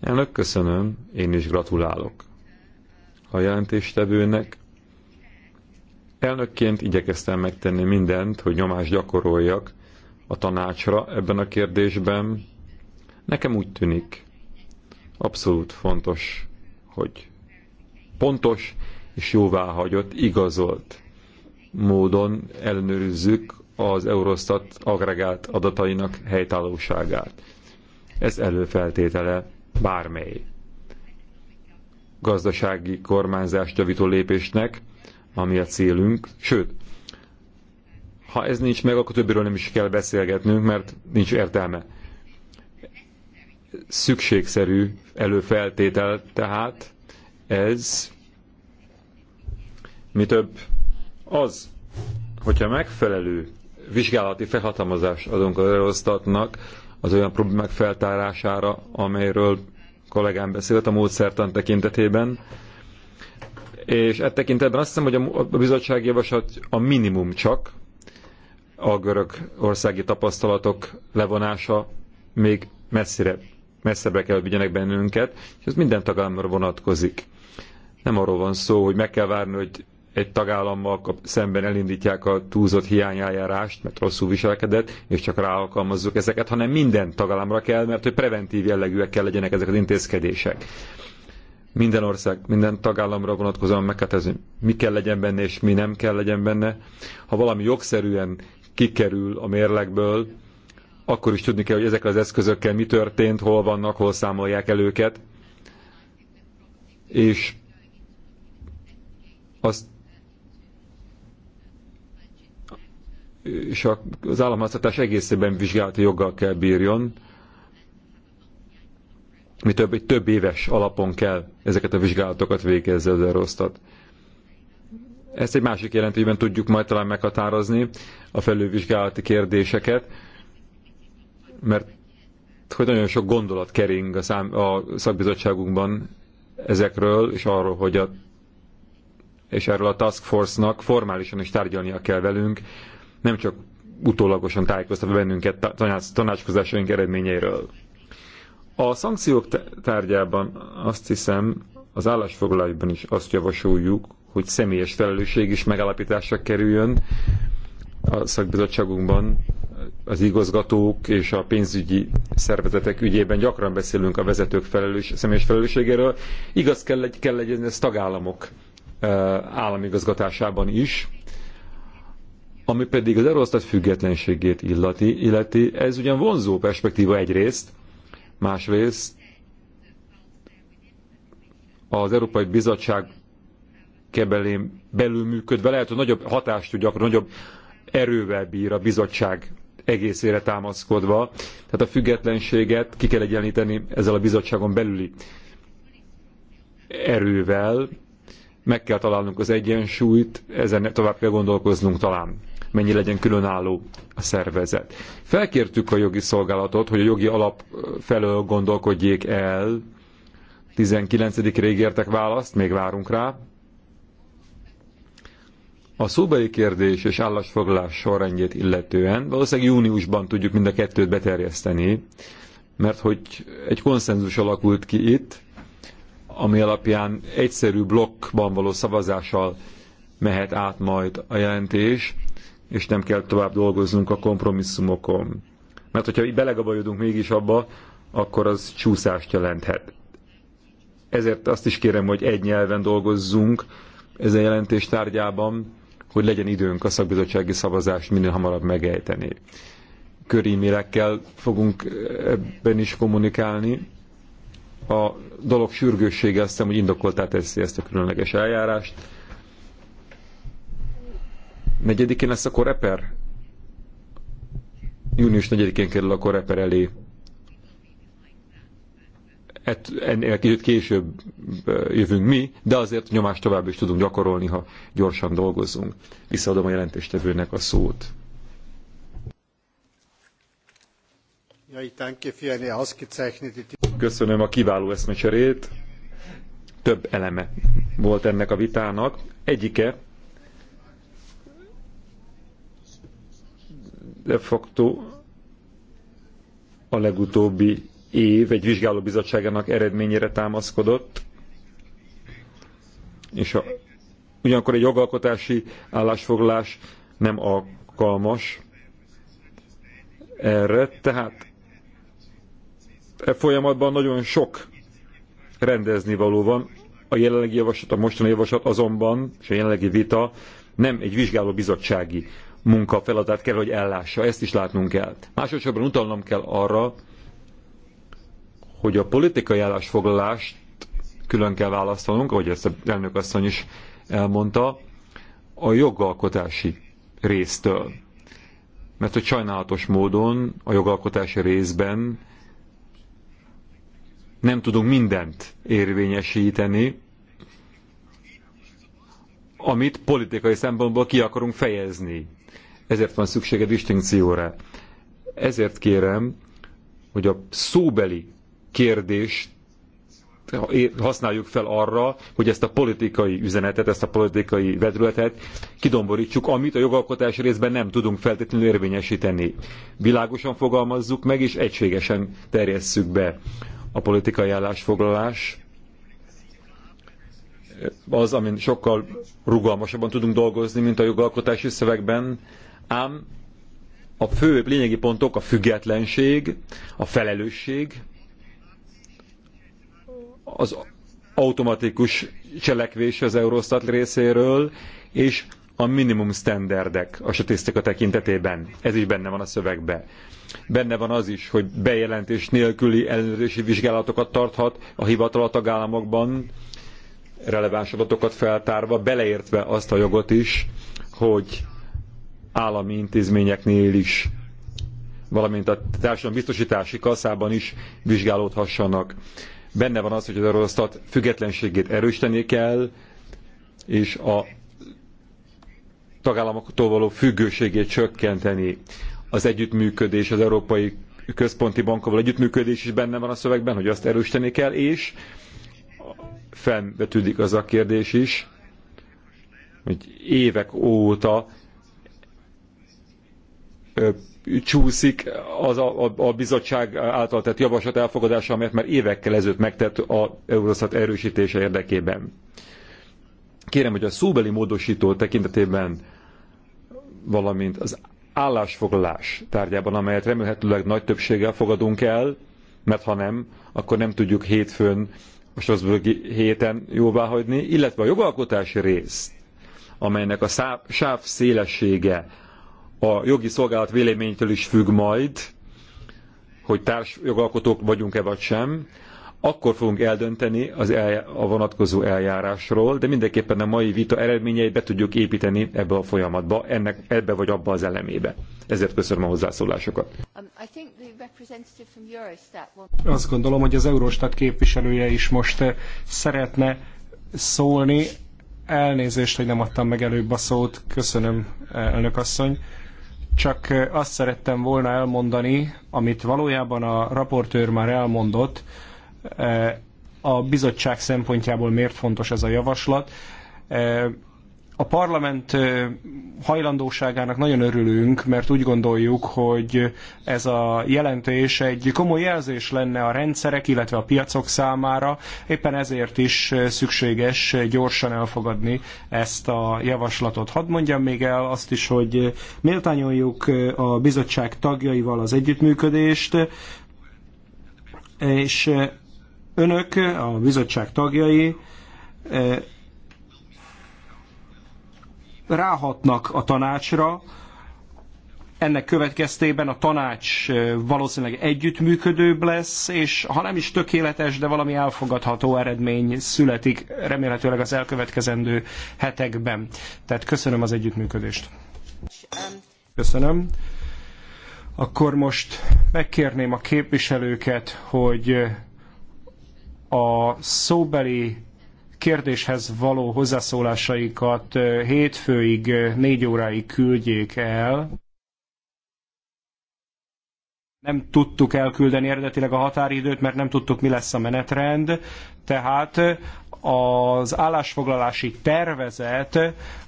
Elnök, köszönöm, én is gratulálok a jelentéstevőnek. Elnökként igyekeztem megtenni mindent, hogy nyomást gyakoroljak a tanácsra ebben a kérdésben. Nekem úgy tűnik abszolút fontos, hogy pontos és jóváhagyott, igazolt módon ellenőrizzük az Eurostat agregált adatainak helytállóságát. Ez előfeltétele bármely gazdasági kormányzást javító lépésnek, ami a célunk, sőt, ha ez nincs meg, akkor többiről nem is kell beszélgetnünk, mert nincs értelme. Szükségszerű előfeltétel tehát ez, mi több, az, hogyha megfelelő vizsgálati felhatalmazást adunk az Eurostatnak az olyan problémák feltárására, amelyről kollégám beszélt a módszertan tekintetében. És e tekintetben azt hiszem, hogy a bizottság javaslat a minimum csak, a görög országi tapasztalatok levonása még messzire, messzebbre kell vigyenek bennünket, és ez minden tagállamra vonatkozik. Nem arról van szó, hogy meg kell várni, hogy egy tagállammal szemben elindítják a túlzott hiányeljárást, mert rosszul viselkedett, és csak ráalkalmazzuk ezeket, hanem minden tagállamra kell, mert hogy preventív jellegűek kell legyenek ezek az intézkedések. Minden ország, minden tagállamra vonatkozóan meg kell tezni, mi kell legyen benne, és mi nem kell legyen benne. Ha valami jogszerűen kikerül a mérlegből, akkor is tudni kell, hogy ezekkel az eszközökkel mi történt, hol vannak, hol számolják el őket. És azt és az államháztatás egészében vizsgálati joggal kell bírjon, mi több, több éves alapon kell ezeket a vizsgálatokat végezze az Eurostat. Ezt egy másik jelentőben tudjuk majd talán meghatározni, a felülvizsgálati kérdéseket, mert hogy nagyon sok gondolat kering a, szám, a szakbizottságunkban ezekről, és arról, hogy a, és erről a Task Force-nak formálisan is tárgyalnia kell velünk, nem csak utólagosan tájékoztatva bennünket tanács, tanácskozásaink eredményeiről. A szankciók tárgyában azt hiszem, az állásfoglalásban is azt javasoljuk, hogy személyes felelősség is megállapításra kerüljön a szakbizottságunkban. Az igazgatók és a pénzügyi szervezetek ügyében gyakran beszélünk a vezetők felelős, személyes felelősségéről. Igaz kell, kell legyen ez tagállamok eh, államigazgatásában is, ami pedig az Eurostat függetlenségét illeti, illeti, ez ugyan vonzó perspektíva egyrészt, másrészt az Európai Bizottság kebelén belül működve lehet, hogy nagyobb hatást tud gyakran, nagyobb erővel bír a bizottság egészére támaszkodva. Tehát a függetlenséget ki kell egyenlíteni ezzel a bizottságon belüli erővel. Meg kell találnunk az egyensúlyt, ezen tovább kell gondolkoznunk talán mennyi legyen különálló a szervezet. Felkértük a jogi szolgálatot, hogy a jogi alap felől gondolkodjék el, 19-ére választ, még várunk rá. A szóbeli kérdés és állásfoglalás sorrendjét illetően valószínűleg júniusban tudjuk mind a kettőt beterjeszteni, mert hogy egy konszenzus alakult ki itt, ami alapján egyszerű blokkban való szavazással mehet át majd a jelentés és nem kell tovább dolgoznunk a kompromisszumokon. Mert hogyha belegabajodunk mégis abba, akkor az csúszást jelenthet. Ezért azt is kérem, hogy egy nyelven dolgozzunk ezen jelentés tárgyában, hogy legyen időnk a szakbizottsági szavazást minél hamarabb megejteni. Körímélekkel fogunk ebben is kommunikálni. A dolog sürgőssége azt hiszem, hogy indokoltá teszi ezt a különleges eljárást negyedikén lesz a koreper? Június negyedikén kerül a koreper elé. Et, ennél kicsit később jövünk mi, de azért nyomást tovább is tudunk gyakorolni, ha gyorsan dolgozunk. Visszaadom a jelentéstevőnek a szót. Köszönöm a kiváló eszmecserét. Több eleme volt ennek a vitának. Egyike de facto a legutóbbi év egy vizsgálóbizottságának eredményére támaszkodott, és a, ugyanakkor egy jogalkotási állásfoglalás nem alkalmas erre, tehát e folyamatban nagyon sok rendezni való van. A jelenlegi javaslat, a mostani javaslat azonban, és a jelenlegi vita nem egy vizsgálóbizottsági munka kell, hogy ellássa. Ezt is látnunk kell. Másodszorban utalnom kell arra, hogy a politikai állásfoglalást külön kell választanunk, ahogy ezt a elnök asszony is elmondta, a jogalkotási résztől. Mert hogy sajnálatos módon a jogalkotási részben nem tudunk mindent érvényesíteni, amit politikai szempontból ki akarunk fejezni ezért van szüksége distinkcióra. Ezért kérem, hogy a szóbeli kérdést használjuk fel arra, hogy ezt a politikai üzenetet, ezt a politikai vetületet kidomborítsuk, amit a jogalkotás részben nem tudunk feltétlenül érvényesíteni. Világosan fogalmazzuk meg, és egységesen terjesszük be a politikai állásfoglalás az, amin sokkal rugalmasabban tudunk dolgozni, mint a jogalkotási szövegben, ám a fő lényegi pontok a függetlenség, a felelősség, az automatikus cselekvés az Eurostat részéről, és a minimum standardek a statisztika tekintetében. Ez is benne van a szövegbe. Benne van az is, hogy bejelentés nélküli ellenőrzési vizsgálatokat tarthat a hivatal a tagállamokban, releváns adatokat feltárva, beleértve azt a jogot is, hogy állami intézményeknél is, valamint a társadalom biztosítási kaszában is vizsgálódhassanak. Benne van az, hogy az Eurostat függetlenségét erősíteni kell, és a tagállamoktól való függőségét csökkenteni. Az együttműködés, az Európai Központi Bankkal együttműködés is benne van a szövegben, hogy azt erősíteni kell, és felvetődik az a kérdés is, hogy évek óta csúszik az a, a, a bizottság által tett javaslat elfogadása, amelyet már évekkel ezelőtt megtett a Eurostat erősítése érdekében. Kérem, hogy a szóbeli módosító tekintetében, valamint az állásfoglalás tárgyában, amelyet remélhetőleg nagy többséggel fogadunk el, mert ha nem, akkor nem tudjuk hétfőn, a Strasbourgi héten jóváhagyni, illetve a jogalkotási részt, amelynek a száv, sáv szélessége a jogi szolgálat véleménytől is függ majd, hogy társjogalkotók jogalkotók vagyunk-e vagy sem, akkor fogunk eldönteni az el, a vonatkozó eljárásról, de mindenképpen a mai vita eredményeit be tudjuk építeni ebbe a folyamatba, ennek, ebbe vagy abba az elemébe. Ezért köszönöm a hozzászólásokat. Um, Azt gondolom, hogy az Eurostat képviselője is most eh, szeretne szólni. Elnézést, hogy nem adtam meg előbb a szót. Köszönöm, eh, elnök asszony. Csak azt szerettem volna elmondani, amit valójában a raportőr már elmondott, a bizottság szempontjából miért fontos ez a javaslat a parlament hajlandóságának nagyon örülünk, mert úgy gondoljuk, hogy ez a jelentés egy komoly jelzés lenne a rendszerek, illetve a piacok számára. Éppen ezért is szükséges gyorsan elfogadni ezt a javaslatot. Hadd mondjam még el azt is, hogy méltányoljuk a bizottság tagjaival az együttműködést, és önök, a bizottság tagjai, ráhatnak a tanácsra, ennek következtében a tanács valószínűleg együttműködőbb lesz, és ha nem is tökéletes, de valami elfogadható eredmény születik remélhetőleg az elkövetkezendő hetekben. Tehát köszönöm az együttműködést. Köszönöm. Akkor most megkérném a képviselőket, hogy a szóbeli kérdéshez való hozzászólásaikat hétfőig négy óráig küldjék el. Nem tudtuk elküldeni eredetileg a határidőt, mert nem tudtuk, mi lesz a menetrend. Tehát az állásfoglalási tervezet,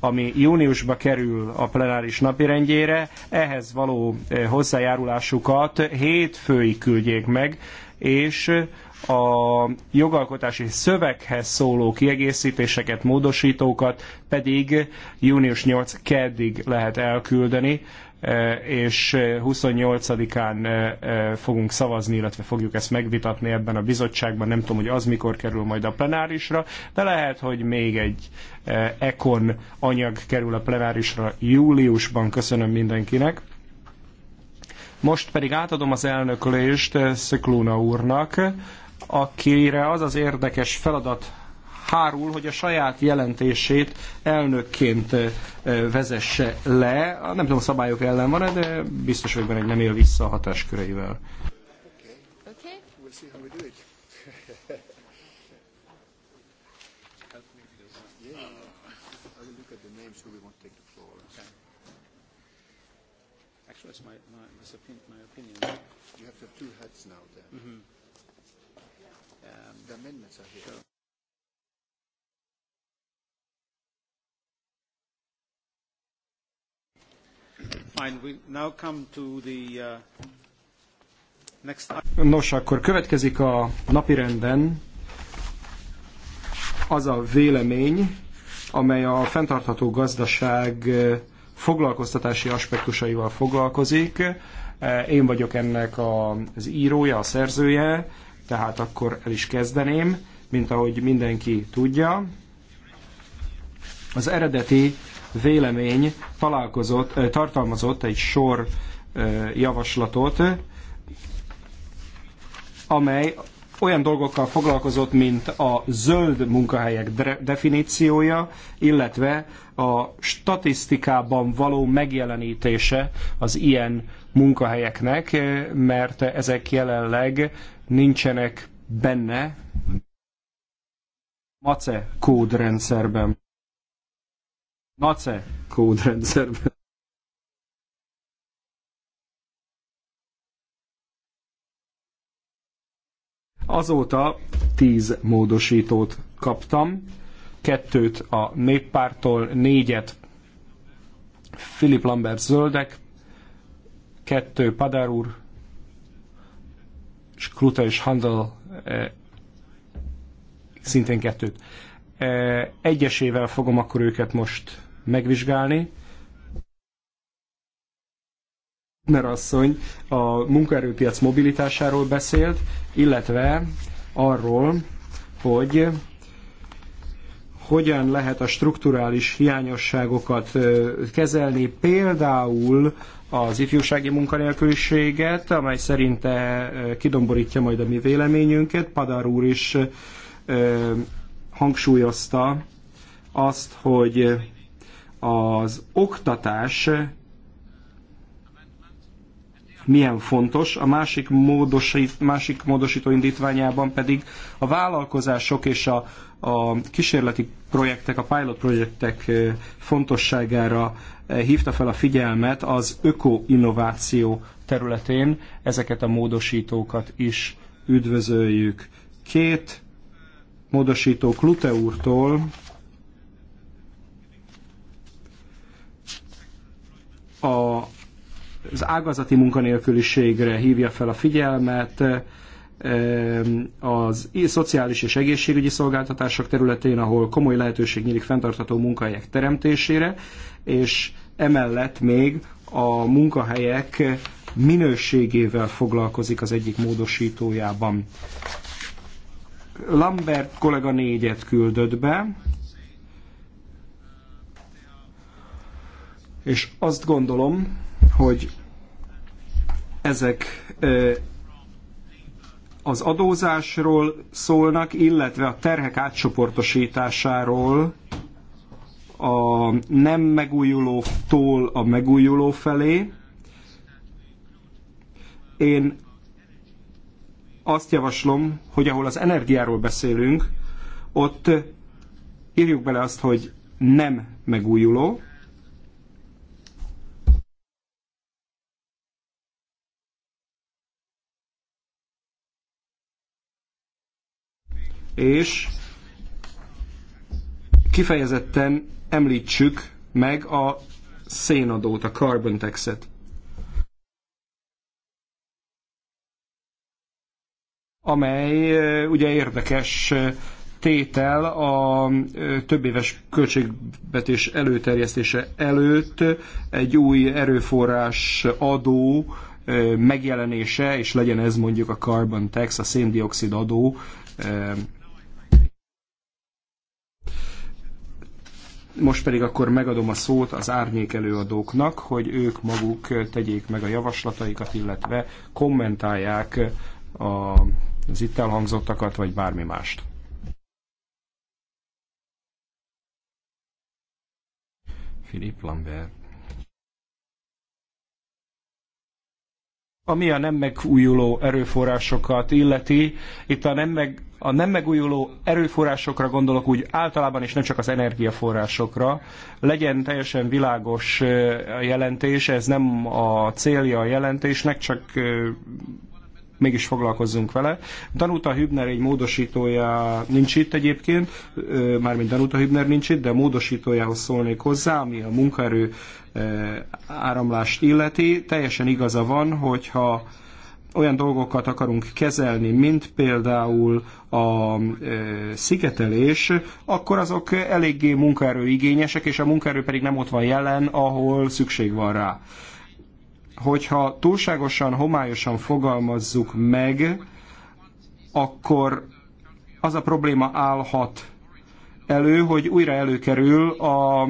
ami júniusba kerül a plenáris napirendjére, ehhez való hozzájárulásukat hétfői küldjék meg, és a jogalkotási szöveghez szóló kiegészítéseket, módosítókat pedig június 8 keddig lehet elküldeni, e, és 28-án e, e, fogunk szavazni, illetve fogjuk ezt megvitatni ebben a bizottságban. Nem tudom, hogy az mikor kerül majd a plenárisra, de lehet, hogy még egy ekon anyag kerül a plenárisra júliusban. Köszönöm mindenkinek. Most pedig átadom az elnöklést Szeklóna úrnak, akire az az érdekes feladat hárul, hogy a saját jelentését elnökként vezesse le. Nem tudom, a szabályok ellen van-e, de biztos vagyok benne, hogy nem él vissza a hatásköreivel. Uh, Nos, akkor következik a napirenden az a vélemény, amely a fenntartható gazdaság uh, foglalkoztatási aspektusaival foglalkozik. Uh, én vagyok ennek az írója, a szerzője, tehát akkor el is kezdeném, mint ahogy mindenki tudja. Az eredeti vélemény találkozott, tartalmazott egy sor javaslatot, amely olyan dolgokkal foglalkozott, mint a zöld munkahelyek definíciója, illetve a statisztikában való megjelenítése az ilyen munkahelyeknek, mert ezek jelenleg nincsenek benne MACE kódrendszerben. NACE kódrendszerben. Azóta tíz módosítót kaptam, kettőt a néppártól, négyet Philip Lambert zöldek, kettő Padár úr, és Kruta és Handel eh, szintén kettőt. Eh, egyesével fogom akkor őket most megvizsgálni. Mert asszony a munkaerőpiac mobilitásáról beszélt, illetve arról, hogy hogyan lehet a strukturális hiányosságokat kezelni, például az ifjúsági munkanélküliséget, amely szerinte kidomborítja majd a mi véleményünket. Padar úr is hangsúlyozta azt, hogy az oktatás milyen fontos, a másik, módosít, másik módosító indítványában pedig a vállalkozások és a, a kísérleti projektek, a pilot projektek fontosságára hívta fel a figyelmet az ökoinnováció területén. Ezeket a módosítókat is üdvözöljük. Két módosító Klute úrtól a, az ágazati munkanélküliségre hívja fel a figyelmet, az szociális és egészségügyi szolgáltatások területén, ahol komoly lehetőség nyílik fenntartható munkahelyek teremtésére, és emellett még a munkahelyek minőségével foglalkozik az egyik módosítójában. Lambert kollega négyet küldött be, És azt gondolom, hogy ezek az adózásról szólnak, illetve a terhek átcsoportosításáról a nem megújulótól a megújuló felé. Én azt javaslom, hogy ahol az energiáról beszélünk, ott írjuk bele azt, hogy nem megújuló, és kifejezetten említsük meg a szénadót, a carbon taxet. amely ugye érdekes tétel a több éves költségvetés előterjesztése előtt egy új erőforrás adó megjelenése, és legyen ez mondjuk a carbon tax, a széndiokszid adó Most pedig akkor megadom a szót az árnyék előadóknak, hogy ők maguk tegyék meg a javaslataikat, illetve kommentálják a, az itt elhangzottakat, vagy bármi mást. Philippe Lambert. Ami a nem megújuló erőforrásokat illeti, itt a nem, meg, a nem megújuló erőforrásokra gondolok úgy általában, és nem csak az energiaforrásokra. Legyen teljesen világos a jelentés, ez nem a célja a jelentésnek, csak mégis foglalkozzunk vele. Danuta Hübner egy módosítója nincs itt egyébként, mármint Danuta Hübner nincs itt, de módosítójához szólnék hozzá, ami a munkaerő áramlást illeti. Teljesen igaza van, hogyha olyan dolgokat akarunk kezelni, mint például a szigetelés, akkor azok eléggé munkaerőigényesek, és a munkaerő pedig nem ott van jelen, ahol szükség van rá hogyha túlságosan, homályosan fogalmazzuk meg, akkor az a probléma állhat elő, hogy újra előkerül a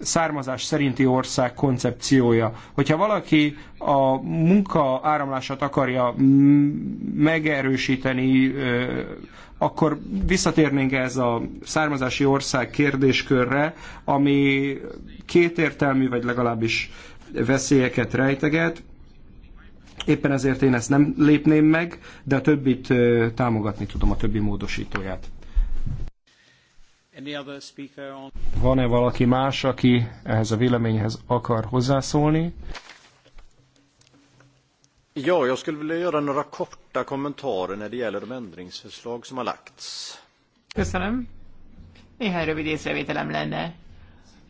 származás szerinti ország koncepciója. Hogyha valaki a munka áramlását akarja megerősíteni, akkor visszatérnénk ez a származási ország kérdéskörre, ami kétértelmű, vagy legalábbis veszélyeket rejteget. Éppen ezért én ezt nem lépném meg, de a többit támogatni tudom, a többi módosítóját. Van-e valaki más, aki ehhez a véleményhez akar hozzászólni? Ja, jag skulle vilja göra några korta kommentarer när det gäller de ändringsförslag som har lagts. Köszönöm. Néhány rövid észrevételem lenne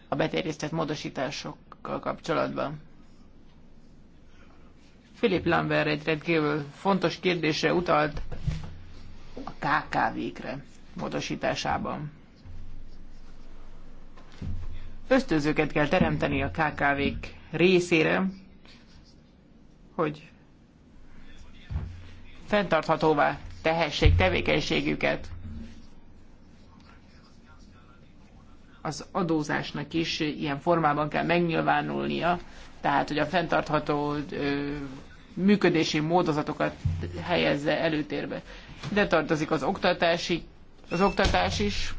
a beterjesztett módosítások célokkal kapcsolatban. Philip Lambert egy rendkívül fontos kérdése utalt a KKV-kre módosításában. Ösztözőket kell teremteni a KKV-k részére, hogy fenntarthatóvá tehessék tevékenységüket. az adózásnak is ilyen formában kell megnyilvánulnia, tehát hogy a fenntartható működési módozatokat helyezze előtérbe. De tartozik az oktatási, az oktatás is,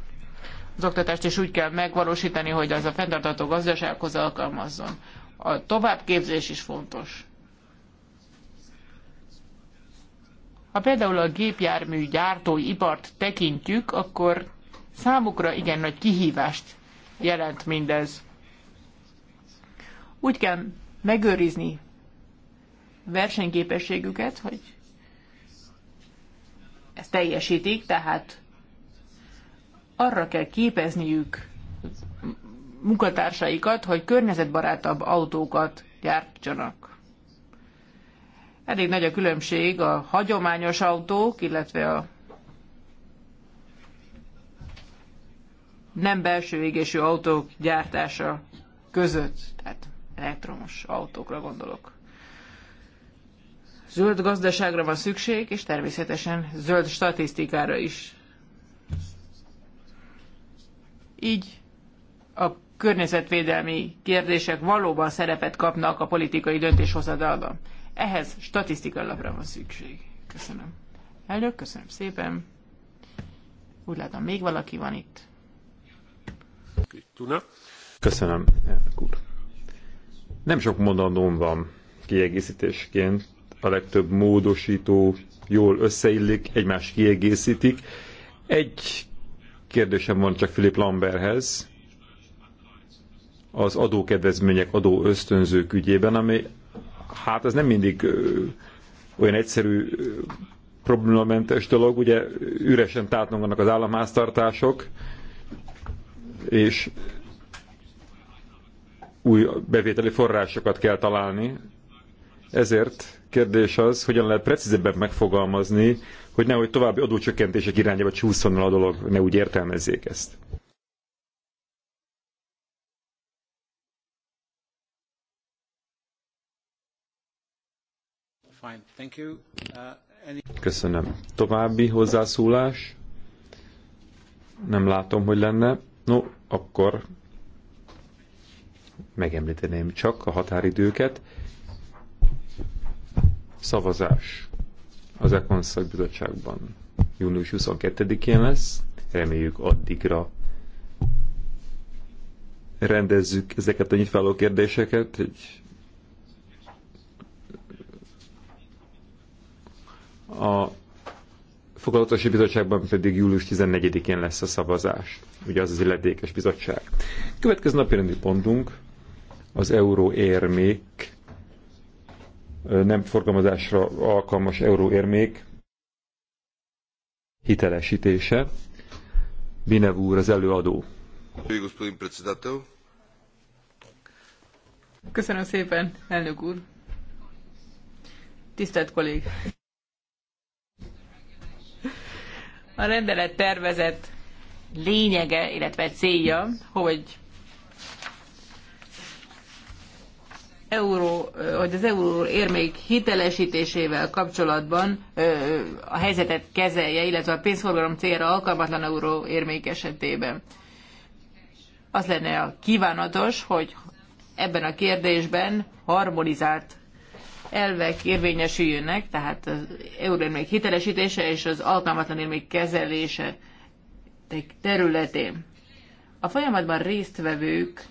az oktatást is úgy kell megvalósítani, hogy az a fenntartható gazdasághoz alkalmazzon. A továbbképzés is fontos. Ha például a gépjármű ipart tekintjük, akkor számukra igen nagy kihívást jelent mindez. Úgy kell megőrizni versenyképességüket, hogy ezt teljesítik, tehát arra kell képezniük munkatársaikat, hogy környezetbarátabb autókat gyártsanak. Elég nagy a különbség a hagyományos autók, illetve a nem belső égésű autók gyártása között, tehát elektromos autókra gondolok. Zöld gazdaságra van szükség, és természetesen zöld statisztikára is. Így a környezetvédelmi kérdések valóban szerepet kapnak a politikai döntéshozatalban. Ehhez statisztikai lapra van szükség. Köszönöm. Elnök, köszönöm szépen. Úgy látom, még valaki van itt. Köszönöm, úr. Nem sok mondandóm van kiegészítésként. A legtöbb módosító jól összeillik, egymást kiegészítik. Egy kérdésem van csak Philip Lamberhez, az adókedvezmények, adó ösztönzők ügyében, ami hát ez nem mindig ö, olyan egyszerű problémamentes dolog, ugye üresen tátnonganak az államháztartások, és új bevételi forrásokat kell találni. Ezért kérdés az, hogyan lehet precízebben megfogalmazni, hogy nehogy további adócsökkentések irányába csúszson el a dolog, ne úgy értelmezzék ezt. Uh, Köszönöm. További hozzászólás? Nem látom, hogy lenne. No, akkor megemlíteném csak a határidőket. Szavazás az Ekon szakbizottságban június 22-én lesz. Reméljük addigra rendezzük ezeket a nyitváló kérdéseket, hogy a foglalatosi bizottságban pedig július 14-én lesz a szavazás, ugye az az illetékes bizottság. Következő napi rendi pontunk az euróérmék, nem forgalmazásra alkalmas euróérmék hitelesítése. Binev úr az előadó. Köszönöm szépen, elnök úr. Tisztelt kollég! A rendelet tervezett lényege, illetve célja, hogy euró, hogy az euró érmék hitelesítésével kapcsolatban a helyzetet kezelje, illetve a pénzforgalom célra alkalmatlan euró érmék esetében. Az lenne a kívánatos, hogy ebben a kérdésben harmonizált elvek érvényesüljönnek, tehát az euróérmék hitelesítése és az alkalmatlan érmék kezelése területén. A folyamatban résztvevők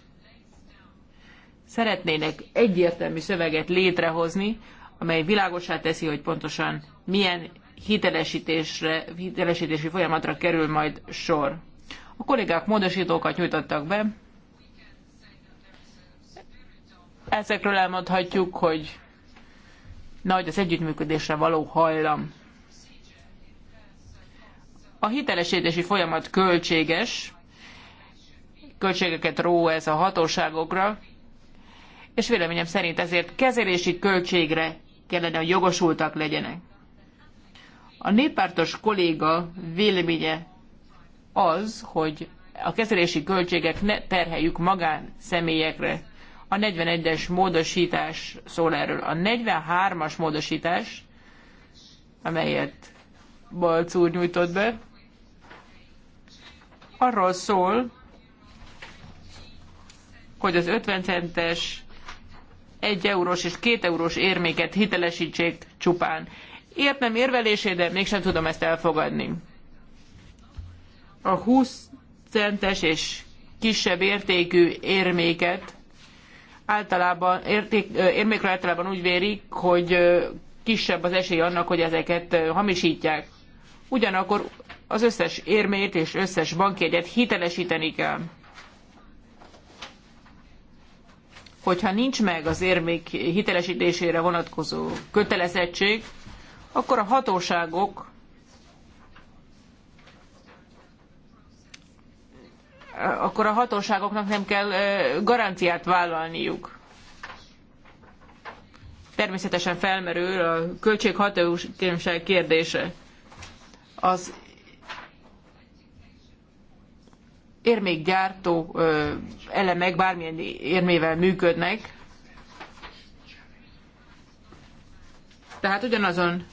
szeretnének egyértelmű szöveget létrehozni, amely világosá teszi, hogy pontosan milyen hitelesítésre, hitelesítési folyamatra kerül majd sor. A kollégák módosítókat nyújtottak be. Ezekről elmondhatjuk, hogy nagy az együttműködésre való hajlam. A hitelesítési folyamat költséges, költségeket ró ez a hatóságokra, és véleményem szerint ezért kezelési költségre kellene, hogy jogosultak legyenek. A néppártos kolléga véleménye az, hogy a kezelési költségek ne terheljük magánszemélyekre. A 41-es módosítás szól erről. A 43-as módosítás, amelyet Balc úr nyújtott be, arról szól, hogy az 50 centes, 1 eurós és 2 eurós érméket hitelesítsék csupán. Értem érvelését, de mégsem tudom ezt elfogadni. A 20 centes és kisebb értékű érméket általában érték, érmékről általában úgy vérik, hogy kisebb az esély annak, hogy ezeket hamisítják. Ugyanakkor az összes érmét és összes bankjegyet hitelesíteni kell. Hogyha nincs meg az érmék hitelesítésére vonatkozó kötelezettség, akkor a hatóságok akkor a hatóságoknak nem kell garanciát vállalniuk. Természetesen felmerül a költséghatóság kérdése. Az érmékgyártó elemek bármilyen érmével működnek. Tehát ugyanazon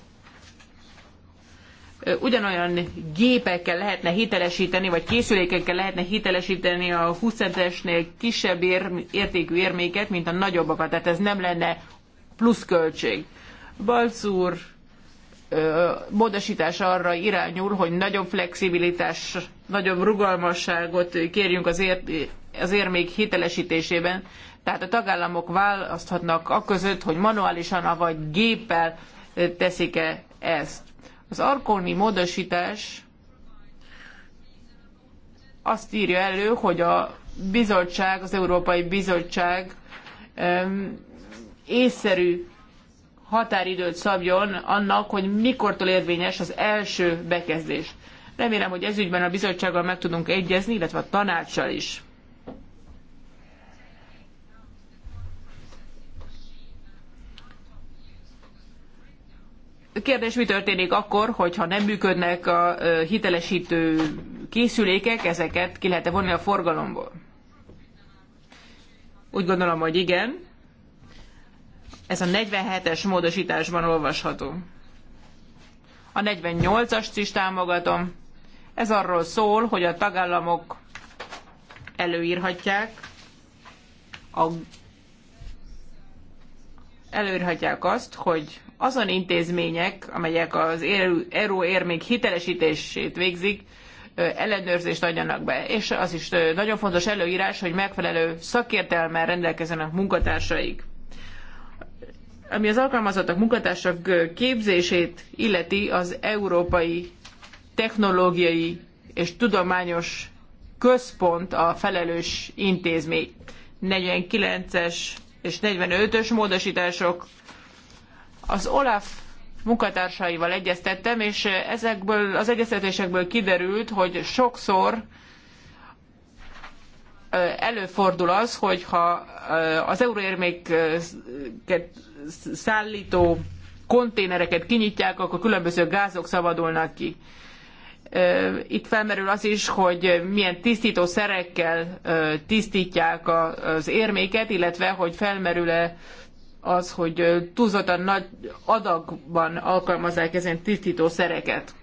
ugyanolyan gépekkel lehetne hitelesíteni, vagy készülékekkel lehetne hitelesíteni a 20 centesnél kisebb ér, értékű érméket, mint a nagyobbakat. Tehát ez nem lenne pluszköltség. Balc úr módosítás arra irányul, hogy nagyobb flexibilitás, nagyobb rugalmasságot kérjünk az, ér, az érmék hitelesítésében. Tehát a tagállamok választhatnak a között, hogy manuálisan, vagy géppel teszik-e ezt az arkoni módosítás azt írja elő, hogy a bizottság, az Európai Bizottság észszerű határidőt szabjon annak, hogy mikortól érvényes az első bekezdés. Remélem, hogy ezügyben a bizottsággal meg tudunk egyezni, illetve a tanácssal is. Kérdés, mi történik akkor, hogyha nem működnek a hitelesítő készülékek, ezeket ki lehet-e vonni a forgalomból? Úgy gondolom, hogy igen. Ez a 47-es módosításban olvasható. A 48-ast is támogatom. Ez arról szól, hogy a tagállamok előírhatják a előírhatják azt, hogy azon intézmények, amelyek az euró érmék hitelesítését végzik, ellenőrzést adjanak be. És az is nagyon fontos előírás, hogy megfelelő szakértelmel rendelkezzenek munkatársaik. Ami az alkalmazottak munkatársak képzését illeti, az Európai Technológiai és Tudományos Központ a felelős intézmény. 49-es és 45-ös módosítások az Olaf munkatársaival egyeztettem, és ezekből az egyeztetésekből kiderült, hogy sokszor előfordul az, hogy ha az euróérméket szállító konténereket kinyitják, akkor különböző gázok szabadulnak ki. Itt felmerül az is, hogy milyen tisztító szerekkel tisztítják az érméket, illetve hogy felmerül-e az, hogy túlzottan nagy adagban alkalmazzák ezen tisztító szereket.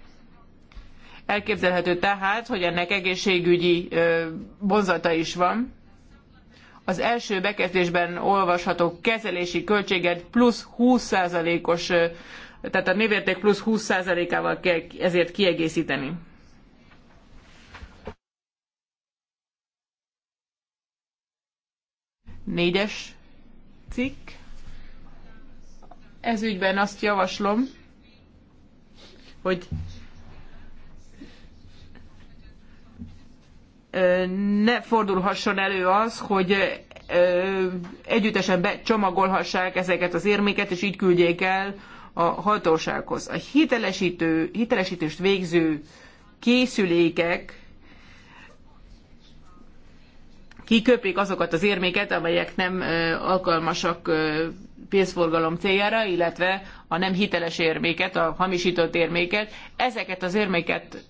Elképzelhető tehát, hogy ennek egészségügyi vonzata is van. Az első bekezdésben olvasható kezelési költséget plusz 20%-os, tehát a névérték plusz 20%-ával kell ezért kiegészíteni. Négyes cikk. Ez ügyben azt javaslom, hogy ne fordulhasson elő az, hogy együttesen becsomagolhassák ezeket az érméket, és így küldjék el a hatósághoz. A hitelesítő, hitelesítést végző készülékek kiköpik azokat az érméket, amelyek nem alkalmasak pénzforgalom céljára, illetve a nem hiteles érméket, a hamisított érméket. Ezeket az érméket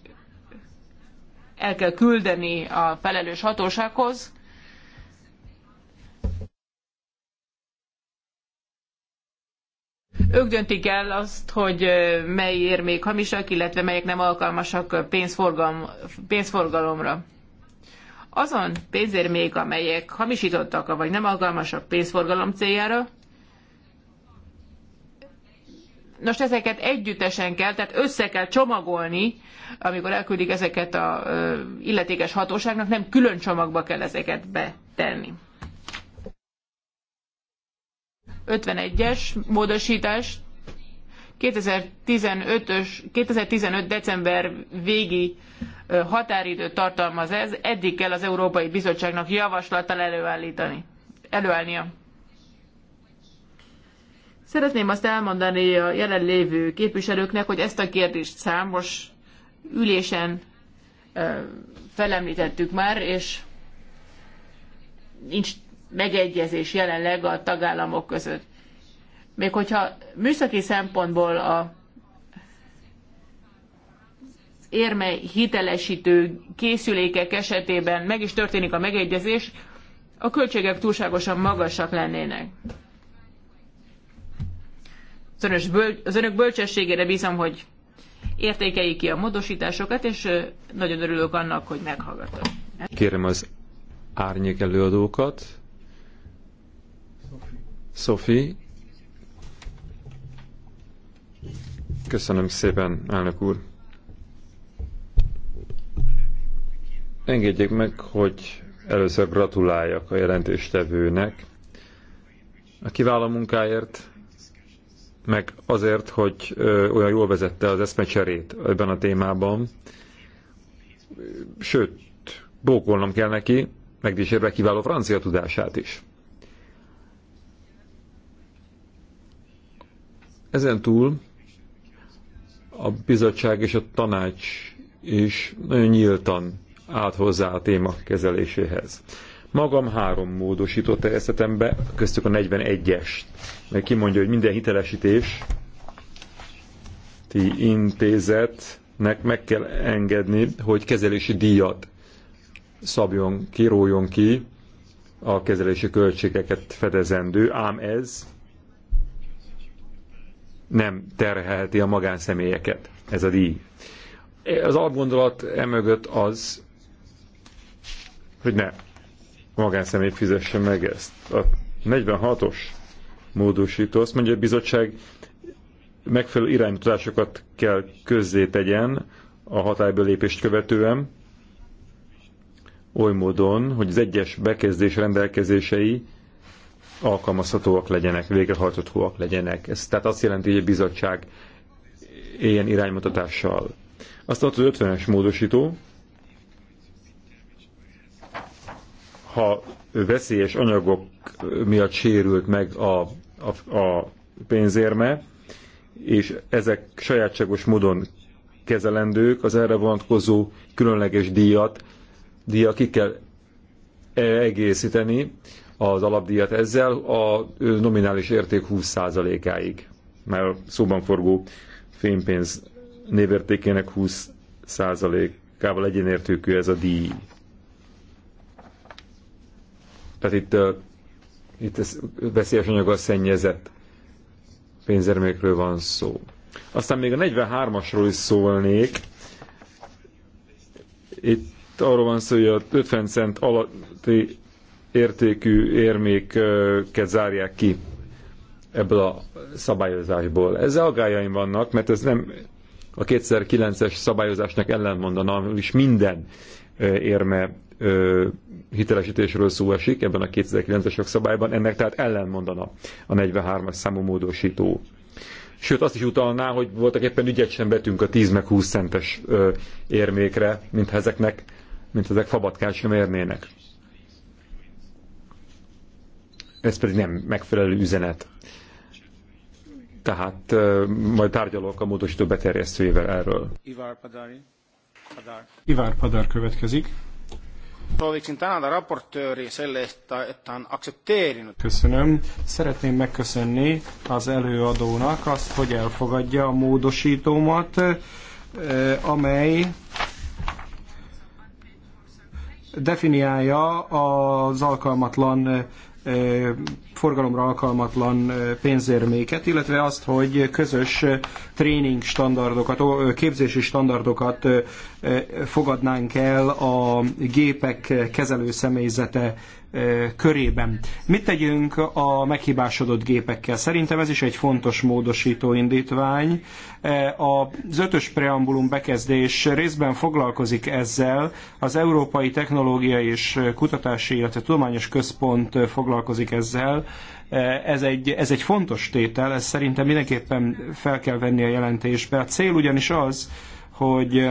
el kell küldeni a felelős hatósághoz, Ők döntik el azt, hogy mely érmék hamisak, illetve melyek nem alkalmasak pénzforgalom, pénzforgalomra. Azon pénzérmék, amelyek hamisítottak, vagy nem alkalmasak pénzforgalom céljára, Nos, ezeket együttesen kell, tehát össze kell csomagolni, amikor elküldik ezeket a illetékes hatóságnak, nem külön csomagba kell ezeket betenni. 51-es módosítás 2015-ös, 2015 december végi határidő tartalmaz ez, eddig kell az Európai Bizottságnak javaslattal előállítani, előállnia. Szeretném azt elmondani a jelenlévő képviselőknek, hogy ezt a kérdést számos ülésen felemlítettük már, és nincs megegyezés jelenleg a tagállamok között. Még hogyha műszaki szempontból a érme hitelesítő készülékek esetében meg is történik a megegyezés, a költségek túlságosan magasak lennének az, önös böl- az önök bölcsességére bízom, hogy értékeljék ki a módosításokat, és nagyon örülök annak, hogy meghallgatok. Kérem az árnyék előadókat. Sofi, Köszönöm szépen, elnök úr. Engedjék meg, hogy először gratuláljak a jelentéstevőnek. A kiváló munkáért meg azért, hogy olyan jól vezette az eszmecserét ebben a témában. Sőt, bókolnom kell neki, megdicsérve kiváló francia tudását is. Ezen túl a bizottság és a tanács is nagyon nyíltan állt hozzá a téma kezeléséhez. Magam három módosított esetembe köztük a 41-es, mert kimondja, hogy minden hitelesítés ti intézetnek meg kell engedni, hogy kezelési díjat szabjon kiróljon ki a kezelési költségeket fedezendő, ám ez nem terhelheti a magánszemélyeket, ez a díj. Az alapgondolat emögött az, hogy ne magánszemély fizesse meg ezt. A 46-os módosító azt mondja, hogy a bizottság megfelelő irányításokat kell közzé tegyen a hatályba lépést követően, oly módon, hogy az egyes bekezdés rendelkezései alkalmazhatóak legyenek, végrehajthatóak legyenek. Ez tehát azt jelenti, hogy a bizottság ilyen iránymutatással. Azt az 50-es módosító, ha veszélyes anyagok miatt sérült meg a, a, a pénzérme, és ezek sajátságos módon kezelendők, az erre vonatkozó különleges díjat, díjat ki kell egészíteni az alapdíjat ezzel a nominális érték 20%-áig, mert szóban forgó fénypénz névértékének 20%-ával egyenértékű ez a díj. Tehát itt, uh, itt ez veszélyes anyaggal szennyezett pénzermékről van szó. Aztán még a 43-asról is szólnék. Itt arról van szó, hogy a 50 cent alatti értékű érméket zárják ki ebből a szabályozásból. Ezzel aggájaim vannak, mert ez nem a 2009-es szabályozásnak ellentmondana, és minden érme ö, hitelesítésről szó esik ebben a 2009-es jogszabályban, ennek tehát ellenmondana a 43-as számú módosító. Sőt, azt is utalná, hogy voltak éppen ügyet sem betünk a 10 meg 20 centes ö, érmékre, mint ezeknek, mint ezek fabatkát sem érnének. Ez pedig nem megfelelő üzenet. Tehát ö, majd tárgyalok a módosító beterjesztőjével erről. Ivar Padar következik. Sooviksin tänada raportőri selle eest, et ta on Köszönöm. Szeretném megköszönni az előadónak azt, hogy elfogadja a módosítómat, eh, amely definiálja az alkalmatlan eh, forgalomra alkalmatlan eh, pénzérméket, illetve azt, hogy közös tréning standardokat, képzési standardokat fogadnánk el a gépek kezelő személyzete körében. Mit tegyünk a meghibásodott gépekkel? Szerintem ez is egy fontos módosító indítvány. Az ötös preambulum bekezdés részben foglalkozik ezzel. Az Európai Technológiai és Kutatási, illetve Tudományos Központ foglalkozik ezzel. Ez egy, ez egy fontos tétel, ez szerintem mindenképpen fel kell venni a jelentésbe. A cél ugyanis az, hogy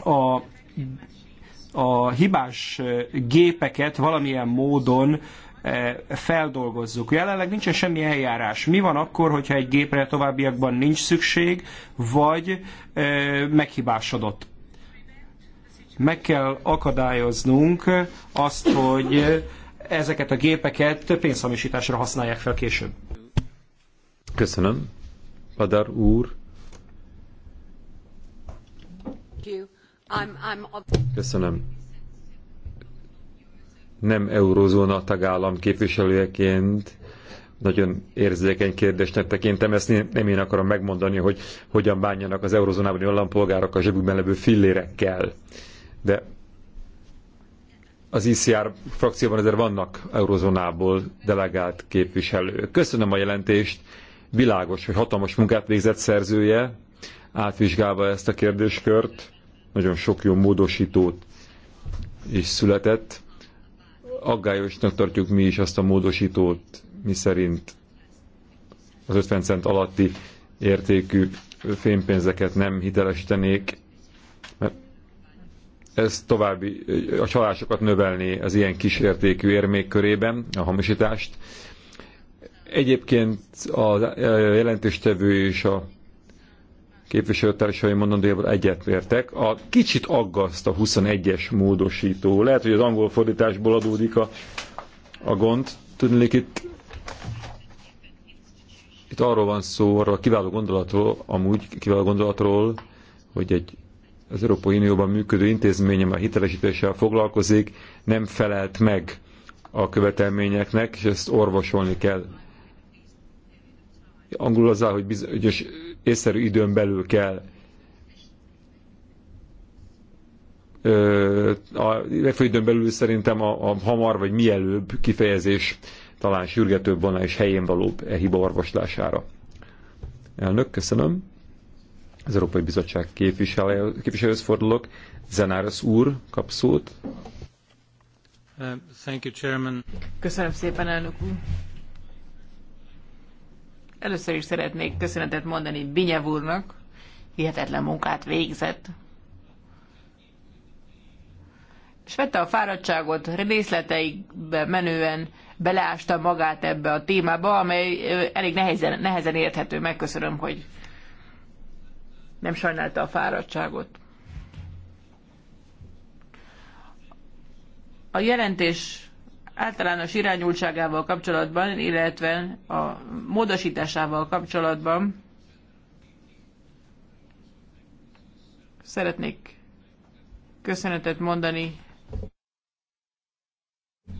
a a hibás gépeket valamilyen módon e, feldolgozzuk. Jelenleg nincsen semmi eljárás. Mi van akkor, hogyha egy gépre továbbiakban nincs szükség, vagy e, meghibásodott? Meg kell akadályoznunk azt, hogy ezeket a gépeket pénzhamisításra használják fel később. Köszönöm. Padar úr. Thank you. Köszönöm. Nem eurózóna tagállam képviselőjeként nagyon érzékeny kérdésnek tekintem, ezt nem én akarom megmondani, hogy hogyan bánjanak az eurozónában állampolgárok a zsebükben levő fillérekkel. De az ICR frakcióban azért vannak eurozónából delegált képviselők. Köszönöm a jelentést, világos, hogy hatalmas munkát végzett szerzője, átvizsgálva ezt a kérdéskört nagyon sok jó módosítót is született. Aggályosnak tartjuk mi is azt a módosítót, mi szerint az 50 cent alatti értékű fénypénzeket nem hitelesítenék, mert ez további, a csalásokat növelni az ilyen kis értékű érmék körében, a hamisítást. Egyébként a jelentéstevő és a képviselőtársai mondandójával egyetértek. A kicsit aggaszt a 21-es módosító. Lehet, hogy az angol fordításból adódik a, a gond. Tudnék itt itt arról van szó, arról a kiváló gondolatról, amúgy kiváló gondolatról, hogy egy az Európai Unióban működő intézmény, a hitelesítéssel foglalkozik, nem felelt meg a követelményeknek, és ezt orvosolni kell. Angolul azzal, hogy bizonyos észszerű időn belül kell a legfőbb időn belül szerintem a, a hamar vagy mielőbb kifejezés talán sürgetőbb volna és helyén valóbb e hiba orvoslására. Elnök, köszönöm. Az Európai Bizottság képviselő, képviselőhöz fordulok. Zenáros úr kap szót. Uh, thank you, Chairman. Köszönöm szépen, elnök úr. Először is szeretnék köszönetet mondani Binyev úrnak, hihetetlen munkát végzett. És vette a fáradtságot, részleteikbe menően beleásta magát ebbe a témába, amely elég nehezen, nehezen érthető. Megköszönöm, hogy nem sajnálta a fáradtságot. A jelentés általános irányultságával kapcsolatban, illetve a módosításával kapcsolatban szeretnék köszönetet mondani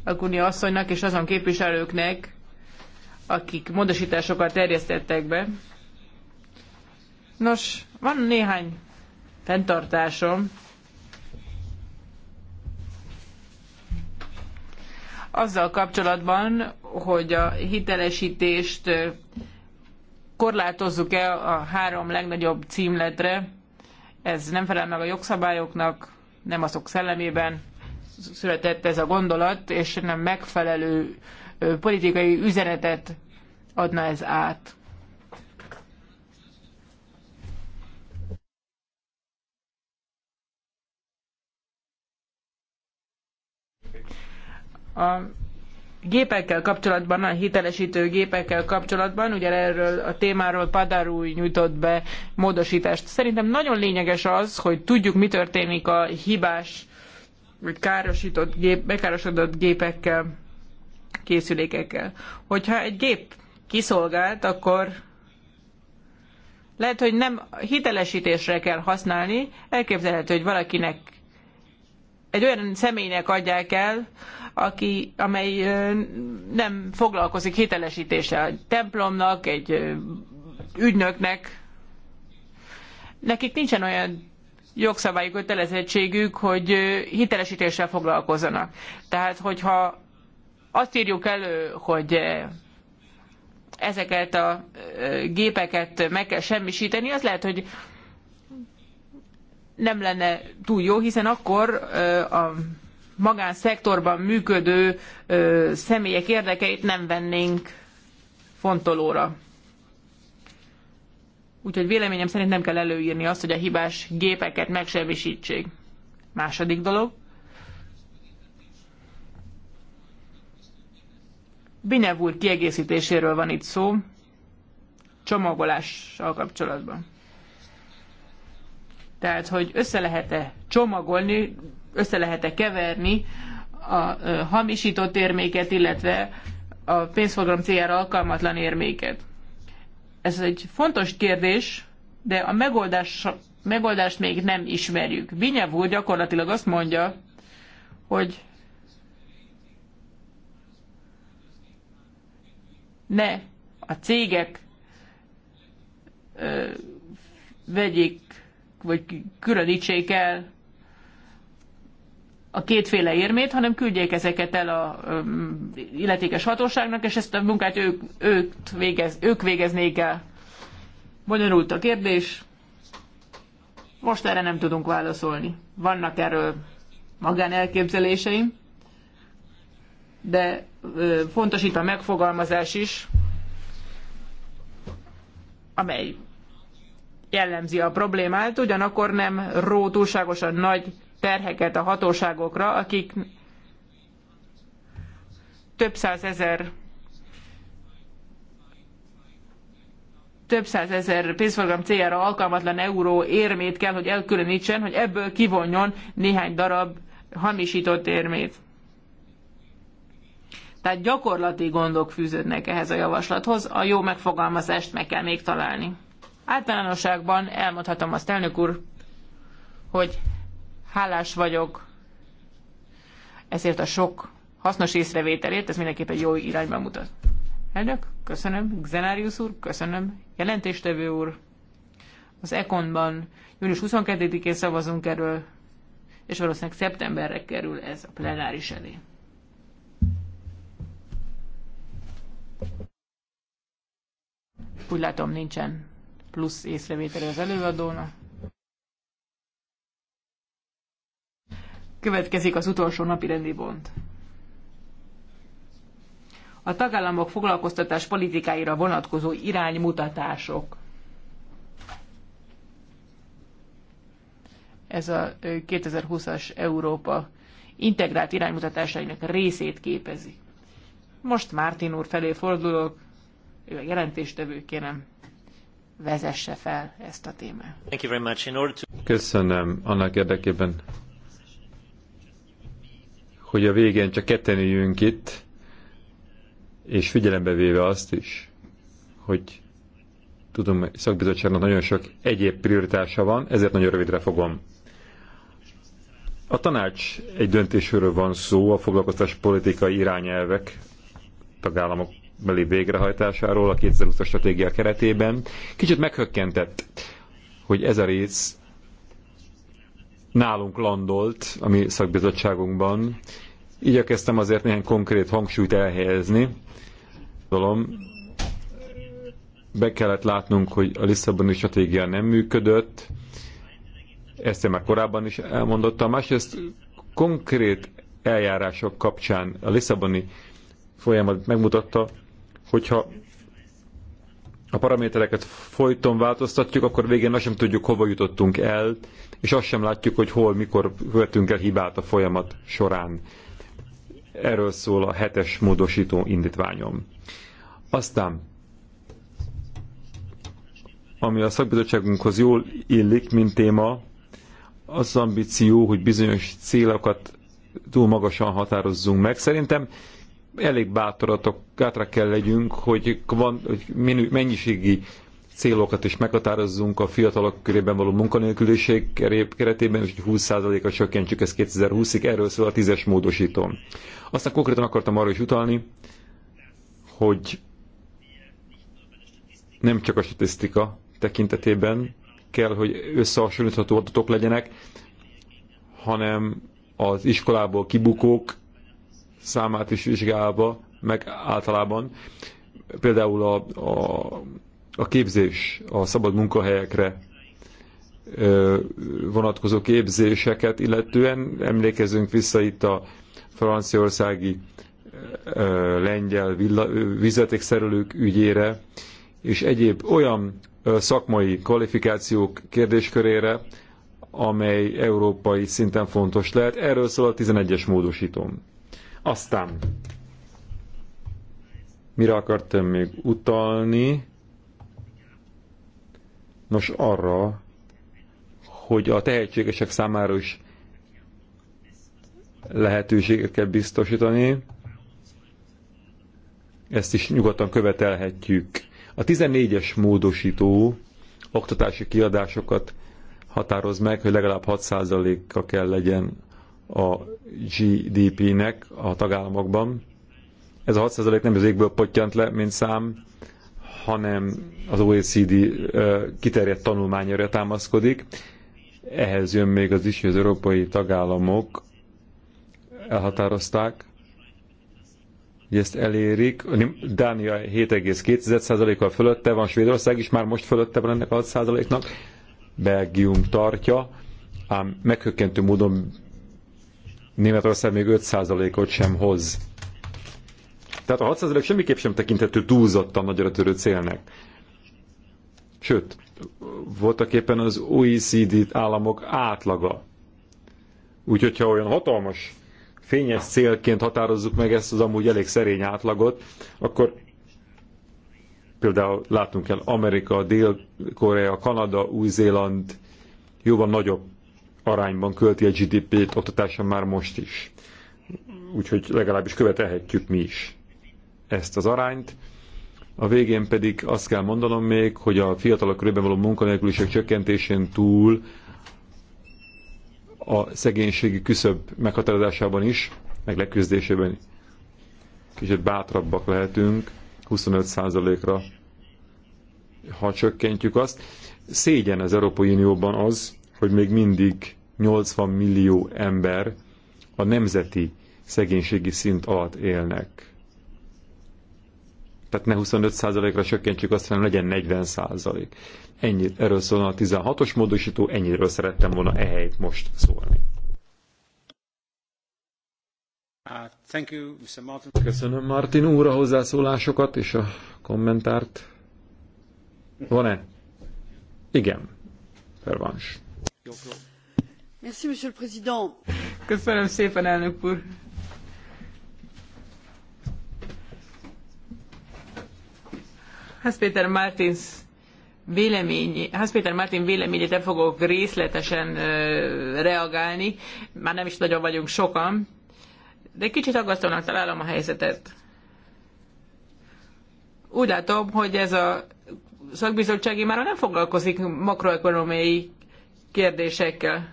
Alkuni asszonynak és azon képviselőknek, akik módosításokat terjesztettek be. Nos, van néhány fenntartásom azzal kapcsolatban, hogy a hitelesítést korlátozzuk-e a három legnagyobb címletre, ez nem felel meg a jogszabályoknak, nem azok szellemében született ez a gondolat, és nem megfelelő politikai üzenetet adna ez át. a gépekkel kapcsolatban, a hitelesítő gépekkel kapcsolatban, ugye erről a témáról Padár úr nyújtott be módosítást. Szerintem nagyon lényeges az, hogy tudjuk, mi történik a hibás, vagy károsított gép, bekárosodott gépekkel, készülékekkel. Hogyha egy gép kiszolgált, akkor lehet, hogy nem hitelesítésre kell használni, elképzelhető, hogy valakinek egy olyan személynek adják el, aki, amely nem foglalkozik hitelesítéssel. Egy templomnak, egy ügynöknek. Nekik nincsen olyan jogszabályi kötelezettségük, hogy hitelesítéssel foglalkozzanak. Tehát, hogyha azt írjuk elő, hogy ezeket a gépeket meg kell semmisíteni, az lehet, hogy nem lenne túl jó, hiszen akkor a magánszektorban működő személyek érdekeit nem vennénk fontolóra. Úgyhogy véleményem szerint nem kell előírni azt, hogy a hibás gépeket megsemmisítsék. Második dolog. Binev úr kiegészítéséről van itt szó, csomagolással kapcsolatban. Tehát, hogy össze lehet-e csomagolni, össze lehet-e keverni a hamisított érméket, illetve a pénzprogram céljára alkalmatlan érméket. Ez egy fontos kérdés, de a megoldás, megoldást még nem ismerjük. Vinyev úr gyakorlatilag azt mondja, hogy ne a cégek ö, vegyék vagy különítsék el a kétféle érmét, hanem küldjék ezeket el a illetékes hatóságnak, és ezt a munkát ők, ők, végez, ők végeznék el. Bonyolult a kérdés. Most erre nem tudunk válaszolni. Vannak erről magán elképzeléseim, de fontos itt a megfogalmazás is, amely jellemzi a problémát, ugyanakkor nem ró túlságosan nagy terheket a hatóságokra, akik több százezer több százezer pénzforgalom céljára alkalmatlan euró érmét kell, hogy elkülönítsen, hogy ebből kivonjon néhány darab hamisított érmét. Tehát gyakorlati gondok fűződnek ehhez a javaslathoz, a jó megfogalmazást meg kell még találni. Általánosságban elmondhatom azt, elnök úr, hogy hálás vagyok ezért a sok hasznos észrevételért, ez mindenképpen jó irányba mutat. Elnök, köszönöm. Xenárius úr, köszönöm. Jelentéstevő úr, az Econban június 22-én szavazunk erről, és valószínűleg szeptemberre kerül ez a plenáris elé. Úgy látom, nincsen plusz észrevétele az előadónak. Következik az utolsó napi rendi pont. A tagállamok foglalkoztatás politikáira vonatkozó iránymutatások. Ez a 2020-as Európa integrált iránymutatásainak részét képezi. Most Mártin úr felé fordulok, ő a jelentéstevő, kérem, vezesse fel ezt a témát. Köszönöm annak érdekében, hogy a végén csak ketten üljünk itt, és figyelembe véve azt is, hogy tudom, szakbizottságnak nagyon sok egyéb prioritása van, ezért nagyon rövidre fogom. A tanács egy döntésről van szó a foglalkoztás politikai irányelvek tagállamok beli végrehajtásáról a 2020-as stratégia keretében. Kicsit meghökkentett, hogy ez a rész nálunk landolt a mi szakbizottságunkban. Igyekeztem azért néhány konkrét hangsúlyt elhelyezni. Dolom, be kellett látnunk, hogy a Lisszaboni stratégia nem működött, ezt én már korábban is elmondottam. Másrészt konkrét eljárások kapcsán a Lisszaboni folyamat megmutatta, hogyha a paramétereket folyton változtatjuk, akkor végén azt sem tudjuk, hova jutottunk el, és azt sem látjuk, hogy hol, mikor követünk el hibát a folyamat során. Erről szól a hetes módosító indítványom. Aztán, ami a szakbizottságunkhoz jól illik, mint téma, az ambíció, hogy bizonyos célokat túl magasan határozzunk meg. Szerintem elég bátoratok, bátrak kell legyünk, hogy, van, hogy minő, mennyiségi célokat is meghatározzunk a fiatalok körében való munkanélküliség keretében, hogy 20%-a csökkentsük ezt 2020-ig, erről szól a tízes módosítón. Aztán konkrétan akartam arra is utalni, hogy nem csak a statisztika tekintetében kell, hogy összehasonlítható adatok legyenek, hanem az iskolából kibukók számát is vizsgálva, meg általában például a, a, a képzés, a szabad munkahelyekre vonatkozó képzéseket, illetően emlékezünk vissza itt a franciaországi lengyel vizetékszerelők ügyére, és egyéb olyan szakmai kvalifikációk kérdéskörére, amely európai szinten fontos lehet. Erről szól a 11-es módosítom. Aztán, mire akartam még utalni? Nos, arra, hogy a tehetségesek számára is lehetőségeket biztosítani, ezt is nyugodtan követelhetjük. A 14-es módosító oktatási kiadásokat határoz meg, hogy legalább 6%-a kell legyen a GDP-nek a tagállamokban. Ez a 6% nem az égből potyant le, mint szám, hanem az OECD kiterjedt tanulmányára támaszkodik. Ehhez jön még az is, hogy az európai tagállamok elhatározták, hogy ezt elérik. Dánia 7,2%-kal fölötte van, Svédország is már most fölötte van ennek a 6%-nak, Belgium tartja, ám meghökkentő módon Németország még 5%-ot sem hoz. Tehát a 6% semmiképp sem tekinthető túlzottan nagyra törő célnak. Sőt, voltak éppen az OECD államok átlaga. Úgyhogy, ha olyan hatalmas, fényes célként határozzuk meg ezt az amúgy elég szerény átlagot, akkor például látunk el Amerika, Dél-Korea, Kanada, Új-Zéland jóval nagyobb arányban költi a GDP-t oktatása már most is. Úgyhogy legalábbis követelhetjük mi is ezt az arányt. A végén pedig azt kell mondanom még, hogy a fiatalok körében való munkanélküliség csökkentésén túl a szegénységi küszöb meghatározásában is, meg leküzdésében kicsit bátrabbak lehetünk 25%-ra, ha csökkentjük azt. Szégyen az Európai Unióban az, hogy még mindig 80 millió ember a nemzeti szegénységi szint alatt élnek. Tehát ne 25%-ra csökkentsük azt, hanem legyen 40%. Ennyit erről szólna a 16-os módosító, ennyiről szerettem volna ehelyt most szólni. Uh, thank you, Mr. Martin. Köszönöm Martin úr a hozzászólásokat és a kommentárt. Van-e? Igen. Pervans monsieur le président. Köszönöm szépen, Hans-Peter Martin véleményét nem fogok részletesen reagálni, már nem is nagyon vagyunk sokan, de kicsit aggasztónak találom a helyzetet. Úgy látom, hogy ez a szakbizottság már nem foglalkozik makroekonomiai kérdésekkel.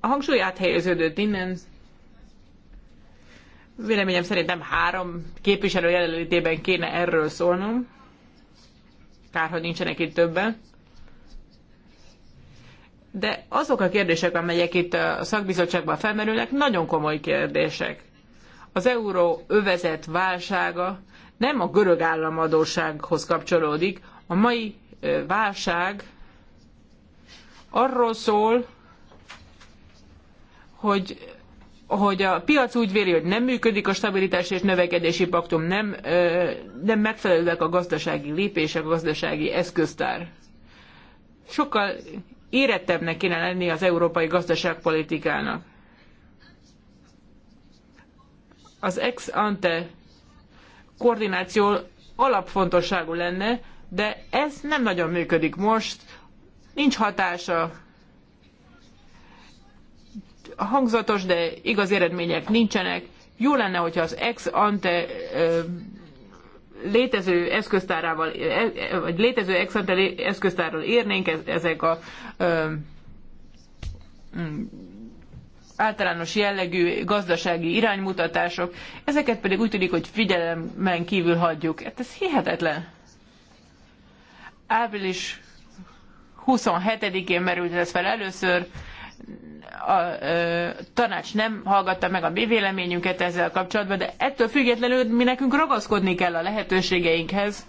A hangsúly áthelyeződött innen. Véleményem szerint nem három képviselő jelenlétében kéne erről szólnom. Kár, hogy nincsenek itt többen. De azok a kérdések, amelyek itt a szakbizottságban felmerülnek, nagyon komoly kérdések. Az euró övezet válsága nem a görög államadósághoz kapcsolódik. A mai válság arról szól, hogy hogy a piac úgy véli, hogy nem működik a stabilitási és növekedési paktum, nem, nem megfelelőek a gazdasági lépések, a gazdasági eszköztár. Sokkal érettebbnek kéne lenni az európai gazdaságpolitikának. Az ex ante koordináció alapfontosságú lenne, de ez nem nagyon működik most nincs hatása. Hangzatos, de igaz eredmények nincsenek. Jó lenne, hogyha az ex-ante létező eszköztárával, e, e, vagy létező ex-ante eszköztárral érnénk e, ezek a mm, általános jellegű gazdasági iránymutatások, ezeket pedig úgy tűnik, hogy figyelemen kívül hagyjuk. Hát ez hihetetlen. Április 27-én merült ez fel először, a ö, tanács nem hallgatta meg a mi véleményünket ezzel kapcsolatban, de ettől függetlenül mi nekünk ragaszkodni kell a lehetőségeinkhez.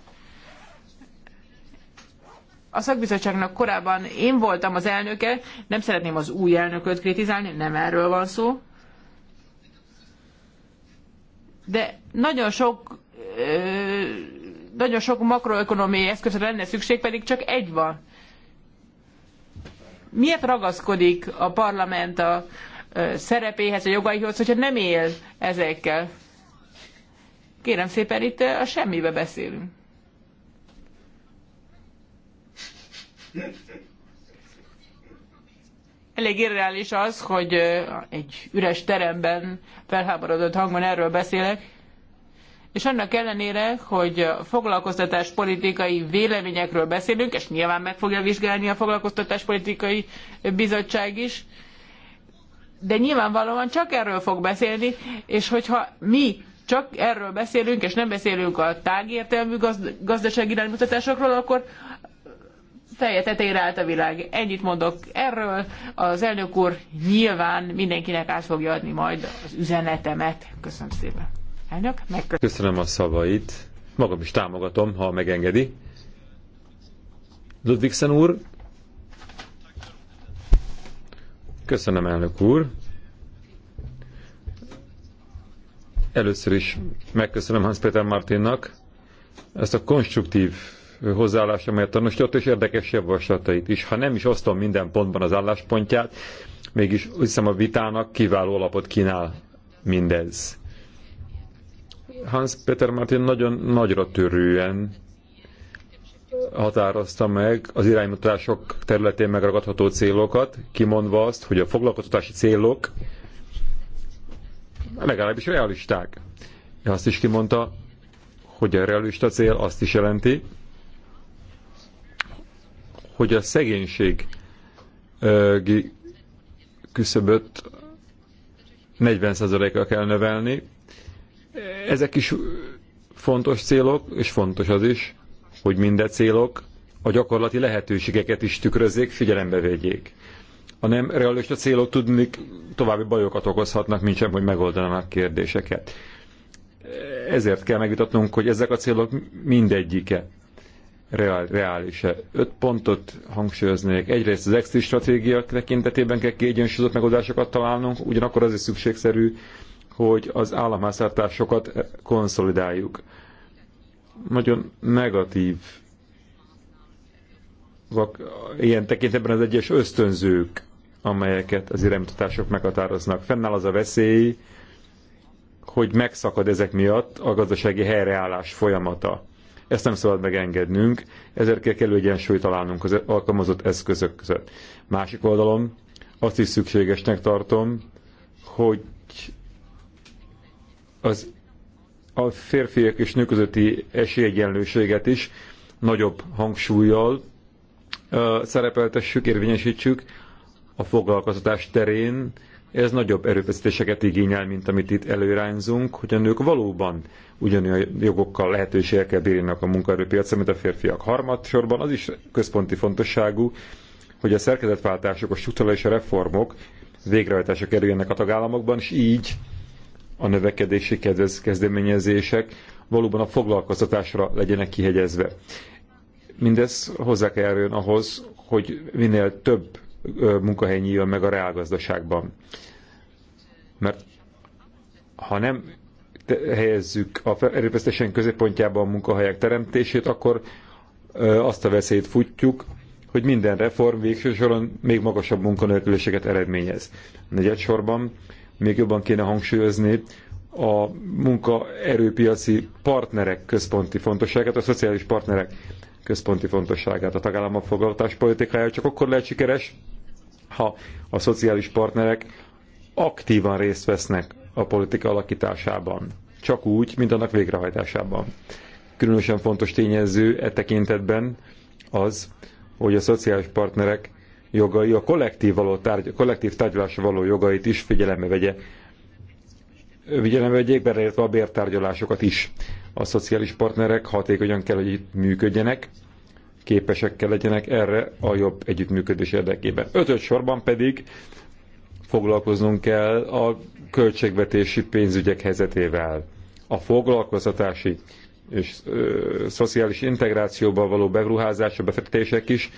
A szakbizottságnak korábban én voltam az elnöke, nem szeretném az új elnököt kritizálni, nem erről van szó. De nagyon sok, ö, nagyon sok makroökonómiai eszközre lenne szükség, pedig csak egy van miért ragaszkodik a parlament a szerepéhez, a jogaihoz, hogyha nem él ezekkel? Kérem szépen, itt a semmibe beszélünk. Elég irreális az, hogy egy üres teremben felháborodott hangon erről beszélek és annak ellenére, hogy foglalkoztatáspolitikai foglalkoztatás politikai véleményekről beszélünk, és nyilván meg fogja vizsgálni a foglalkoztatás politikai bizottság is, de nyilvánvalóan csak erről fog beszélni, és hogyha mi csak erről beszélünk, és nem beszélünk a tágértelmű gazdasági iránymutatásokról, akkor feje tetejére állt a világ. Ennyit mondok erről. Az elnök úr nyilván mindenkinek át fogja adni majd az üzenetemet. Köszönöm szépen. Elnök, meg... Köszönöm a szavait. Magam is támogatom, ha megengedi. Ludvigsen úr. Köszönöm, elnök úr. Először is megköszönöm Hans Peter Martinnak ezt a konstruktív hozzáállást, amelyet tanúsított, és érdekes javaslatait is. Ha nem is osztom minden pontban az álláspontját, mégis hiszem a vitának kiváló alapot kínál mindez. Hans Peter Martin nagyon nagyra törően határozta meg az iránymutatások területén megragadható célokat, kimondva azt, hogy a foglalkoztatási célok legalábbis realisták. Azt is kimondta, hogy a realista cél azt is jelenti, hogy a szegénység küszöböt 40 ra kell növelni, ezek is fontos célok, és fontos az is, hogy minden célok a gyakorlati lehetőségeket is tükrözzék, figyelembe vegyék. A nem realista célok tudni további bajokat okozhatnak, mint sem, hogy megoldanának kérdéseket. Ezért kell megvitatnunk, hogy ezek a célok mindegyike reál, reális -e. Öt pontot hangsúlyoznék. Egyrészt az exit stratégia tekintetében kell kiegyensúlyozott megoldásokat találnunk, ugyanakkor az is szükségszerű, hogy az államháztartásokat konszolidáljuk. Nagyon negatív ilyen tekintetben az egyes ösztönzők, amelyeket az iránymutatások meghatároznak. Fennáll az a veszély, hogy megszakad ezek miatt a gazdasági helyreállás folyamata. Ezt nem szabad megengednünk, ezért kell kellő egyensúlyt találnunk az alkalmazott eszközök között. Másik oldalon azt is szükségesnek tartom, hogy az a férfiak és nők közötti esélyegyenlőséget is nagyobb hangsúlyjal szerepeltessük, érvényesítsük a foglalkoztatás terén. Ez nagyobb erőfeszítéseket igényel, mint amit itt előirányzunk, hogy a nők valóban ugyanolyan jogokkal, lehetőségekkel bírjanak a munkaerőpiacra, mint a férfiak. Harmadsorban az is központi fontosságú, hogy a szerkezetváltások, a struktúrális reformok végrehajtásra kerüljenek a tagállamokban, és így a növekedési kezdeményezések valóban a foglalkoztatásra legyenek kihegyezve. Mindez hozzá kell járjon ahhoz, hogy minél több munkahely nyíljon meg a reálgazdaságban. Mert ha nem helyezzük a erőfeszítésen középpontjában a munkahelyek teremtését, akkor azt a veszélyt futjuk, hogy minden reform végső soron még magasabb munkanélküliséget eredményez. Negyedsorban sorban még jobban kéne hangsúlyozni a munkaerőpiaci partnerek központi fontosságát, a szociális partnerek központi fontosságát. A tagállamok foglalkozáspolitikája csak akkor lehet sikeres, ha a szociális partnerek aktívan részt vesznek a politika alakításában. Csak úgy, mint annak végrehajtásában. Különösen fontos tényező e tekintetben az, hogy a szociális partnerek jogai, a kollektív, való tárgy, kollektív tárgyalásra való jogait is figyelembe vegye. Figyelembe vegyék, beleértve a bértárgyalásokat is. A szociális partnerek hatékonyan kell, hogy itt működjenek, képesek kell legyenek erre a jobb együttműködés érdekében. Ötöt sorban pedig foglalkoznunk kell a költségvetési pénzügyek helyzetével. A foglalkoztatási és ö, szociális integrációba való beruházásra befektetések is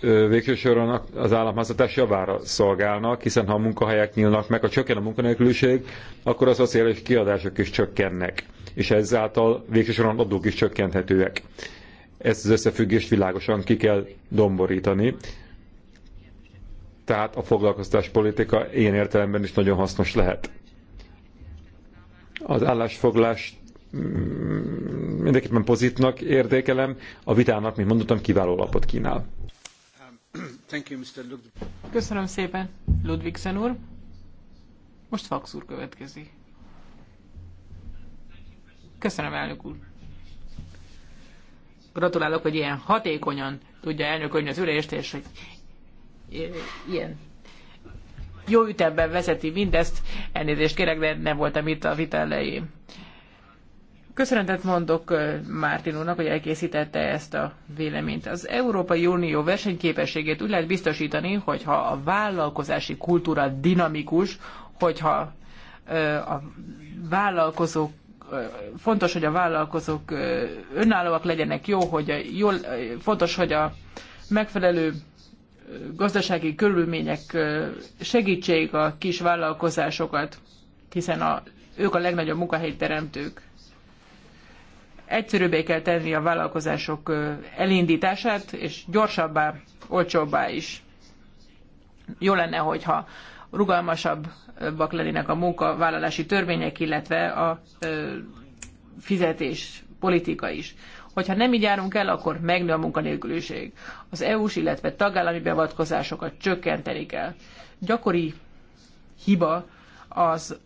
végső soron az államháztatás javára szolgálnak, hiszen ha a munkahelyek nyílnak meg, ha csökken a munkanélküliség, akkor a szociális kiadások is csökkennek, és ezáltal végső soron adók is csökkenthetőek. Ezt az összefüggést világosan ki kell domborítani. Tehát a politika ilyen értelemben is nagyon hasznos lehet. Az állásfoglás mm, mindenképpen pozitnak értékelem, a vitának, mint mondottam, kiváló lapot kínál. Thank Köszönöm szépen, Ludvigsen úr. Most Fax úr következik. Köszönöm, elnök úr. Gratulálok, hogy ilyen hatékonyan tudja elnökölni az ülést, és hogy ilyen jó ütemben vezeti mindezt. Elnézést kérek, de nem voltam itt a vita elején. Köszönetet mondok Mártin úrnak, hogy elkészítette ezt a véleményt. Az Európai Unió versenyképességét úgy lehet biztosítani, hogyha a vállalkozási kultúra dinamikus, hogyha a vállalkozók fontos, hogy a vállalkozók önállóak legyenek, jó, hogy jól, fontos, hogy a megfelelő gazdasági körülmények segítsék a kis vállalkozásokat, hiszen a, ők a legnagyobb munkahelyteremtők. Egyszerűbbé kell tenni a vállalkozások elindítását, és gyorsabbá, olcsóbbá is. Jó lenne, hogyha rugalmasabbak lennének a munkavállalási törvények, illetve a fizetés politika is. Hogyha nem így járunk el, akkor megnő a munkanélküliség. Az EU-s, illetve tagállami beavatkozásokat csökkenteni kell. Gyakori hiba az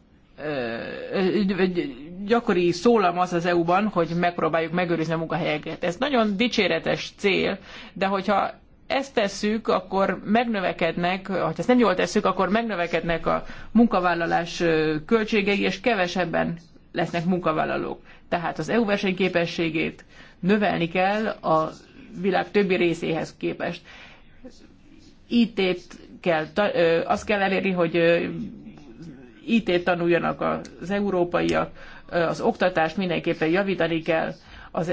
gyakori szólam az az EU-ban, hogy megpróbáljuk megőrizni a munkahelyeket. Ez nagyon dicséretes cél, de hogyha ezt tesszük, akkor megnövekednek, ha ezt nem jól tesszük, akkor megnövekednek a munkavállalás költségei, és kevesebben lesznek munkavállalók. Tehát az EU versenyképességét növelni kell a világ többi részéhez képest. Itt kell, azt kell elérni, hogy it tanuljanak az európaiak, az oktatást mindenképpen javítani kell, az,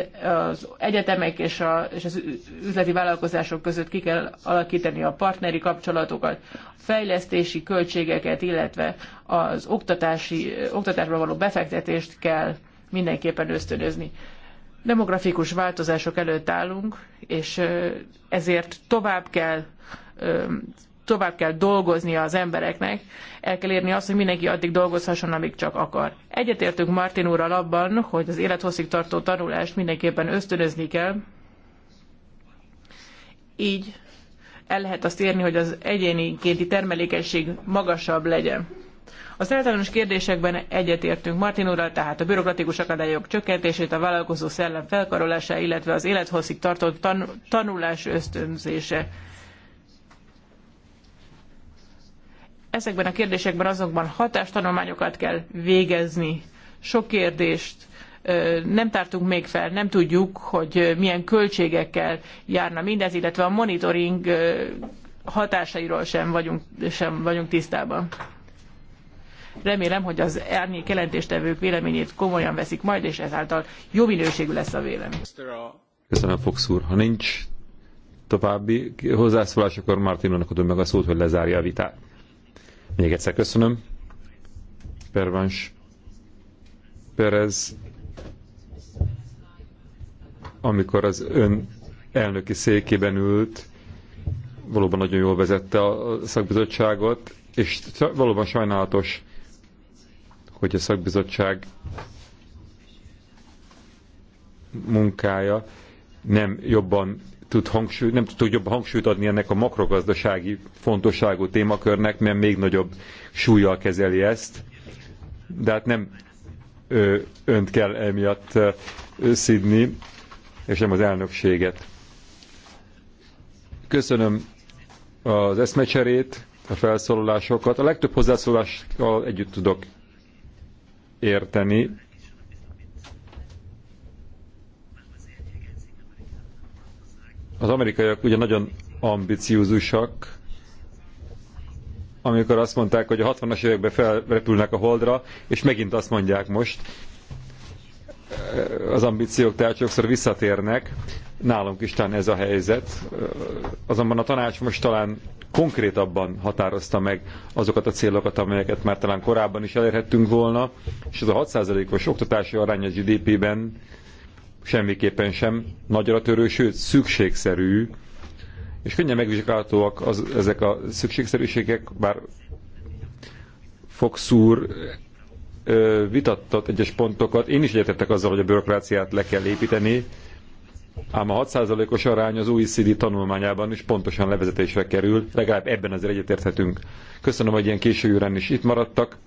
az egyetemek és, a, és az üzleti vállalkozások között ki kell alakítani a partneri kapcsolatokat, fejlesztési költségeket, illetve az oktatási, oktatásba való befektetést kell mindenképpen ösztönözni. Demografikus változások előtt állunk, és ezért tovább kell tovább kell dolgoznia az embereknek, el kell érni azt, hogy mindenki addig dolgozhasson, amíg csak akar. Egyetértünk Martin úrral abban, hogy az élethosszig tartó tanulást mindenképpen ösztönözni kell, így el lehet azt érni, hogy az egyénikénti termelékenység magasabb legyen. Az általános kérdésekben egyetértünk Martin úrral, tehát a bürokratikus akadályok csökkentését, a vállalkozó szellem felkarolása, illetve az élethosszig tartó tan tanulás ösztönzése ezekben a kérdésekben azokban hatástanulmányokat kell végezni. Sok kérdést nem tartunk még fel, nem tudjuk, hogy milyen költségekkel járna mindez, illetve a monitoring hatásairól sem vagyunk, sem vagyunk tisztában. Remélem, hogy az árnyék jelentéstevők véleményét komolyan veszik majd, és ezáltal jó minőségű lesz a vélemény. Köszönöm, Fox úr. Ha nincs további hozzászólás, akkor Martin adom meg a szót, hogy lezárja a vitát. Még egyszer köszönöm. Pervans Perez, amikor az ön elnöki székében ült, valóban nagyon jól vezette a szakbizottságot, és valóban sajnálatos, hogy a szakbizottság munkája nem jobban tud hangsúly, nem tud jobb hangsúlyt adni ennek a makrogazdasági fontosságú témakörnek, mert még nagyobb súlyjal kezeli ezt. De hát nem ö, önt kell emiatt szidni, és nem az elnökséget. Köszönöm az eszmecserét, a felszólalásokat. A legtöbb hozzászólással együtt tudok érteni, Az amerikaiak ugye nagyon ambiciózusak, amikor azt mondták, hogy a 60-as években felrepülnek a holdra, és megint azt mondják most, az ambíciók tehát sokszor visszatérnek, nálunk is talán ez a helyzet, azonban a tanács most talán konkrétabban határozta meg azokat a célokat, amelyeket már talán korábban is elérhettünk volna, és ez a 6%-os oktatási arány a GDP-ben semmiképpen sem nagyra törő, sőt szükségszerű, és könnyen megvizsgálhatóak az, ezek a szükségszerűségek, bár Fox úr vitattat egyes pontokat. Én is egyetettek azzal, hogy a bürokráciát le kell építeni, ám a 6%-os arány az OECD tanulmányában is pontosan levezetésre kerül, legalább ebben azért egyetérthetünk. Köszönöm, hogy ilyen késő is itt maradtak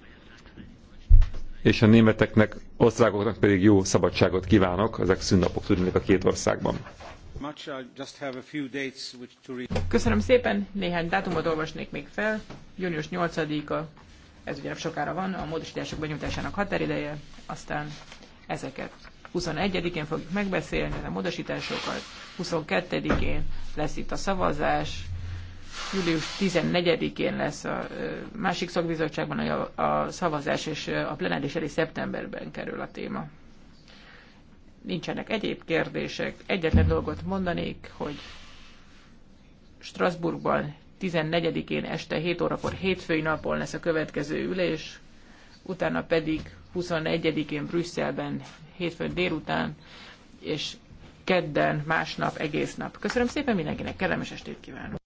és a németeknek, osztrákoknak pedig jó szabadságot kívánok, ezek szünnapok tudnék a két országban. Köszönöm szépen, néhány dátumot olvasnék még fel. Június 8-a, ez ugye sokára van, a módosítások benyújtásának határideje, aztán ezeket 21-én fogjuk megbeszélni, a módosításokat, 22-én lesz itt a szavazás, július 14-én lesz a másik szakbizottságban a, a szavazás, és a plenáris elé szeptemberben kerül a téma. Nincsenek egyéb kérdések. Egyetlen dolgot mondanék, hogy Strasbourgban 14-én este 7 órakor hétfői napon lesz a következő ülés, utána pedig 21-én Brüsszelben hétfőn délután, és kedden, másnap, egész nap. Köszönöm szépen mindenkinek, kellemes estét kívánok!